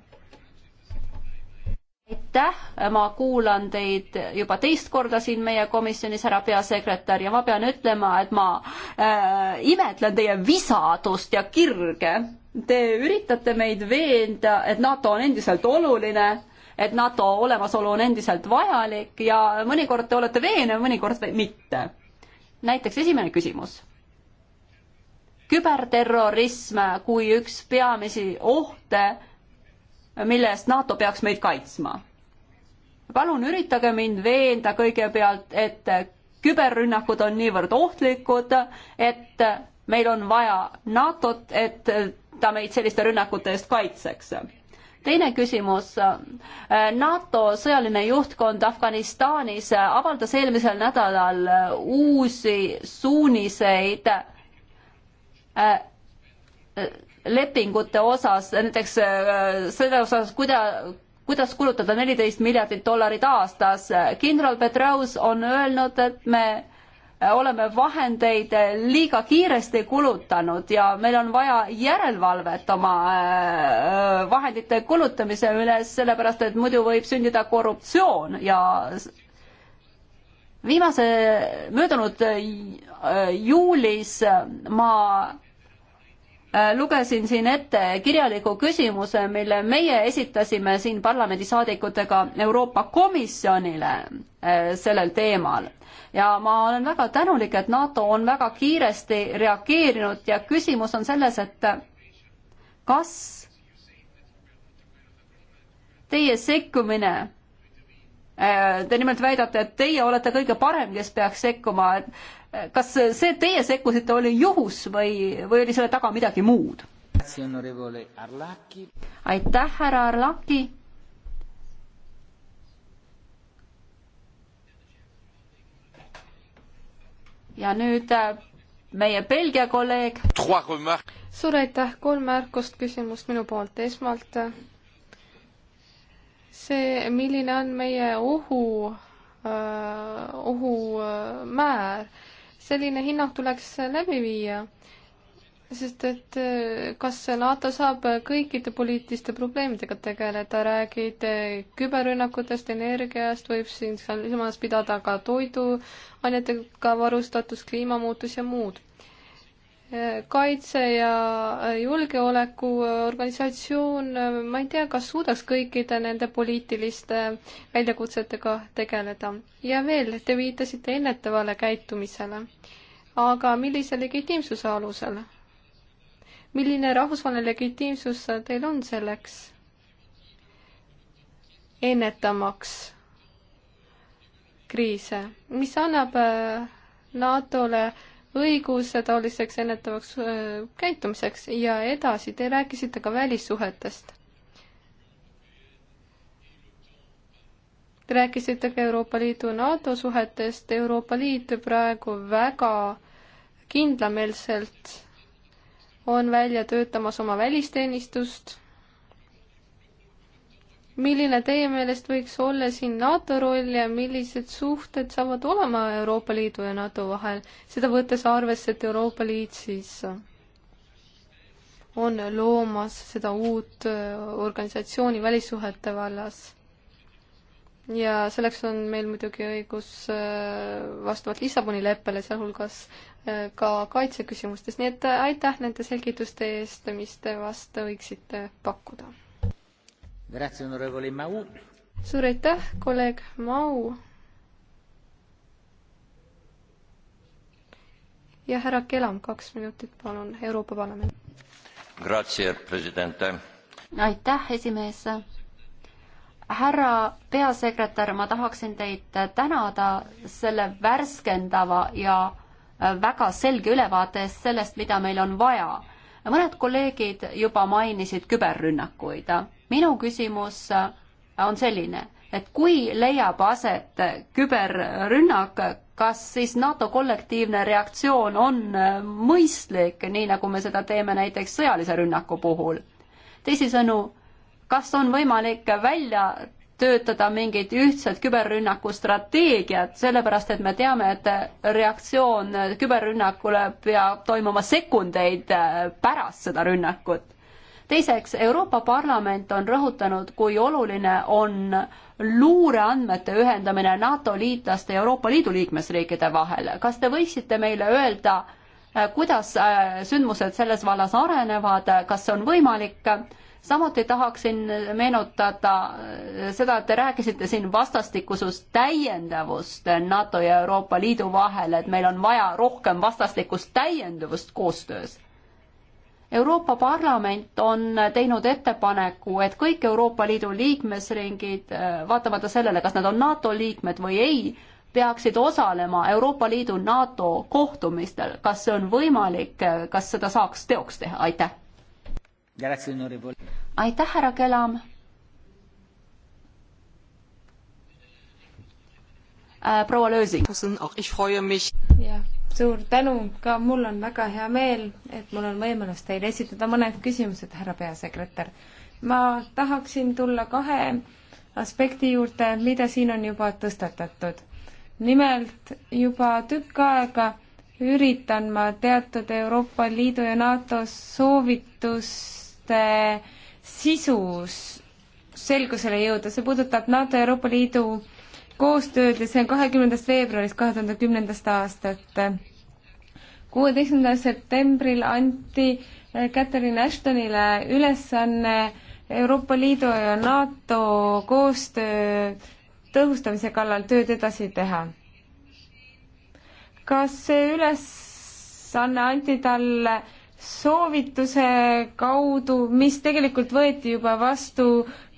aitäh, ma kuulan teid juba teist korda siin meie komisjonis, härra peasekretär, ja ma pean ütlema, et ma äh, imetlen teie visadust ja kirge. Te üritate meid veenda, et NATO on endiselt oluline, et NATO olemasolu on endiselt vajalik ja mõnikord te olete veenev, mõnikord mitte. näiteks esimene küsimus. küberterrorism kui üks peamisi ohte mille eest NATO peaks meid kaitsma. palun üritage mind veenda kõigepealt, et küberrünnakud on niivõrd ohtlikud, et meil on vaja NATO-t, et ta meid selliste rünnakute eest kaitseks. teine küsimus. NATO sõjaline juhtkond Afganistanis avaldas eelmisel nädalal uusi suuniseid lepingute osas, näiteks äh, selle osas, kuida-, kuidas kulutada neliteist miljardit dollarit aastas. kindral Petraeus on öelnud, et me äh, oleme vahendeid äh, liiga kiiresti kulutanud ja meil on vaja järelevalvet oma vahendite kulutamise üle, sellepärast et muidu võib sündida korruptsioon ja viimase möödunud juulis ma Äh, lugesin siin ette kirjaliku küsimuse, mille meie esitasime siin parlamendisaadikutega Euroopa Komisjonile äh, sellel teemal. ja ma olen väga tänulik, et NATO on väga kiiresti reageerinud ja küsimus on selles, et kas teie sekkumine äh, Te nimelt väidate, et teie olete kõige parem, kes peaks sekkuma, et kas see, et teie sekkusite, oli juhus või, või oli selle taga midagi muud? aitäh, härra Arlaki. ja nüüd äh, meie Belgia kolleeg. suur aitäh, kolm märkust, küsimust minu poolt. esmalt see, milline on meie ohu, äh, ohumäär äh, selline hinnang tuleks läbi viia, sest et äh, kas NATO saab kõikide poliitiliste probleemidega tegeleda, räägid äh, küberrünnakutest, energiast, võib siin samas pidada ka toiduainetega varustatus, kliimamuutus ja muud kaitse- ja julgeolekuorganisatsioon, ma ei tea, kas suudaks kõikide nende poliitiliste väljakutsetega tegeleda. ja veel, te viitasite ennetavale käitumisele. aga millise legitiimsuse alusel? milline rahvusvaheline legitiimsus teil on selleks ennetamaks kriise, mis annab äh, NATO-le äh, õiguse taoliseks ennetavaks käitumiseks ja edasi, te rääkisite ka välissuhetest. Te rääkisite ka Euroopa Liidu NATO suhetest, Euroopa Liit praegu väga kindlameelselt on välja töötamas oma välisteenistust milline teie meelest võiks olla siin NATO roll ja millised suhted saavad olema Euroopa Liidu ja NATO vahel, seda võttes arvesse, et Euroopa Liit siis on loomas seda uut äh, organisatsiooni välissuhete vallas. ja selleks on meil muidugi õigus äh, vastavalt Lissaboni leppele, sealhulgas äh, ka kaitseküsimustes, nii et aitäh nende selgituste eest, mis te vast võiksite pakkuda suur aitäh, kolleeg Mau. ja härra Kelam, kaks minutit, palun, Euroopa Parlament. aitäh, esimees. härra peasekretär, ma tahaksin teid tänada selle värskendava ja väga selge ülevaate eest sellest, mida meil on vaja. mõned kolleegid juba mainisid küberrünnakuid minu küsimus äh, on selline, et kui leiab aset äh, küberrünnak, kas siis NATO kollektiivne reaktsioon on äh, mõistlik, nii nagu me seda teeme näiteks sõjalise rünnaku puhul? teisisõnu, kas on võimalik välja töötada mingit ühtset küberrünnaku strateegiat, sellepärast et me teame, et reaktsioon küberrünnakule peab toimuma sekundeid pärast seda rünnakut teiseks, Euroopa Parlament on rõhutanud, kui oluline on luureandmete ühendamine NATO liitlaste ja Euroopa Liidu liikmesriikide vahel. kas te võiksite meile öelda, äh, kuidas äh, sündmused selles vallas arenevad, kas see on võimalik? samuti tahaksin meenutada äh, seda, et te rääkisite siin vastastikusust täiendavust NATO ja Euroopa Liidu vahel, et meil on vaja rohkem vastastikust täiendavust koostöös Euroopa Parlament on teinud ettepaneku, et kõik Euroopa Liidu liikmesringid, vaatamata sellele, kas nad on NATO liikmed või ei, peaksid osalema Euroopa Liidu NATO kohtumistel. kas see on võimalik, kas seda saaks teoks teha, aitäh! aitäh, härra Kelam! Äh, proua Lösing. jah, suur tänu, ka mul on väga hea meel, et mul on võimalus teile esitada mõned küsimused, härra peasekretär. ma tahaksin tulla kahe aspekti juurde, mida siin on juba tõstatatud. nimelt juba tükk aega üritan ma teatud Euroopa Liidu ja NATO soovituste sisus selgusele jõuda, see puudutab NATO ja Euroopa Liidu koostööd ja see on kahekümnendast veebruarist kahe tuhande kümnendast aastat. kuueteistkümnendal septembril anti eh, Catherine Ashtonile ülesanne Euroopa Liidu ja NATO koostöö tõhustamise kallal tööd edasi teha. kas see ülesanne anti talle soovituse kaudu, mis tegelikult võeti juba vastu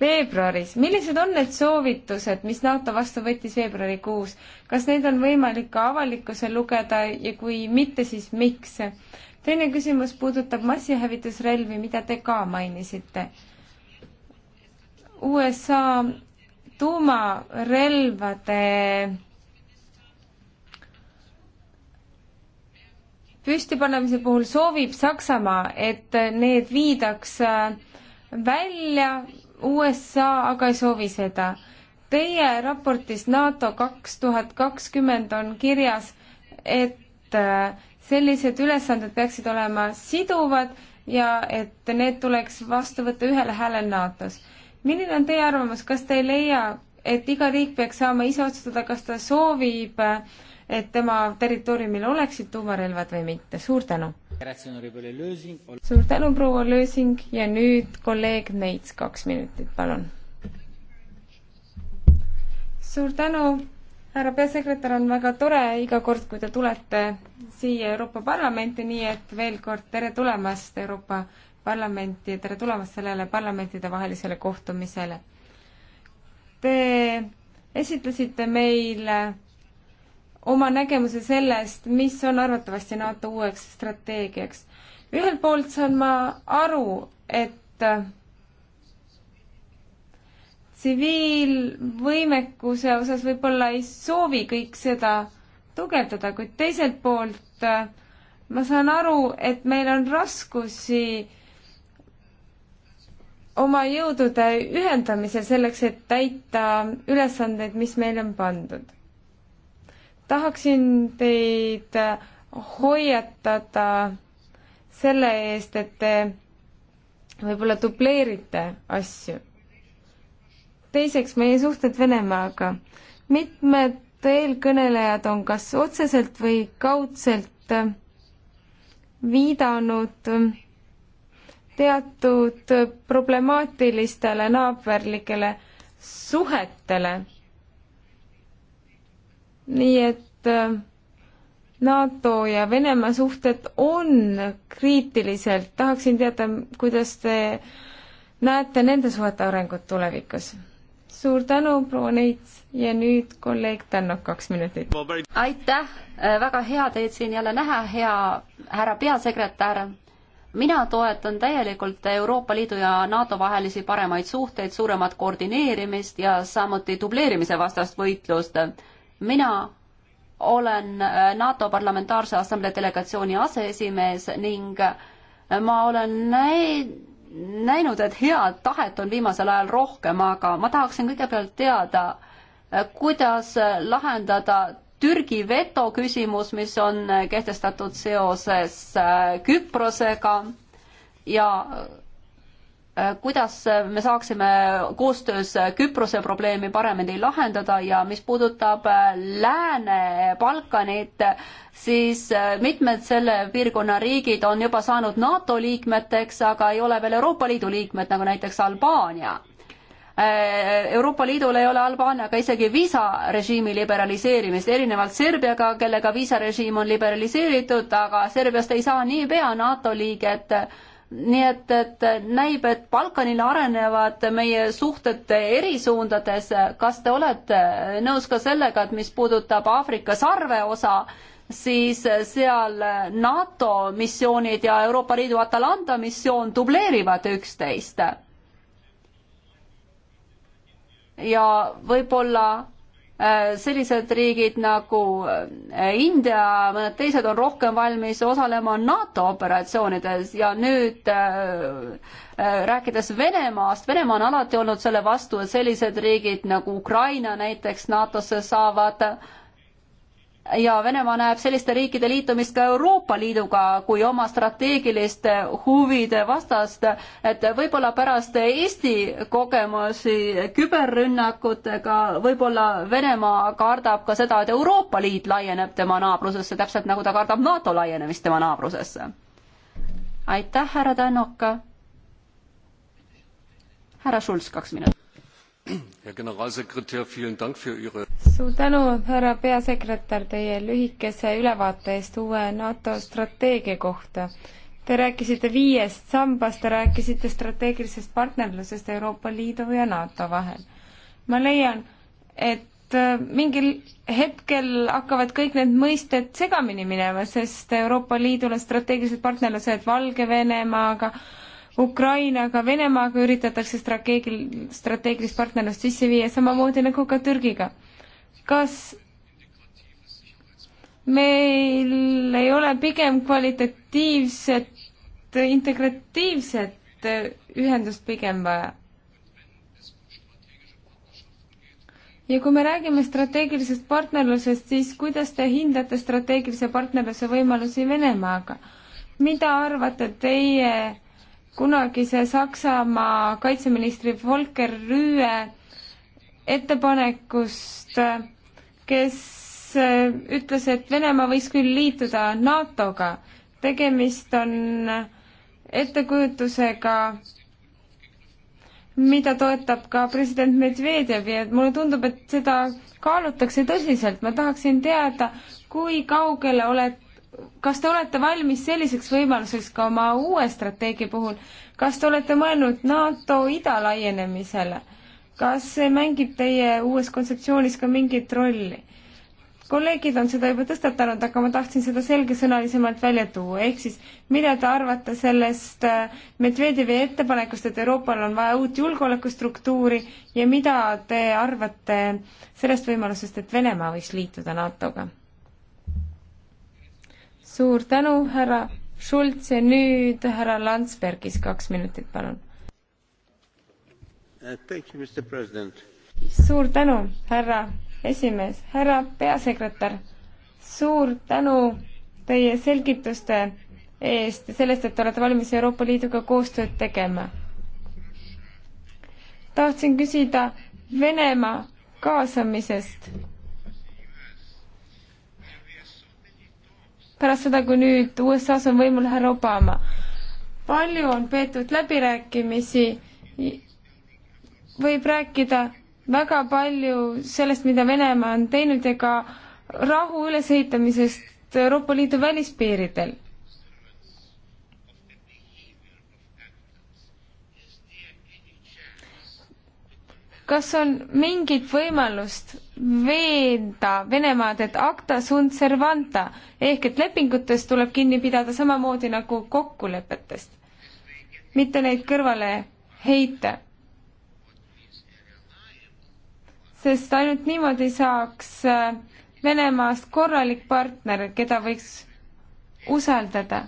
veebruaris. millised on need soovitused, mis NATO vastu võttis veebruarikuus? kas neid on võimalik ka avalikkusel lugeda ja kui mitte, siis miks? teine küsimus puudutab massihävitusrelvi, mida te ka mainisite. USA tuumarelvade püstipanemise puhul soovib Saksamaa, et need viidaks äh, välja, USA aga ei soovi seda. Teie raportis NATO kaks tuhat kakskümmend on kirjas, et äh, sellised ülesanded peaksid olema siduvad ja et need tuleks vastu võtta ühel häälel NATO-s. milline on teie arvamus, kas te ei leia, et iga riik peaks saama ise otsustada, kas ta soovib äh, et tema territooriumil oleksid tuumarelvad või mitte. suur tänu! suur tänu, proua Lösing ja nüüd kolleeg Neits, kaks minutit, palun! suur tänu! härra peasekretär, on väga tore iga kord, kui te tulete siia Euroopa Parlamenti, nii et veel kord tere tulemast Euroopa Parlamenti ja tere tulemast sellele parlamentidevahelisele kohtumisele. Te esitlesite meile oma nägemuse sellest, mis on arvatavasti NATO uueks strateegiaks. ühelt poolt saan ma aru, et tsiviilvõimekuse osas võib-olla ei soovi kõik seda tugevdada, kuid teiselt poolt äh, ma saan aru, et meil on raskusi oma jõudude ühendamisel selleks, et täita ülesandeid, mis meile on pandud tahaksin teid hoiatada selle eest, et te võib-olla dubleerite asju. teiseks, meie suhted Venemaaga. mitmed eelkõnelejad on kas otseselt või kaudselt viidanud teatud problemaatilistele naaberlikele suhetele nii et äh, NATO ja Venemaa suhted on kriitiliselt, tahaksin teada, kuidas te näete nende suhete arengut tulevikus? suur tänu, proua Neits ja nüüd kolleeg Tännok, kaks minutit. aitäh, äh, väga hea teid siin jälle näha, hea härra peasekretär. mina toetan täielikult Euroopa Liidu ja NATO vahelisi paremaid suhteid, suuremat koordineerimist ja samuti dubleerimise vastast võitlust mina olen äh, NATO Parlamentaarse Assamblee delegatsiooni aseesimees ning äh, ma olen näinud, näinud, et head tahet on viimasel ajal rohkem, aga ma tahaksin kõigepealt teada, äh, kuidas lahendada Türgi veto küsimus, mis on kehtestatud seoses Küprosega ja Äh, kuidas me saaksime koostöös Küprose probleemi paremini lahendada ja mis puudutab äh, Lääne-Balkanit, siis äh, mitmed selle piirkonna riigid on juba saanud NATO liikmeteks, aga ei ole veel Euroopa Liidu liikmed, nagu näiteks Albaania. Euroopa Liidul ei ole Albaaniaga isegi viisarežiimi liberaliseerimist, erinevalt Serbiaga, kellega viisarežiim on liberaliseeritud, aga Serbiast ei saa niipea NATO liiget et nii et, et näib, et Balkanil arenevad meie suhted erisuundades. kas te olete nõus ka sellega, et mis puudutab Aafrika sarve osa, siis seal NATO missioonid ja Euroopa Liidu Atalanta missioon dubleerivad üksteist? ja võib-olla Äh, sellised riigid nagu äh, India, mõned teised on rohkem valmis osalema NATO operatsioonides ja nüüd äh, rääkides Venemaast, Venemaa on alati olnud selle vastu, et sellised riigid nagu Ukraina näiteks NATO-sse saavad ja Venemaa näeb selliste riikide liitumist ka Euroopa Liiduga kui oma strateegiliste huvide vastast, et võib-olla pärast Eesti kogemusi küberrünnakutega võib-olla Venemaa kardab ka seda, et Euroopa Liit laieneb tema naabrusesse, täpselt nagu ta kardab NATO laienemist tema naabrusesse. aitäh, härra Tänok. härra Schulz, kaks minutit suur tänu, härra peasekretär, teie lühikese ülevaate eest uue NATO strateegia kohta. Te rääkisite viiest sambast, te rääkisite strateegilisest partnerlusest Euroopa Liidu ja NATO vahel. ma leian, et äh, mingil hetkel hakkavad kõik need mõisted segamini minema, sest Euroopa Liidul on strateegilised partnerlused Valgevenemaaga, Ukrainaga, Venemaaga üritatakse strateegil-, strateegilist partnerlust sisse viia, samamoodi nagu ka Türgiga. kas meil ei ole pigem kvalitatiivset, integratiivset äh, ühendust pigem vaja? ja kui me räägime strateegilisest partnerlusest, siis kuidas te hindate strateegilise partnerluse võimalusi Venemaaga? mida arvate teie kunagise Saksamaa kaitseministri Volker Rüüe ettepanekust, kes äh, ütles, et Venemaa võiks küll liituda NATO-ga. tegemist on ettekujutusega, mida toetab ka president Medvedjev ja mulle tundub, et seda kaalutakse tõsiselt. ma tahaksin teada, kui kaugele olete kas te olete valmis selliseks võimaluseks ka oma uue strateegia puhul? kas te olete mõelnud NATO ida laienemisele? kas see mängib teie uues kontseptsioonis ka mingit rolli? kolleegid on seda juba tõstatanud, aga ma tahtsin seda selgesõnalisemalt välja tuua, ehk siis mida te arvate sellest äh, Medvedjevi ettepanekust, et Euroopal on vaja uut julgeolekustruktuuri ja mida te arvate sellest võimalusest, et Venemaa võiks liituda NATO-ga? suur tänu, härra Schultz ja nüüd härra Landsbergis, kaks minutit, palun. Uh, suur tänu, härra esimees, härra peasekretär, suur tänu teie selgituste eest ja sellest, et olete valmis Euroopa Liiduga koostööd tegema. tahtsin küsida Venemaa kaasamisest pärast seda, kui nüüd USA-s on võimul härra Obama. palju on peetud läbirääkimisi, võib rääkida väga palju sellest, mida Venemaa on teinud ja ka rahu ülesehitamisest Euroopa Liidu välispiiridel kas on mingit võimalust veenda Venemaad, et acta sunt servanta ehk et lepingutest tuleb kinni pidada samamoodi nagu kokkulepetest, mitte neid kõrvale heita? sest ainult niimoodi saaks äh, Venemaast korralik partner, keda võiks usaldada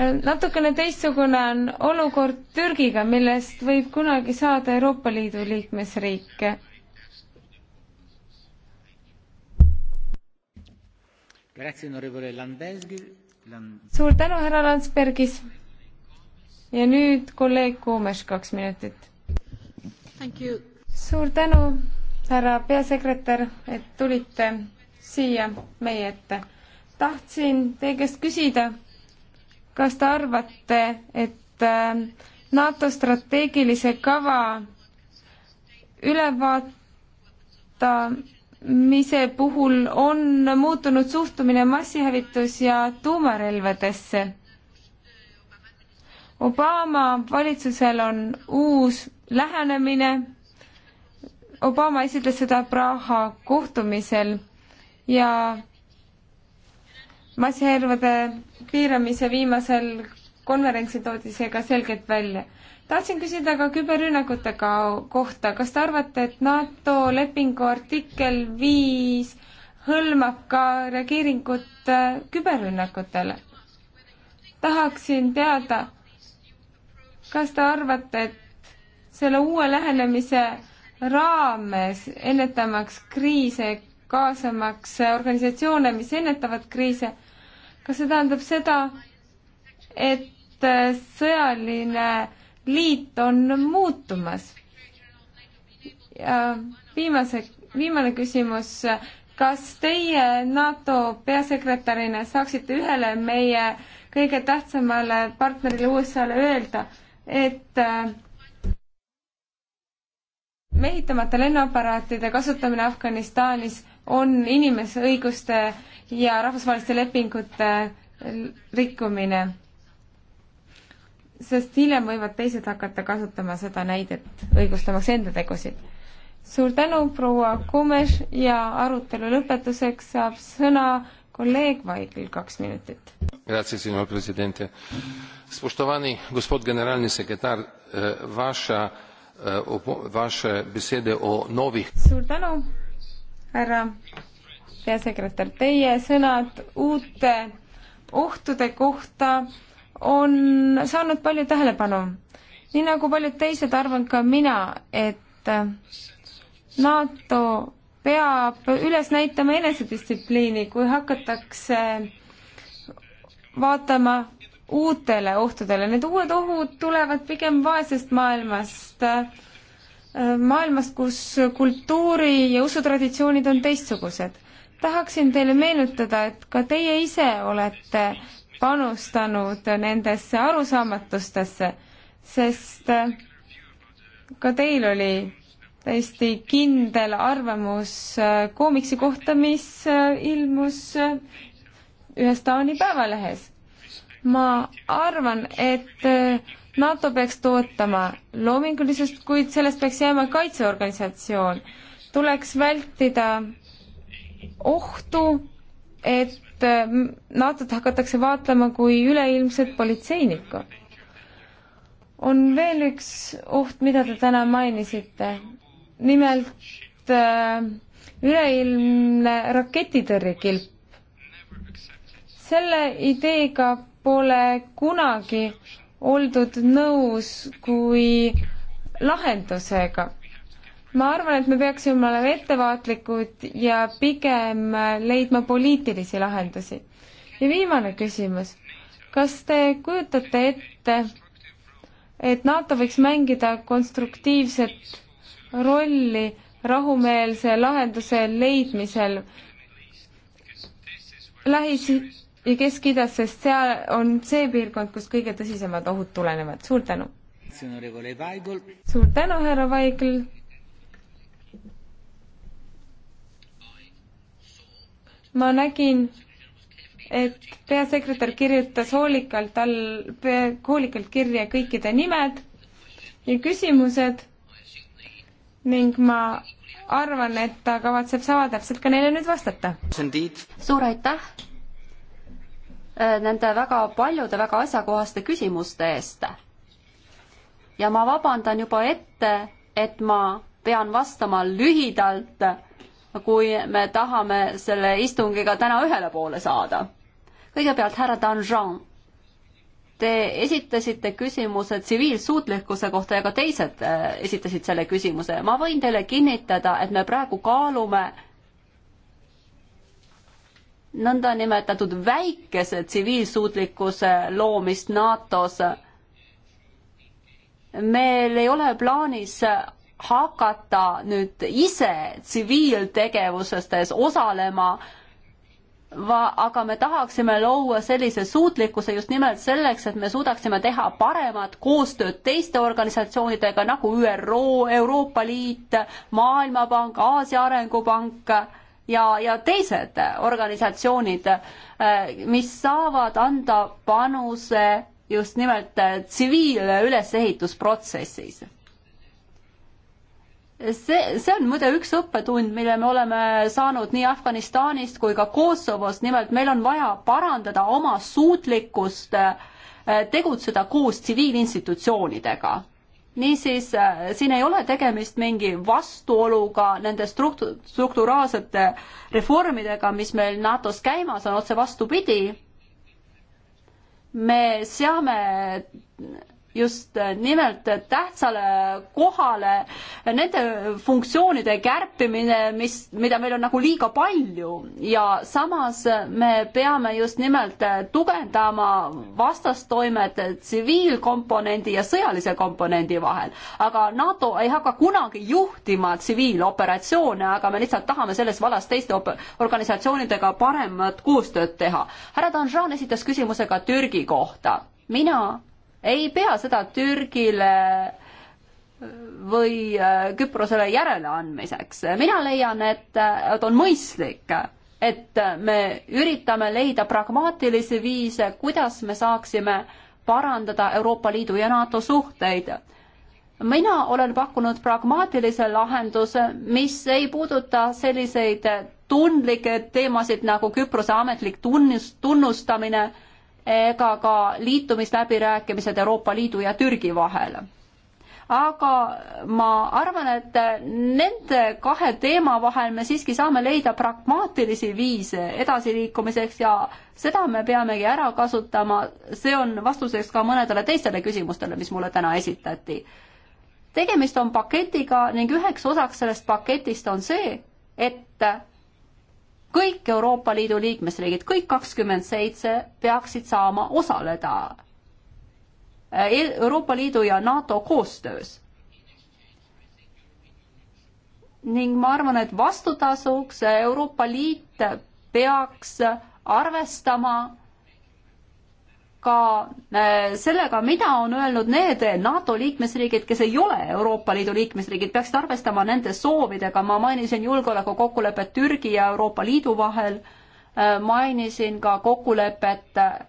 Äh, natukene teistsugune on olukord Türgiga, millest võib kunagi saada Euroopa Liidu liikmesriik. suur tänu, härra Landsbergis. ja nüüd kolleeg Kuumes, kaks minutit. suur tänu, härra peasekretär, et tulite siia meie ette. tahtsin teie käest küsida kas te arvate, et ähm, NATO strateegilise kava ülevaatamise puhul on muutunud suhtumine massihävitus- ja tuumarelvadesse? Obama valitsusel on uus lähenemine, Obama esitles seda Praha kohtumisel ja massihäirvede piiramise viimasel konverentsil toodi see ka selgelt välja. tahtsin küsida ka küberrünnakute ka kohta, kas te arvate, et NATO lepingu artikkel viis hõlmab ka reageeringut äh, küberrünnakutele? tahaksin teada, kas te arvate, et selle uue lähenemise raames ennetamaks kriise, kaasamaks organisatsioone, mis ennetavad kriise kas see tähendab seda, et äh, sõjaline liit on muutumas? ja viimase, viimane küsimus, kas teie NATO peasekretärina saaksite ühele meie kõige tähtsamale partnerile USA-le öelda, et äh, mehitamata lennuaparaatide kasutamine Afganistanis on inimesõiguste ja rahvusvaheliste lepingute rikkumine. sest hiljem võivad teised hakata kasutama seda näidet, õigustamaks enda tegusid. suur tänu, proua Kumes ja arutelu lõpetuseks saab sõna kolleeg Vaigel, kaks minutit. Grazie, signor presidente. Spoštovani gospod generalni sekretär, eh, vaša, eh, vaše besede o novih. suur tänu härra peasekretär, teie sõnad uute ohtude kohta on saanud palju tähelepanu. nii nagu paljud teised, arvan ka mina, et NATO peab üles näitama enesedistsipliini, kui hakatakse vaatama uutele ohtudele. Need uued ohud tulevad pigem vaesest maailmast äh, maailmast, kus kultuuri ja usutraditsioonid on teistsugused. tahaksin teile meenutada, et ka teie ise olete panustanud nendesse arusaamatustesse, sest äh, ka teil oli täiesti kindel arvamus äh, koomiksi kohta, mis äh, ilmus ühes Taani päevalehes. ma arvan, et NATO peaks tootma loomingulisust, kuid sellest peaks jääma kaitseorganisatsioon. tuleks vältida ohtu, et äh, NATO-t hakatakse vaatlema kui üleilmset politseinikku. on veel üks oht, mida te täna mainisite, nimelt äh, üleilmne raketitõrjekilp. selle ideega pole kunagi oldud nõus kui lahendusega. ma arvan, et me peaksime olema ettevaatlikud ja pigem leidma poliitilisi lahendusi. ja viimane küsimus. kas te kujutate ette, et NATO võiks mängida konstruktiivset rolli rahumeelse lahenduse leidmisel Lähis ja Kesk-Idas, sest seal on see piirkond, kus kõige tõsisemad ohud tulenevad. suur tänu! suur tänu, härra Vaigel! ma nägin, et peasekretär kirjutas hoolikalt all, hoolikalt kirja kõikide nimed ja küsimused ning ma arvan, et ta kavatseb sama täpselt ka neile nüüd vastata. suur aitäh! Äh, nende väga paljude väga asjakohaste küsimuste eest. ja ma vabandan juba ette, et ma pean vastama lühidalt, kui me tahame selle istungiga täna ühele poole saada. kõigepealt härra Danjean, te esitasite küsimuse tsiviilsuutlikkuse kohta ja ka teised äh, esitasid selle küsimuse. ma võin teile kinnitada, et me praegu kaalume äh, nõndanimetatud väikese tsiviilsuutlikkuse loomist NATO-s. meil ei ole plaanis hakata nüüd ise tsiviiltegevustes osalema, va-, aga me tahaksime luua sellise suutlikkuse just nimelt selleks, et me suudaksime teha paremat koostööd teiste organisatsioonidega nagu ÜRO, Euroopa Liit, Maailmapank, Aasia Arengupank ja, ja teised organisatsioonid, äh, mis saavad anda panuse just nimelt äh, tsiviilülesehitusprotsessis. see, see on muide üks õppetund, mille me oleme saanud nii Afganistanist kui ka Kosovost, nimelt meil on vaja parandada oma suutlikkust äh, tegutseda koos tsiviilinstitutsioonidega niisiis, äh, siin ei ole tegemist mingi vastuoluga nende struktu-, strukturaalsete reformidega, mis meil NATO-s käimas on, otse vastupidi, me seame just äh, nimelt tähtsale kohale nende funktsioonide kärpimine, mis, mida meil on nagu liiga palju ja samas me peame just nimelt tugevdama vastastoimet tsiviilkomponendi ja sõjalise komponendi vahel. aga NATO ei hakka kunagi juhtima tsiviiloperatsioone, aga me lihtsalt tahame selles vallas teiste organisatsioonidega paremat koostööd teha. härra Danjan esitas küsimuse ka Türgi kohta. mina ei pea seda Türgile või äh, Küprosele järeleandmiseks. mina leian, et, äh, et on mõistlik, et äh, me üritame leida pragmaatilisi viise, kuidas me saaksime parandada Euroopa Liidu ja NATO suhteid. mina olen pakkunud pragmaatilise lahenduse, mis ei puuduta selliseid tundlikke teemasid nagu Küprose ametlik tunnus, tunnustamine ega ka liitumisläbirääkimised Euroopa Liidu ja Türgi vahel aga ma arvan, et nende kahe teema vahel me siiski saame leida pragmaatilisi viise edasiliikumiseks ja seda me peamegi ära kasutama. see on vastuseks ka mõnedele teistele küsimustele, mis mulle täna esitati. tegemist on paketiga ning üheks osaks sellest paketist on see, et kõik Euroopa Liidu liikmesriigid, kõik kakskümmend seitse peaksid saama osaleda eh, e-, Euroopa Liidu ja NATO koostöös. ning ma arvan, et vastutasuks Euroopa Liit peaks arvestama ka äh, sellega, mida on öelnud need NATO liikmesriigid, kes ei ole Euroopa Liidu liikmesriigid, peaksid arvestama nende soovidega, ma mainisin julgeolekukokkulepet Türgi ja Euroopa Liidu vahel, äh, mainisin ka kokkulepet äh,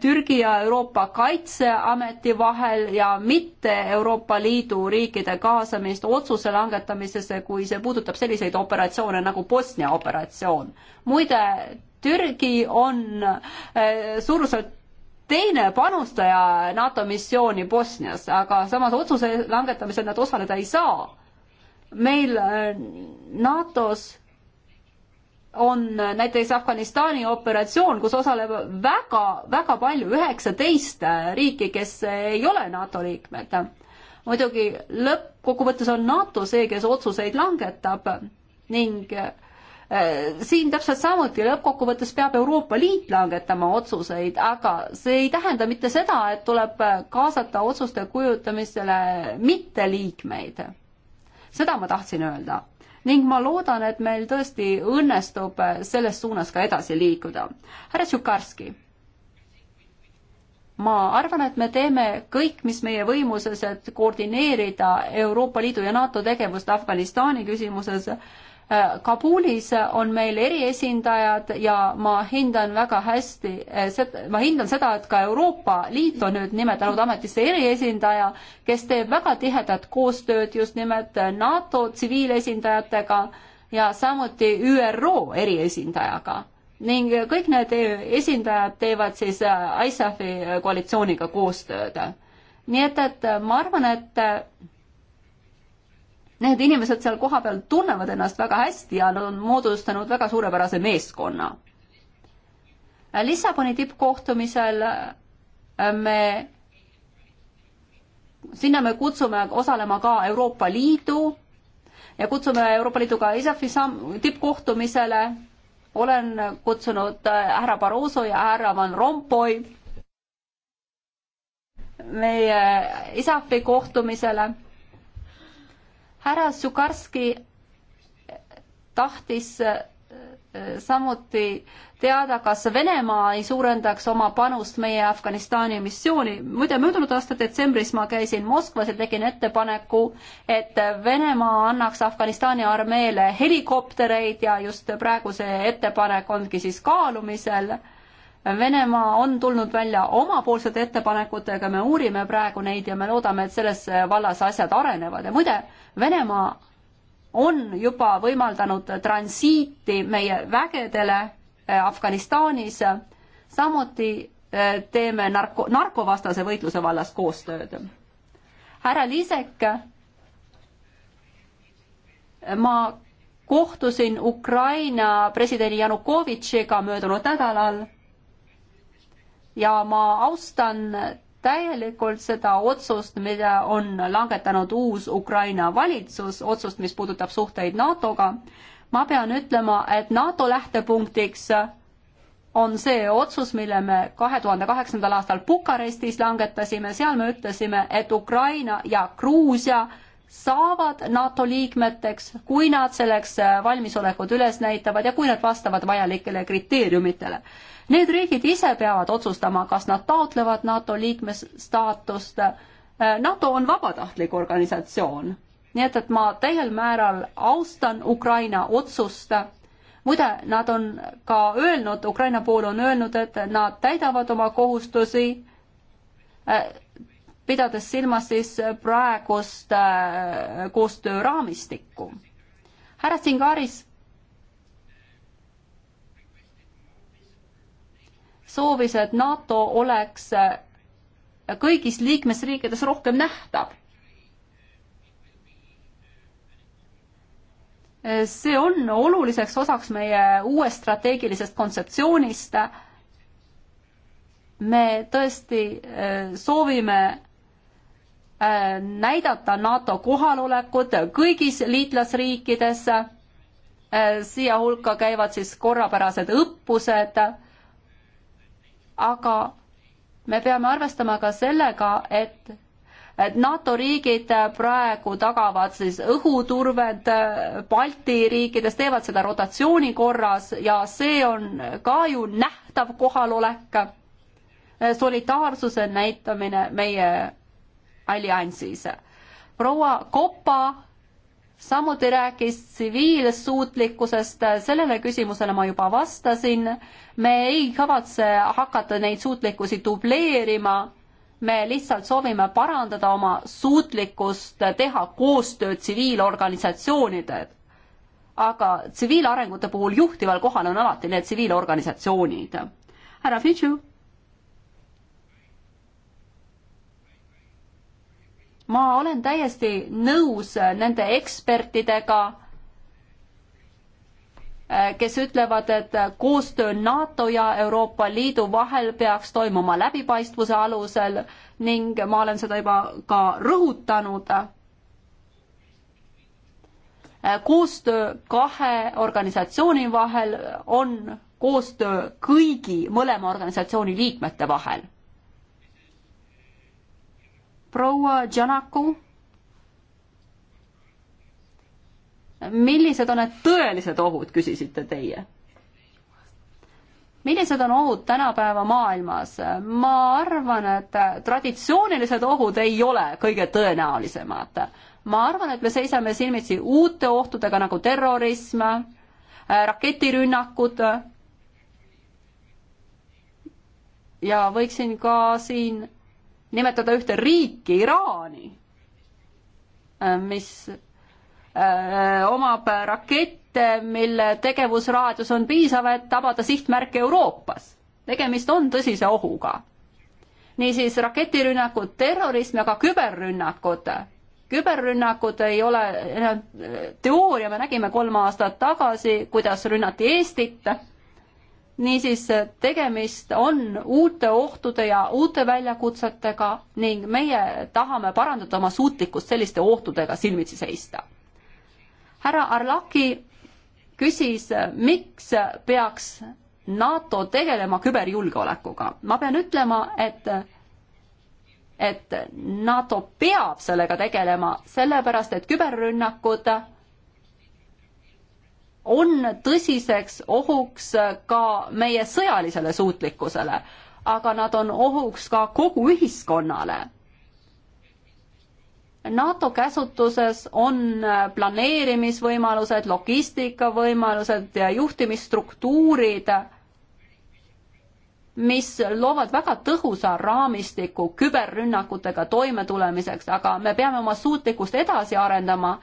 Türgi ja Euroopa Kaitseameti vahel ja mitte Euroopa Liidu riikide kaasamist otsuse langetamisesse, kui see puudutab selliseid operatsioone nagu Bosnia operatsioon. muide, Türgi on äh, suuruselt teine panustaja NATO missiooni Bosnias, aga samas otsuse langetamisel nad osaleda ei saa. meil äh, NATO-s on näiteks Afganistani operatsioon, kus osaleb väga, väga palju, üheksateist äh, riiki, kes ei ole NATO liikmed. muidugi lõppkokkuvõttes on NATO see, kes otsuseid langetab ning Äh, siin täpselt samuti lõppkokkuvõttes peab Euroopa Liit langetama otsuseid, aga see ei tähenda mitte seda, et tuleb kaasata otsuste kujutamisele mitteliikmeid. seda ma tahtsin öelda ning ma loodan, et meil tõesti õnnestub selles suunas ka edasi liikuda. härra Tšukarski, ma arvan, et me teeme kõik, mis meie võimuses, et koordineerida Euroopa Liidu ja NATO tegevust Afganistani küsimuses Äh, Kabulis on meil eriesindajad ja ma hindan väga hästi, äh, ma hindan seda, et ka Euroopa Liit on nüüd nimetanud ametisse eriesindaja, kes teeb väga tihedat koostööd just nimelt NATO tsiviilesindajatega ja samuti ÜRO eriesindajaga. ning kõik need e-, esindajad teevad siis äh, ISAF-i koalitsiooniga koostööd. nii et, et ma arvan, et Need inimesed seal kohapeal tunnevad ennast väga hästi ja nad on moodustanud väga suurepärase meeskonna. Lissaboni tippkohtumisel äh, me, sinna me kutsume osalema ka Euroopa Liidu ja kutsume Euroopa Liidu ka ISAF-i tippkohtumisele. olen kutsunud äh, härra Barroso ja härra Van Rompuy meie ISAF-i kohtumisele härra Sukarski tahtis äh, äh, samuti teada, kas Venemaa ei suurendaks oma panust meie Afganistani missiooni. muide, möödunud aasta detsembris ma käisin Moskvas ja tegin ettepaneku, et Venemaa annaks Afganistani armeele helikoptereid ja just praegu see ettepanek ongi siis kaalumisel Venemaa on tulnud välja omapoolsete ettepanekutega, me uurime praegu neid ja me loodame, et selles vallas asjad arenevad ja muide, Venemaa on juba võimaldanud transiiti meie vägedele eh, Afganistanis, samuti eh, teeme narko, narkovastase võitluse vallas koostööd. härra Liisek, ma kohtusin Ukraina presidendi Janukovitšiga möödunud nädalal ja ma austan täielikult seda otsust, mida on langetanud uus Ukraina valitsus, otsust, mis puudutab suhteid NATO-ga. ma pean ütlema, et NATO lähtepunktiks on see otsus, mille me kahe tuhande kaheksandal aastal Bukarestis langetasime, seal me ütlesime, et Ukraina ja Gruusia saavad NATO liikmeteks, kui nad selleks valmisolekut üles näitavad ja kui nad vastavad vajalikele kriteeriumitele Need riigid ise peavad otsustama, kas nad taotlevad NATO liikmesstaatust. Äh, NATO on vabatahtlik organisatsioon, nii et, et ma täiel määral austan Ukraina otsust. muide, nad on ka öelnud, Ukraina pool on öelnud, et nad täidavad oma kohustusi äh, pidades silmas siis praegust äh, koostööraamistikku. härra Singaris soovis, et NATO oleks kõigis liikmesriikides rohkem nähtav. see on oluliseks osaks meie uuest strateegilisest kontseptsioonist. me tõesti äh, soovime äh, näidata NATO kohalolekut kõigis liitlasriikides. Äh, siia hulka käivad siis korrapärased õppused aga me peame arvestama ka sellega, et et NATO riigid praegu tagavad siis õhuturved äh, Balti riikides, teevad seda rotatsiooni korras ja see on ka ju nähtav kohalolek, solidaarsuse näitamine meie alliansis. proua Kopa samuti rääkis tsiviilsuutlikkusest, sellele küsimusele ma juba vastasin. me ei kavatse hakata neid suutlikkusi dubleerima, me lihtsalt soovime parandada oma suutlikkust teha koostööd tsiviilorganisatsioonidel. aga tsiviilarengute puhul juhtival kohal on alati need tsiviilorganisatsioonid. härra Fidžu ma olen täiesti nõus nende ekspertidega, äh, kes ütlevad, et koostöö NATO ja Euroopa Liidu vahel peaks toimuma läbipaistvuse alusel ning ma olen seda juba ka rõhutanud. Äh, koostöö kahe organisatsiooni vahel on koostöö kõigi mõlema organisatsiooni liikmete vahel proua Janaku. millised on need tõelised ohud, küsisite teie? millised on ohud tänapäeva maailmas? ma arvan, et traditsioonilised ohud ei ole kõige tõenäolisemad. ma arvan, et me seisame silmitsi uute ohtudega nagu terrorism, raketirünnakud. ja võiksin ka siin nimetada ühte riiki, Iraani, äh, mis äh, omab rakette, mille tegevusraadius on piisav, et tabada sihtmärke Euroopas. tegemist on tõsise ohuga. niisiis raketirünnakud, terrorism ja ka küberrünnakud. küberrünnakud ei ole äh, teooria, me nägime kolm aastat tagasi, kuidas rünnati Eestit niisiis, tegemist on uute ohtude ja uute väljakutsetega ning meie tahame parandada oma suutlikkust selliste ohtudega silmitsi seista. härra Arlaki küsis, miks peaks NATO tegelema küberjulgeolekuga. ma pean ütlema, et et NATO peab sellega tegelema, sellepärast et küberrünnakud on tõsiseks ohuks ka meie sõjalisele suutlikkusele, aga nad on ohuks ka kogu ühiskonnale. NATO käsutuses on planeerimisvõimalused, logistikavõimalused ja juhtimisstruktuurid, mis loovad väga tõhusa raamistiku küberrünnakutega toimetulemiseks, aga me peame oma suutlikkust edasi arendama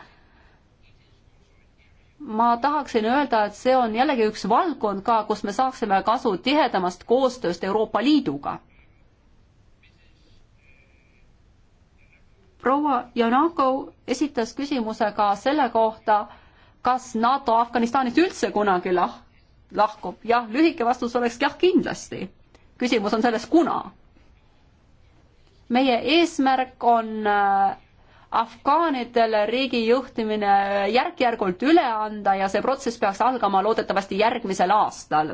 ma tahaksin öelda, et see on jällegi üks valdkond ka, kus me saaksime kasu tihedamast koostööst Euroopa Liiduga. proua Janakov esitas küsimuse ka selle kohta, kas NATO Afganistanist üldse kunagi lah-, lahkub. jah, lühike vastus oleks jah, kindlasti. küsimus on selles, kuna. meie eesmärk on äh, afgaanidele riigi juhtimine järk-järgult üle anda ja see protsess peaks algama loodetavasti järgmisel aastal.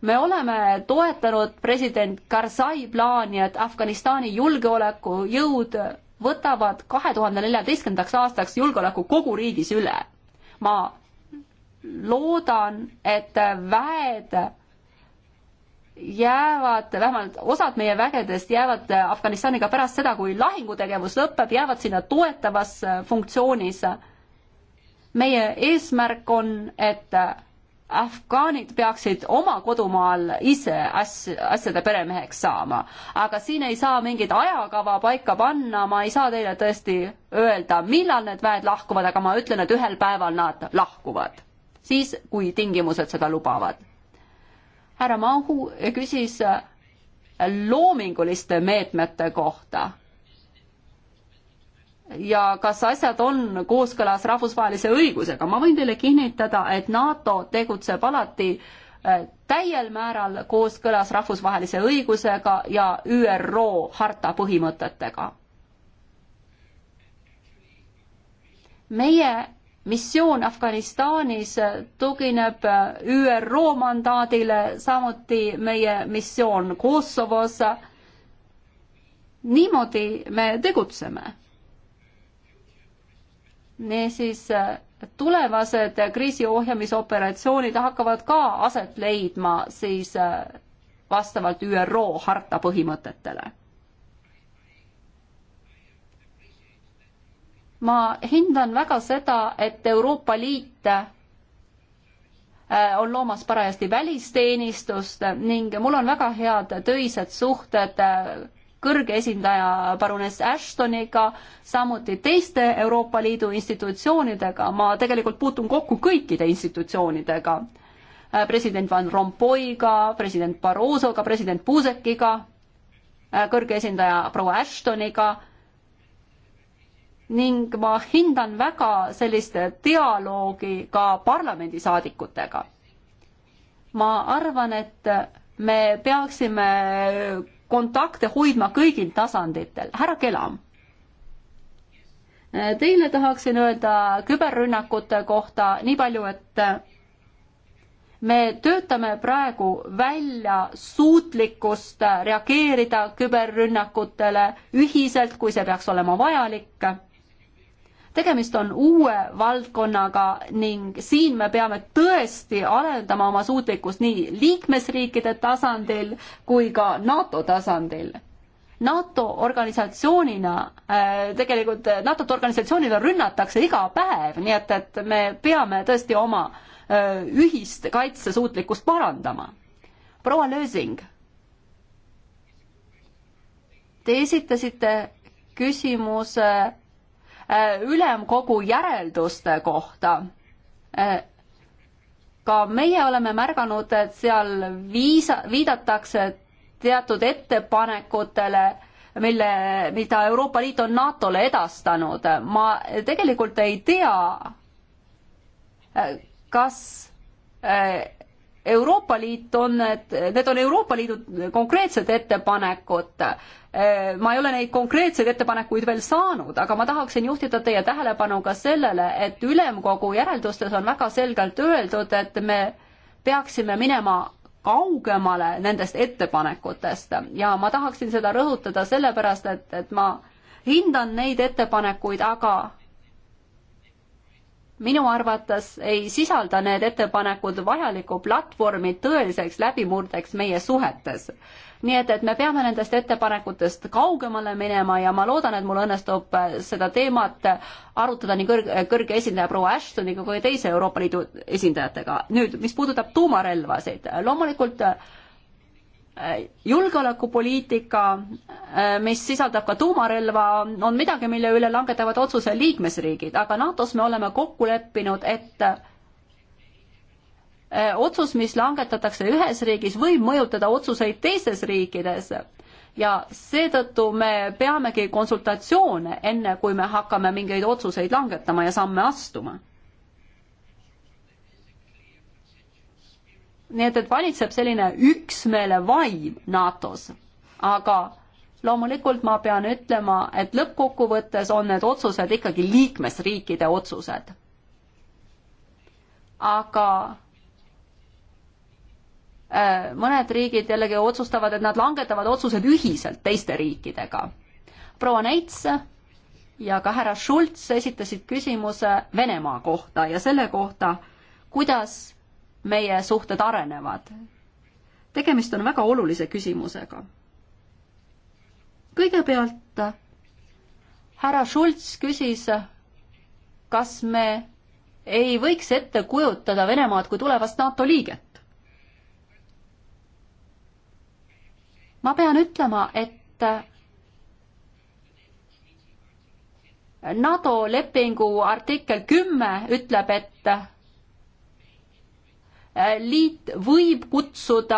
me oleme toetanud president Karzai plaani, et Afganistani julgeolekujõud võtavad kahe tuhande neljateistkümnendaks aastaks julgeoleku kogu riigis üle. ma loodan, et väed jäävad, vähemalt osad meie vägedest jäävad Afganistani ka pärast seda, kui lahingutegevus lõpeb, jäävad sinna toetavas äh, funktsioonis. meie eesmärk on, et äh, afgaanid peaksid oma kodumaal ise asju, asjade peremeheks saama. aga siin ei saa mingit ajakava paika panna, ma ei saa teile tõesti öelda, millal need väed lahkuvad, aga ma ütlen, et ühel päeval nad lahkuvad. siis, kui tingimused seda lubavad härra Mahu küsis äh, loominguliste meetmete kohta ja kas asjad on kooskõlas rahvusvahelise õigusega. ma võin teile kinnitada, et NATO tegutseb alati äh, täiel määral kooskõlas rahvusvahelise õigusega ja ÜRO harta põhimõtetega. meie missioon Afganistanis tugineb ÜRO mandaadile, samuti meie missioon Kosovos. niimoodi me tegutseme. niisiis tulevased kriisiohjamisoperatsioonid hakkavad ka aset leidma siis vastavalt ÜRO harta põhimõtetele ma hindan väga seda, et Euroopa Liit äh, on loomas parajasti välisteenistust ning mul on väga head töised suhted äh, kõrge esindaja paruness Ashtoniga, samuti teiste Euroopa Liidu institutsioonidega, ma tegelikult puutun kokku kõikide institutsioonidega. Äh, president Van Rompuyga, president Barrosoga, president Puusekiga, kõrge esindaja proua Ashtoniga ning ma hindan väga sellist dialoogi ka parlamendisaadikutega. ma arvan, et me peaksime kontakte hoidma kõigil tasanditel. härra Kelam. Teile tahaksin öelda küberrünnakute kohta nii palju, et me töötame praegu välja suutlikkust reageerida küberrünnakutele ühiselt, kui see peaks olema vajalik tegemist on uue valdkonnaga ning siin me peame tõesti arendama oma suutlikkust nii liikmesriikide tasandil kui ka NATO tasandil. NATO organisatsioonina äh,, tegelikult NATO-t organisatsioonina rünnatakse iga päev, nii et, et me peame tõesti oma äh, ühist kaitsesuutlikkust parandama. proua Lösing, te esitasite küsimuse äh, Äh, ülemkogu järelduste kohta. Äh, ka meie oleme märganud, et seal viisa, viidatakse teatud ettepanekutele, mille, mida Euroopa Liit on NATO-le edastanud. ma tegelikult ei tea, äh, kas Euroopa Liit on need, need on Euroopa Liidu konkreetsed ettepanekud. Äh, ma ei ole neid konkreetseid ettepanekuid veel saanud, aga ma tahaksin juhtida teie tähelepanu ka sellele, et ülemkogu järeldustes on väga selgelt öeldud, et me peaksime minema kaugemale nendest ettepanekutest ja ma tahaksin seda rõhutada sellepärast, et, et ma hindan neid ettepanekuid, aga minu arvates ei sisalda need ettepanekud vajalikku platvormi tõeliseks läbimurdeks meie suhetes. nii et, et me peame nendest ettepanekutest kaugemale minema ja ma loodan, et mul õnnestub äh, seda teemat arutada nii kõrge, kõrge esindaja proua Ashtoniga kui teise Euroopa Liidu esindajatega. nüüd, mis puudutab tuumarelvasid, loomulikult äh, Äh, julgeolekupoliitika, äh, mis sisaldab ka tuumarelva, on midagi, mille üle langetavad otsuse liikmesriigid, aga NATO-s me oleme kokku leppinud, et äh, otsus, mis langetatakse ühes riigis, võib mõjutada otsuseid teistes riikides ja seetõttu me peamegi konsultatsioone, enne kui me hakkame mingeid otsuseid langetama ja samme astuma nii et, et valitseb selline üksmeele vaim NATO-s, aga loomulikult ma pean ütlema, et lõppkokkuvõttes on need otsused ikkagi liikmesriikide otsused. aga äh, mõned riigid jällegi otsustavad, et nad langetavad otsused ühiselt teiste riikidega. proua Neits ja ka härra Schultz esitasid küsimuse Venemaa kohta ja selle kohta, kuidas meie suhted arenevad. tegemist on väga olulise küsimusega. kõigepealt härra Schulz küsis, kas me ei võiks ette kujutada Venemaad kui tulevast NATO liiget. ma pean ütlema, et NATO lepingu artikkel kümme ütleb, et Äh, liit võib kutsuda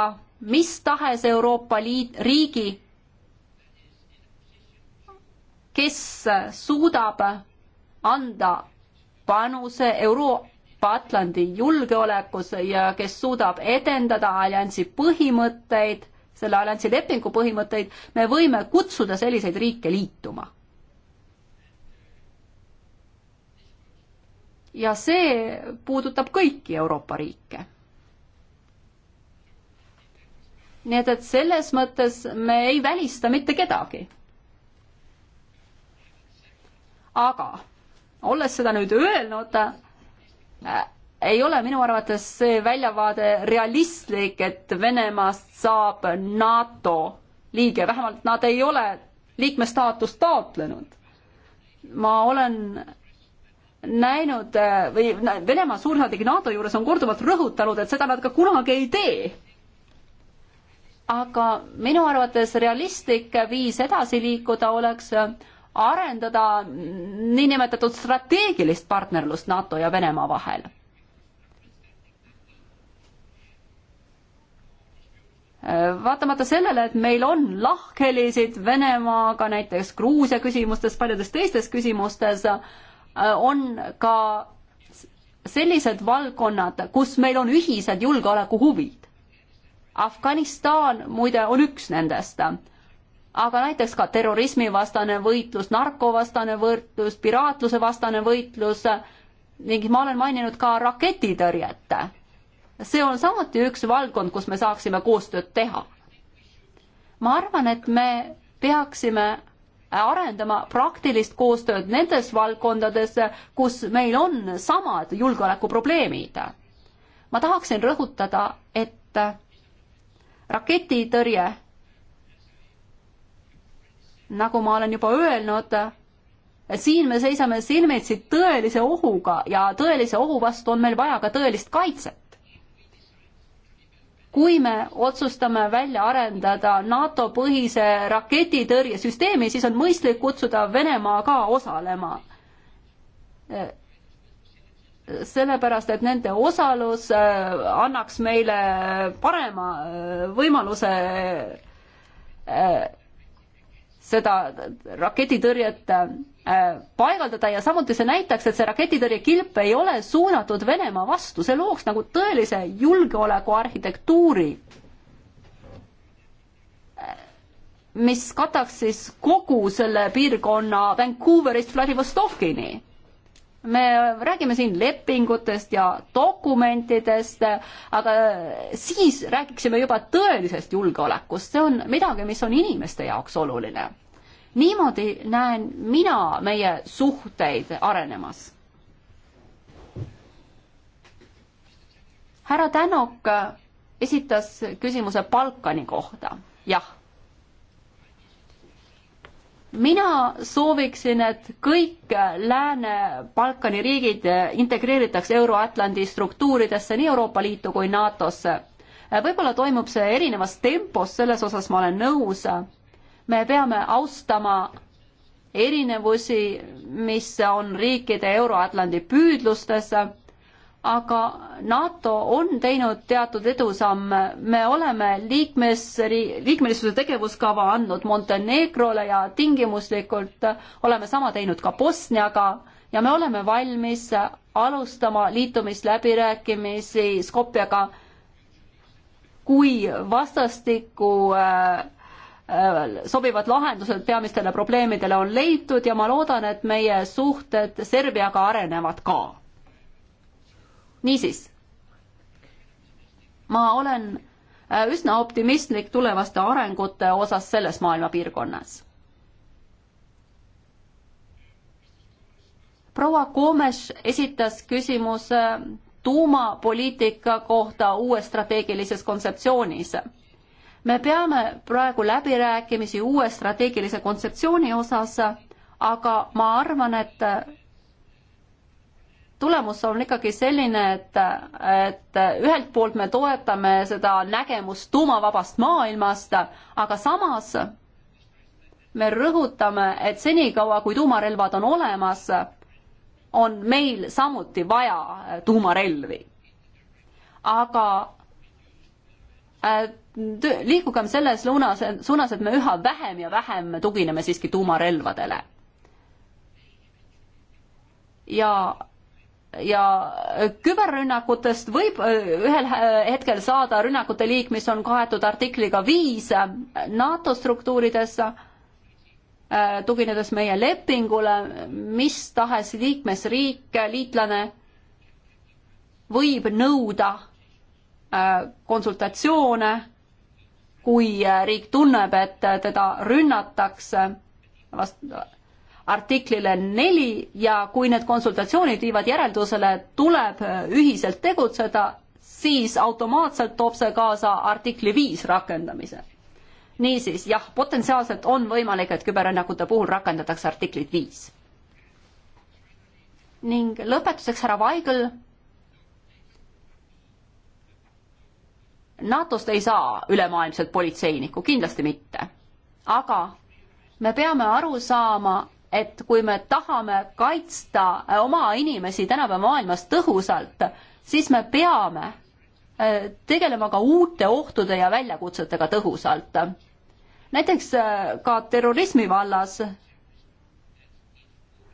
mis tahes Euroopa Liit, riigi, kes suudab anda panuse Euroopa Atlandi julgeolekusse ja kes suudab edendada alliansi põhimõtteid, selle alliansi lepingu põhimõtteid, me võime kutsuda selliseid riike liituma ja see puudutab kõiki Euroopa riike nii et, et selles mõttes me ei välista mitte kedagi. aga olles seda nüüd öelnud äh,, ei ole minu arvates see väljavaade realistlik, et Venemaast saab NATO liige, vähemalt nad ei ole liikmestaatust taotlenud. ma olen näinud äh, või Venemaa suursaadik NATO juures on korduvalt rõhutanud, et seda nad ka kunagi ei tee aga minu arvates realistlik viis edasi liikuda oleks arendada niinimetatud strateegilist partnerlust NATO ja Venemaa vahel. vaatamata sellele, et meil on lahkhelisid Venemaaga näiteks Gruusia küsimustes, paljudes teistes küsimustes, on ka sellised valdkonnad, kus meil on ühised julgeolekuhuvid Afganistan muide on üks nendest. aga näiteks ka terrorismivastane võitlus, narkovastane võitlus, piraatluse vastane võitlus ning ma olen maininud ka raketitõrjet. see on samuti üks valdkond, kus me saaksime koostööd teha. ma arvan, et me peaksime arendama praktilist koostööd nendes valdkondades, kus meil on samad julgeolekuprobleemid. ma tahaksin rõhutada, et raketitõrje, nagu ma olen juba öelnud, siin me seisame silmitsi tõelise ohuga ja tõelise ohu vastu on meil vaja ka tõelist kaitset. kui me otsustame välja arendada NATO põhise raketitõrjesüsteemi, siis on mõistlik kutsuda Venemaa ka osalema sellepärast, et nende osalus äh, annaks meile parema äh, võimaluse äh, seda raketitõrjet paigaldada ja samuti see näitaks, et see raketitõrjekilp ei ole suunatud Venemaa vastu, see looks nagu tõelise julgeolekuarhitektuuri, mis kataks siis kogu selle piirkonna Vancouverist Vladivostokini me räägime siin lepingutest ja dokumentidest, aga siis räägiksime juba tõelisest julgeolekust, see on midagi, mis on inimeste jaoks oluline. niimoodi näen mina meie suhteid arenemas. härra Tänok esitas küsimuse Balkani kohta, jah mina sooviksin, et kõik Lääne-Balkani riigid integreeritakse Euro-Atlandi struktuuridesse, nii Euroopa Liitu kui NATO-sse. võib-olla toimub see erinevas tempos, selles osas ma olen nõus. me peame austama erinevusi, mis on riikide Euro-Atlandi püüdlustes aga NATO on teinud teatud edusamme, me oleme liikmesri-, liikmelisuse tegevuskava andnud Montenegrole ja tingimuslikult oleme sama teinud ka Bosniaga ja me oleme valmis alustama liitumisläbirääkimisi Skopjaga, kui vastastikku äh, äh sobivad lahendused peamistele probleemidele on leitud ja ma loodan, et meie suhted Serbiaga arenevad ka niisiis, ma olen äh, üsna optimistlik tulevaste arengute osas selles maailmapiirkonnas. proua Komes esitas küsimuse tuumapoliitika kohta uues strateegilises kontseptsioonis. me peame praegu läbirääkimisi uue strateegilise kontseptsiooni osas, aga ma arvan, et tulemus on ikkagi selline, et, et ühelt poolt me toetame seda nägemust tuumavabast maailmast, aga samas me rõhutame, et senikaua, kui tuumarelvad on olemas, on meil samuti vaja tuumarelvi. aga liikugem selles luunas, suunas, et me üha vähem ja vähem tugineme siiski tuumarelvadele. ja ja küberrünnakutest võib äh, ühel äh, hetkel saada rünnakute liik, mis on kaetud artikliga viis äh, NATO struktuurides, tuginedes meie lepingule, mis tahes liikmesriik, liitlane võib nõuda konsultatsioone, kui riik tunneb, et teda rünnatakse vast-, artiklile neli ja kui need konsultatsioonid viivad järeldusele, tuleb äh, ühiselt tegutseda, siis automaatselt toob see kaasa artikli viis rakendamise. niisiis, jah, potentsiaalselt on võimalik, et küberrünnakute puhul rakendatakse artiklit viis. ning lõpetuseks härra Vaigel. NATO-st ei saa ülemaailmset politseinikku, kindlasti mitte. aga me peame aru saama, et kui me tahame kaitsta äh, oma inimesi tänapäeva maailmas tõhusalt, siis me peame äh, tegelema ka uute ohtude ja väljakutsetega tõhusalt. näiteks äh, ka terrorismi vallas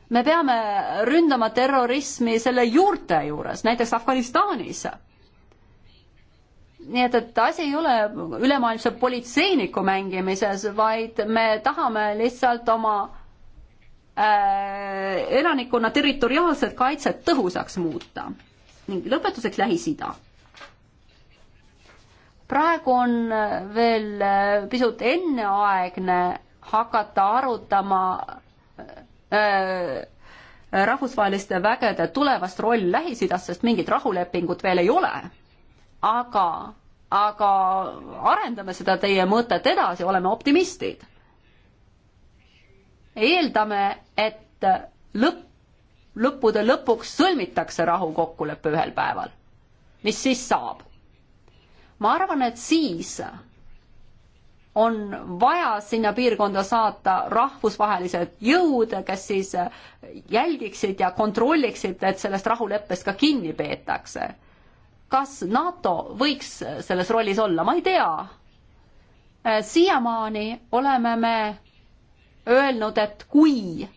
me peame ründama terrorismi selle juurte juures, näiteks Afganistanis. nii et, et asi ei ole ülemaailmse politseiniku mängimises, vaid me tahame lihtsalt oma Äh, elanikkonna territoriaalset kaitset tõhusaks muuta. ning lõpetuseks Lähis-Ida. praegu on veel äh, pisut enneaegne hakata arutama äh, rahvusvaheliste vägede tulevast rolli Lähis-Idas, sest mingit rahulepingut veel ei ole. aga, aga arendame seda teie mõtet edasi, oleme optimistid eeldame, et lõpp, lõppude lõpuks sõlmitakse rahukokkulepe ühel päeval. mis siis saab? ma arvan, et siis on vaja sinna piirkonda saata rahvusvahelised jõud, kes siis jälgiksid ja kontrolliksid, et sellest rahuleppest ka kinni peetakse. kas NATO võiks selles rollis olla, ma ei tea. siiamaani oleme me öelnud, et kui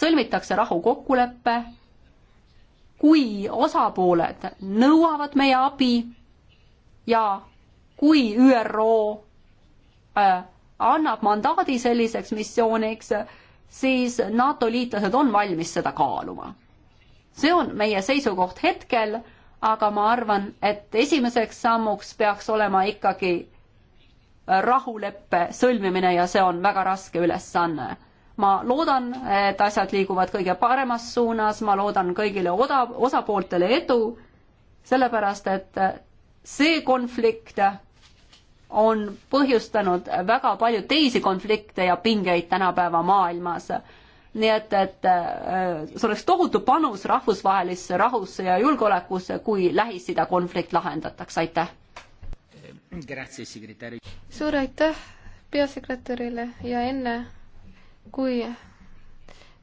sõlmitakse rahukokkulepe, kui osapooled nõuavad meie abi ja kui ÜRO äh, annab mandaadi selliseks missiooniks, siis NATO liitlased on valmis seda kaaluma. see on meie seisukoht hetkel, aga ma arvan, et esimeseks sammuks peaks olema ikkagi rahuleppe sõlmimine ja see on väga raske ülesanne. ma loodan, et asjad liiguvad kõige paremas suunas, ma loodan kõigile oda, osapooltele edu, sellepärast et see konflikt on põhjustanud väga palju teisi konflikte ja pingeid tänapäeva maailmas. nii et, et äh, see oleks tohutu panus rahvusvahelisse rahusse ja julgeolekusse, kui Lähis-Ida konflikt lahendataks, aitäh! suur aitäh peasekretärile ja enne, kui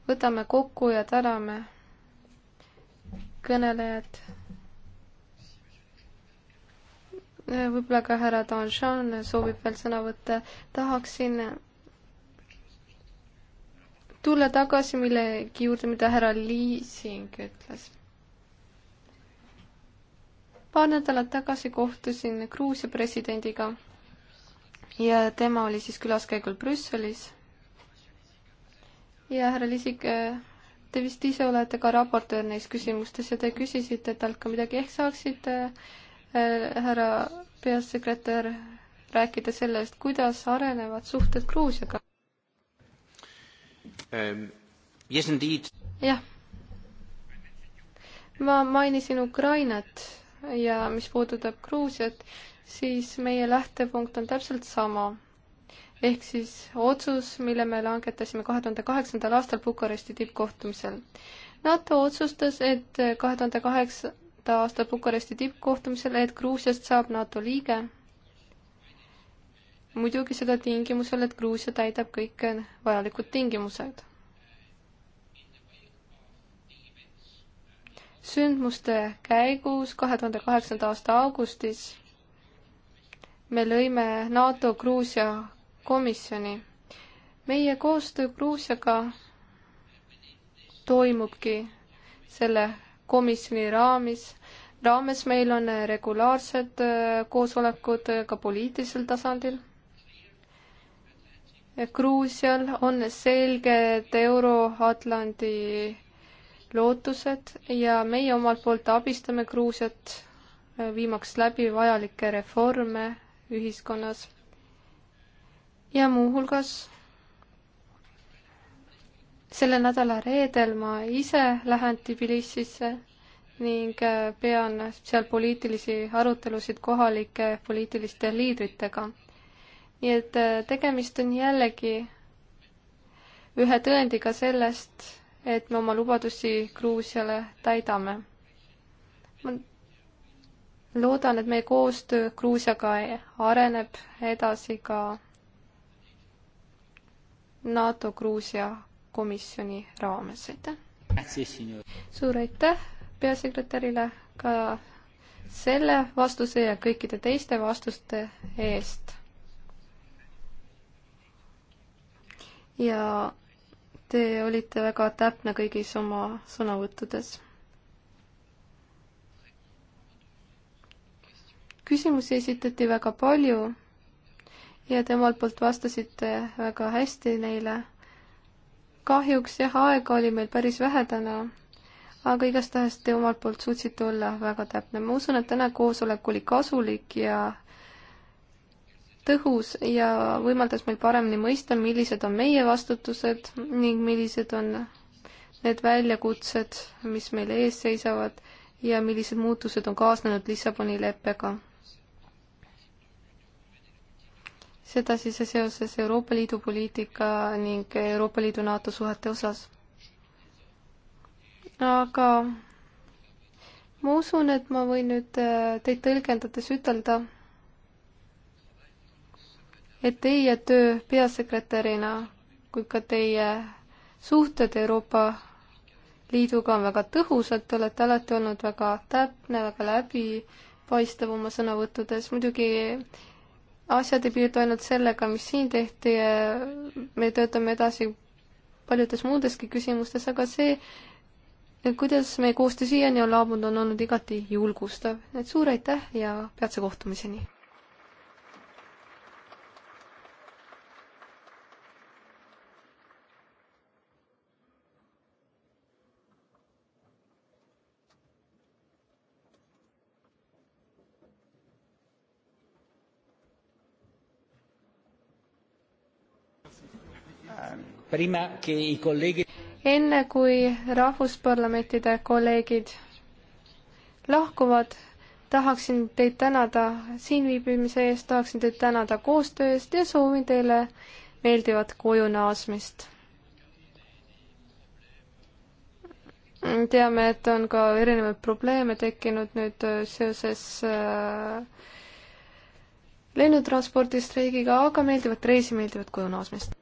võtame kokku ja täname kõnelejad, võib-olla ka härra Danšan soovib veel sõna võtta, tahaksin tulla tagasi millegi juurde, mida härra Liising ütles paar nädalat tagasi kohtusin Gruusia presidendiga ja tema oli siis külaskäigul Brüsselis. ja härra Lisik, te vist ise olete ka raportöör neis küsimustes ja te küsisite talt ka midagi, ehk saaksite äh, härra peasekretär rääkida sellest, kuidas arenevad suhted Gruusiaga um,? Yes indeed. jah. ma mainisin Ukrainat ja mis puudutab Gruusiat, siis meie lähtepunkt on täpselt sama. ehk siis otsus, mille me langetasime kahe tuhande kaheksandal aastal Bukaresti tippkohtumisel. NATO otsustas, et kahe tuhande kaheksanda aasta Bukaresti tippkohtumisel, et Gruusiast saab NATO liige. muidugi seda tingimusel, et Gruusia täidab kõik vajalikud tingimused sündmuste käigus kahe tuhande kaheksanda aasta augustis me lõime NATO Gruusia komisjoni. meie koostöö Gruusiaga toimubki selle komisjoni raamis, raames meil on regulaarsed äh, koosolekud äh, ka poliitilisel tasandil. Gruusial on selged Euro-Atlandi lootused ja meie omalt poolt abistame Gruusiat äh, viimaks läbi vajalikke reforme ühiskonnas ja muuhulgas selle nädala reedel ma ise lähen Tbilisisse ning äh, pean seal poliitilisi arutelusid kohalike poliitiliste liidritega. nii et äh, tegemist on jällegi ühe tõendiga sellest, et me oma lubadusi Gruusiale täidame. ma loodan, et meie koostöö Gruusiaga areneb edasi ka NATO Gruusia komisjoni raames, aitäh! suur aitäh peasekretärile ka selle vastuse ja kõikide teiste vastuste eest. ja Te olite väga täpne kõigis oma sõnavõttudes. küsimusi esitati väga palju ja te omalt poolt vastasite väga hästi neile. kahjuks jah, aega oli meil päris vähe täna, aga igastahes te omalt poolt suutsite olla väga täpne. ma usun, et täna koosolek oli kasulik ja tõhus ja võimaldas meil paremini mõista, millised on meie vastutused ning millised on need väljakutsed, mis meil ees seisavad ja millised muutused on kaasnenud Lissaboni leppega. seda siis seoses Euroopa Liidu poliitika ning Euroopa Liidu NATO suhete osas. aga ma usun, et ma võin nüüd teid tõlgendades ütelda et teie töö peasekretärina kui ka teie suhted Euroopa Liiduga on väga tõhusad, te olete alati olnud väga täpne, väga läbipaistev oma sõnavõttudes, muidugi asjad ei piirdu ainult sellega, mis siin tehti, me töötame edasi paljudes muudeski küsimustes, aga see, kuidas meie koostöö siiani on laabunud, on olnud igati julgustav. et suur aitäh ja peatse kohtumiseni! enne kui rahvusparlamentide kolleegid lahkuvad, tahaksin teid tänada siin viibimise eest, tahaksin teid tänada koostöö eest ja soovin teile meeldivat koju naasmist. teame, et on ka erinevaid probleeme tekkinud nüüd äh, seoses äh, lennutranspordi streigiga, aga meeldivat reisi, meeldivat koju naasmist!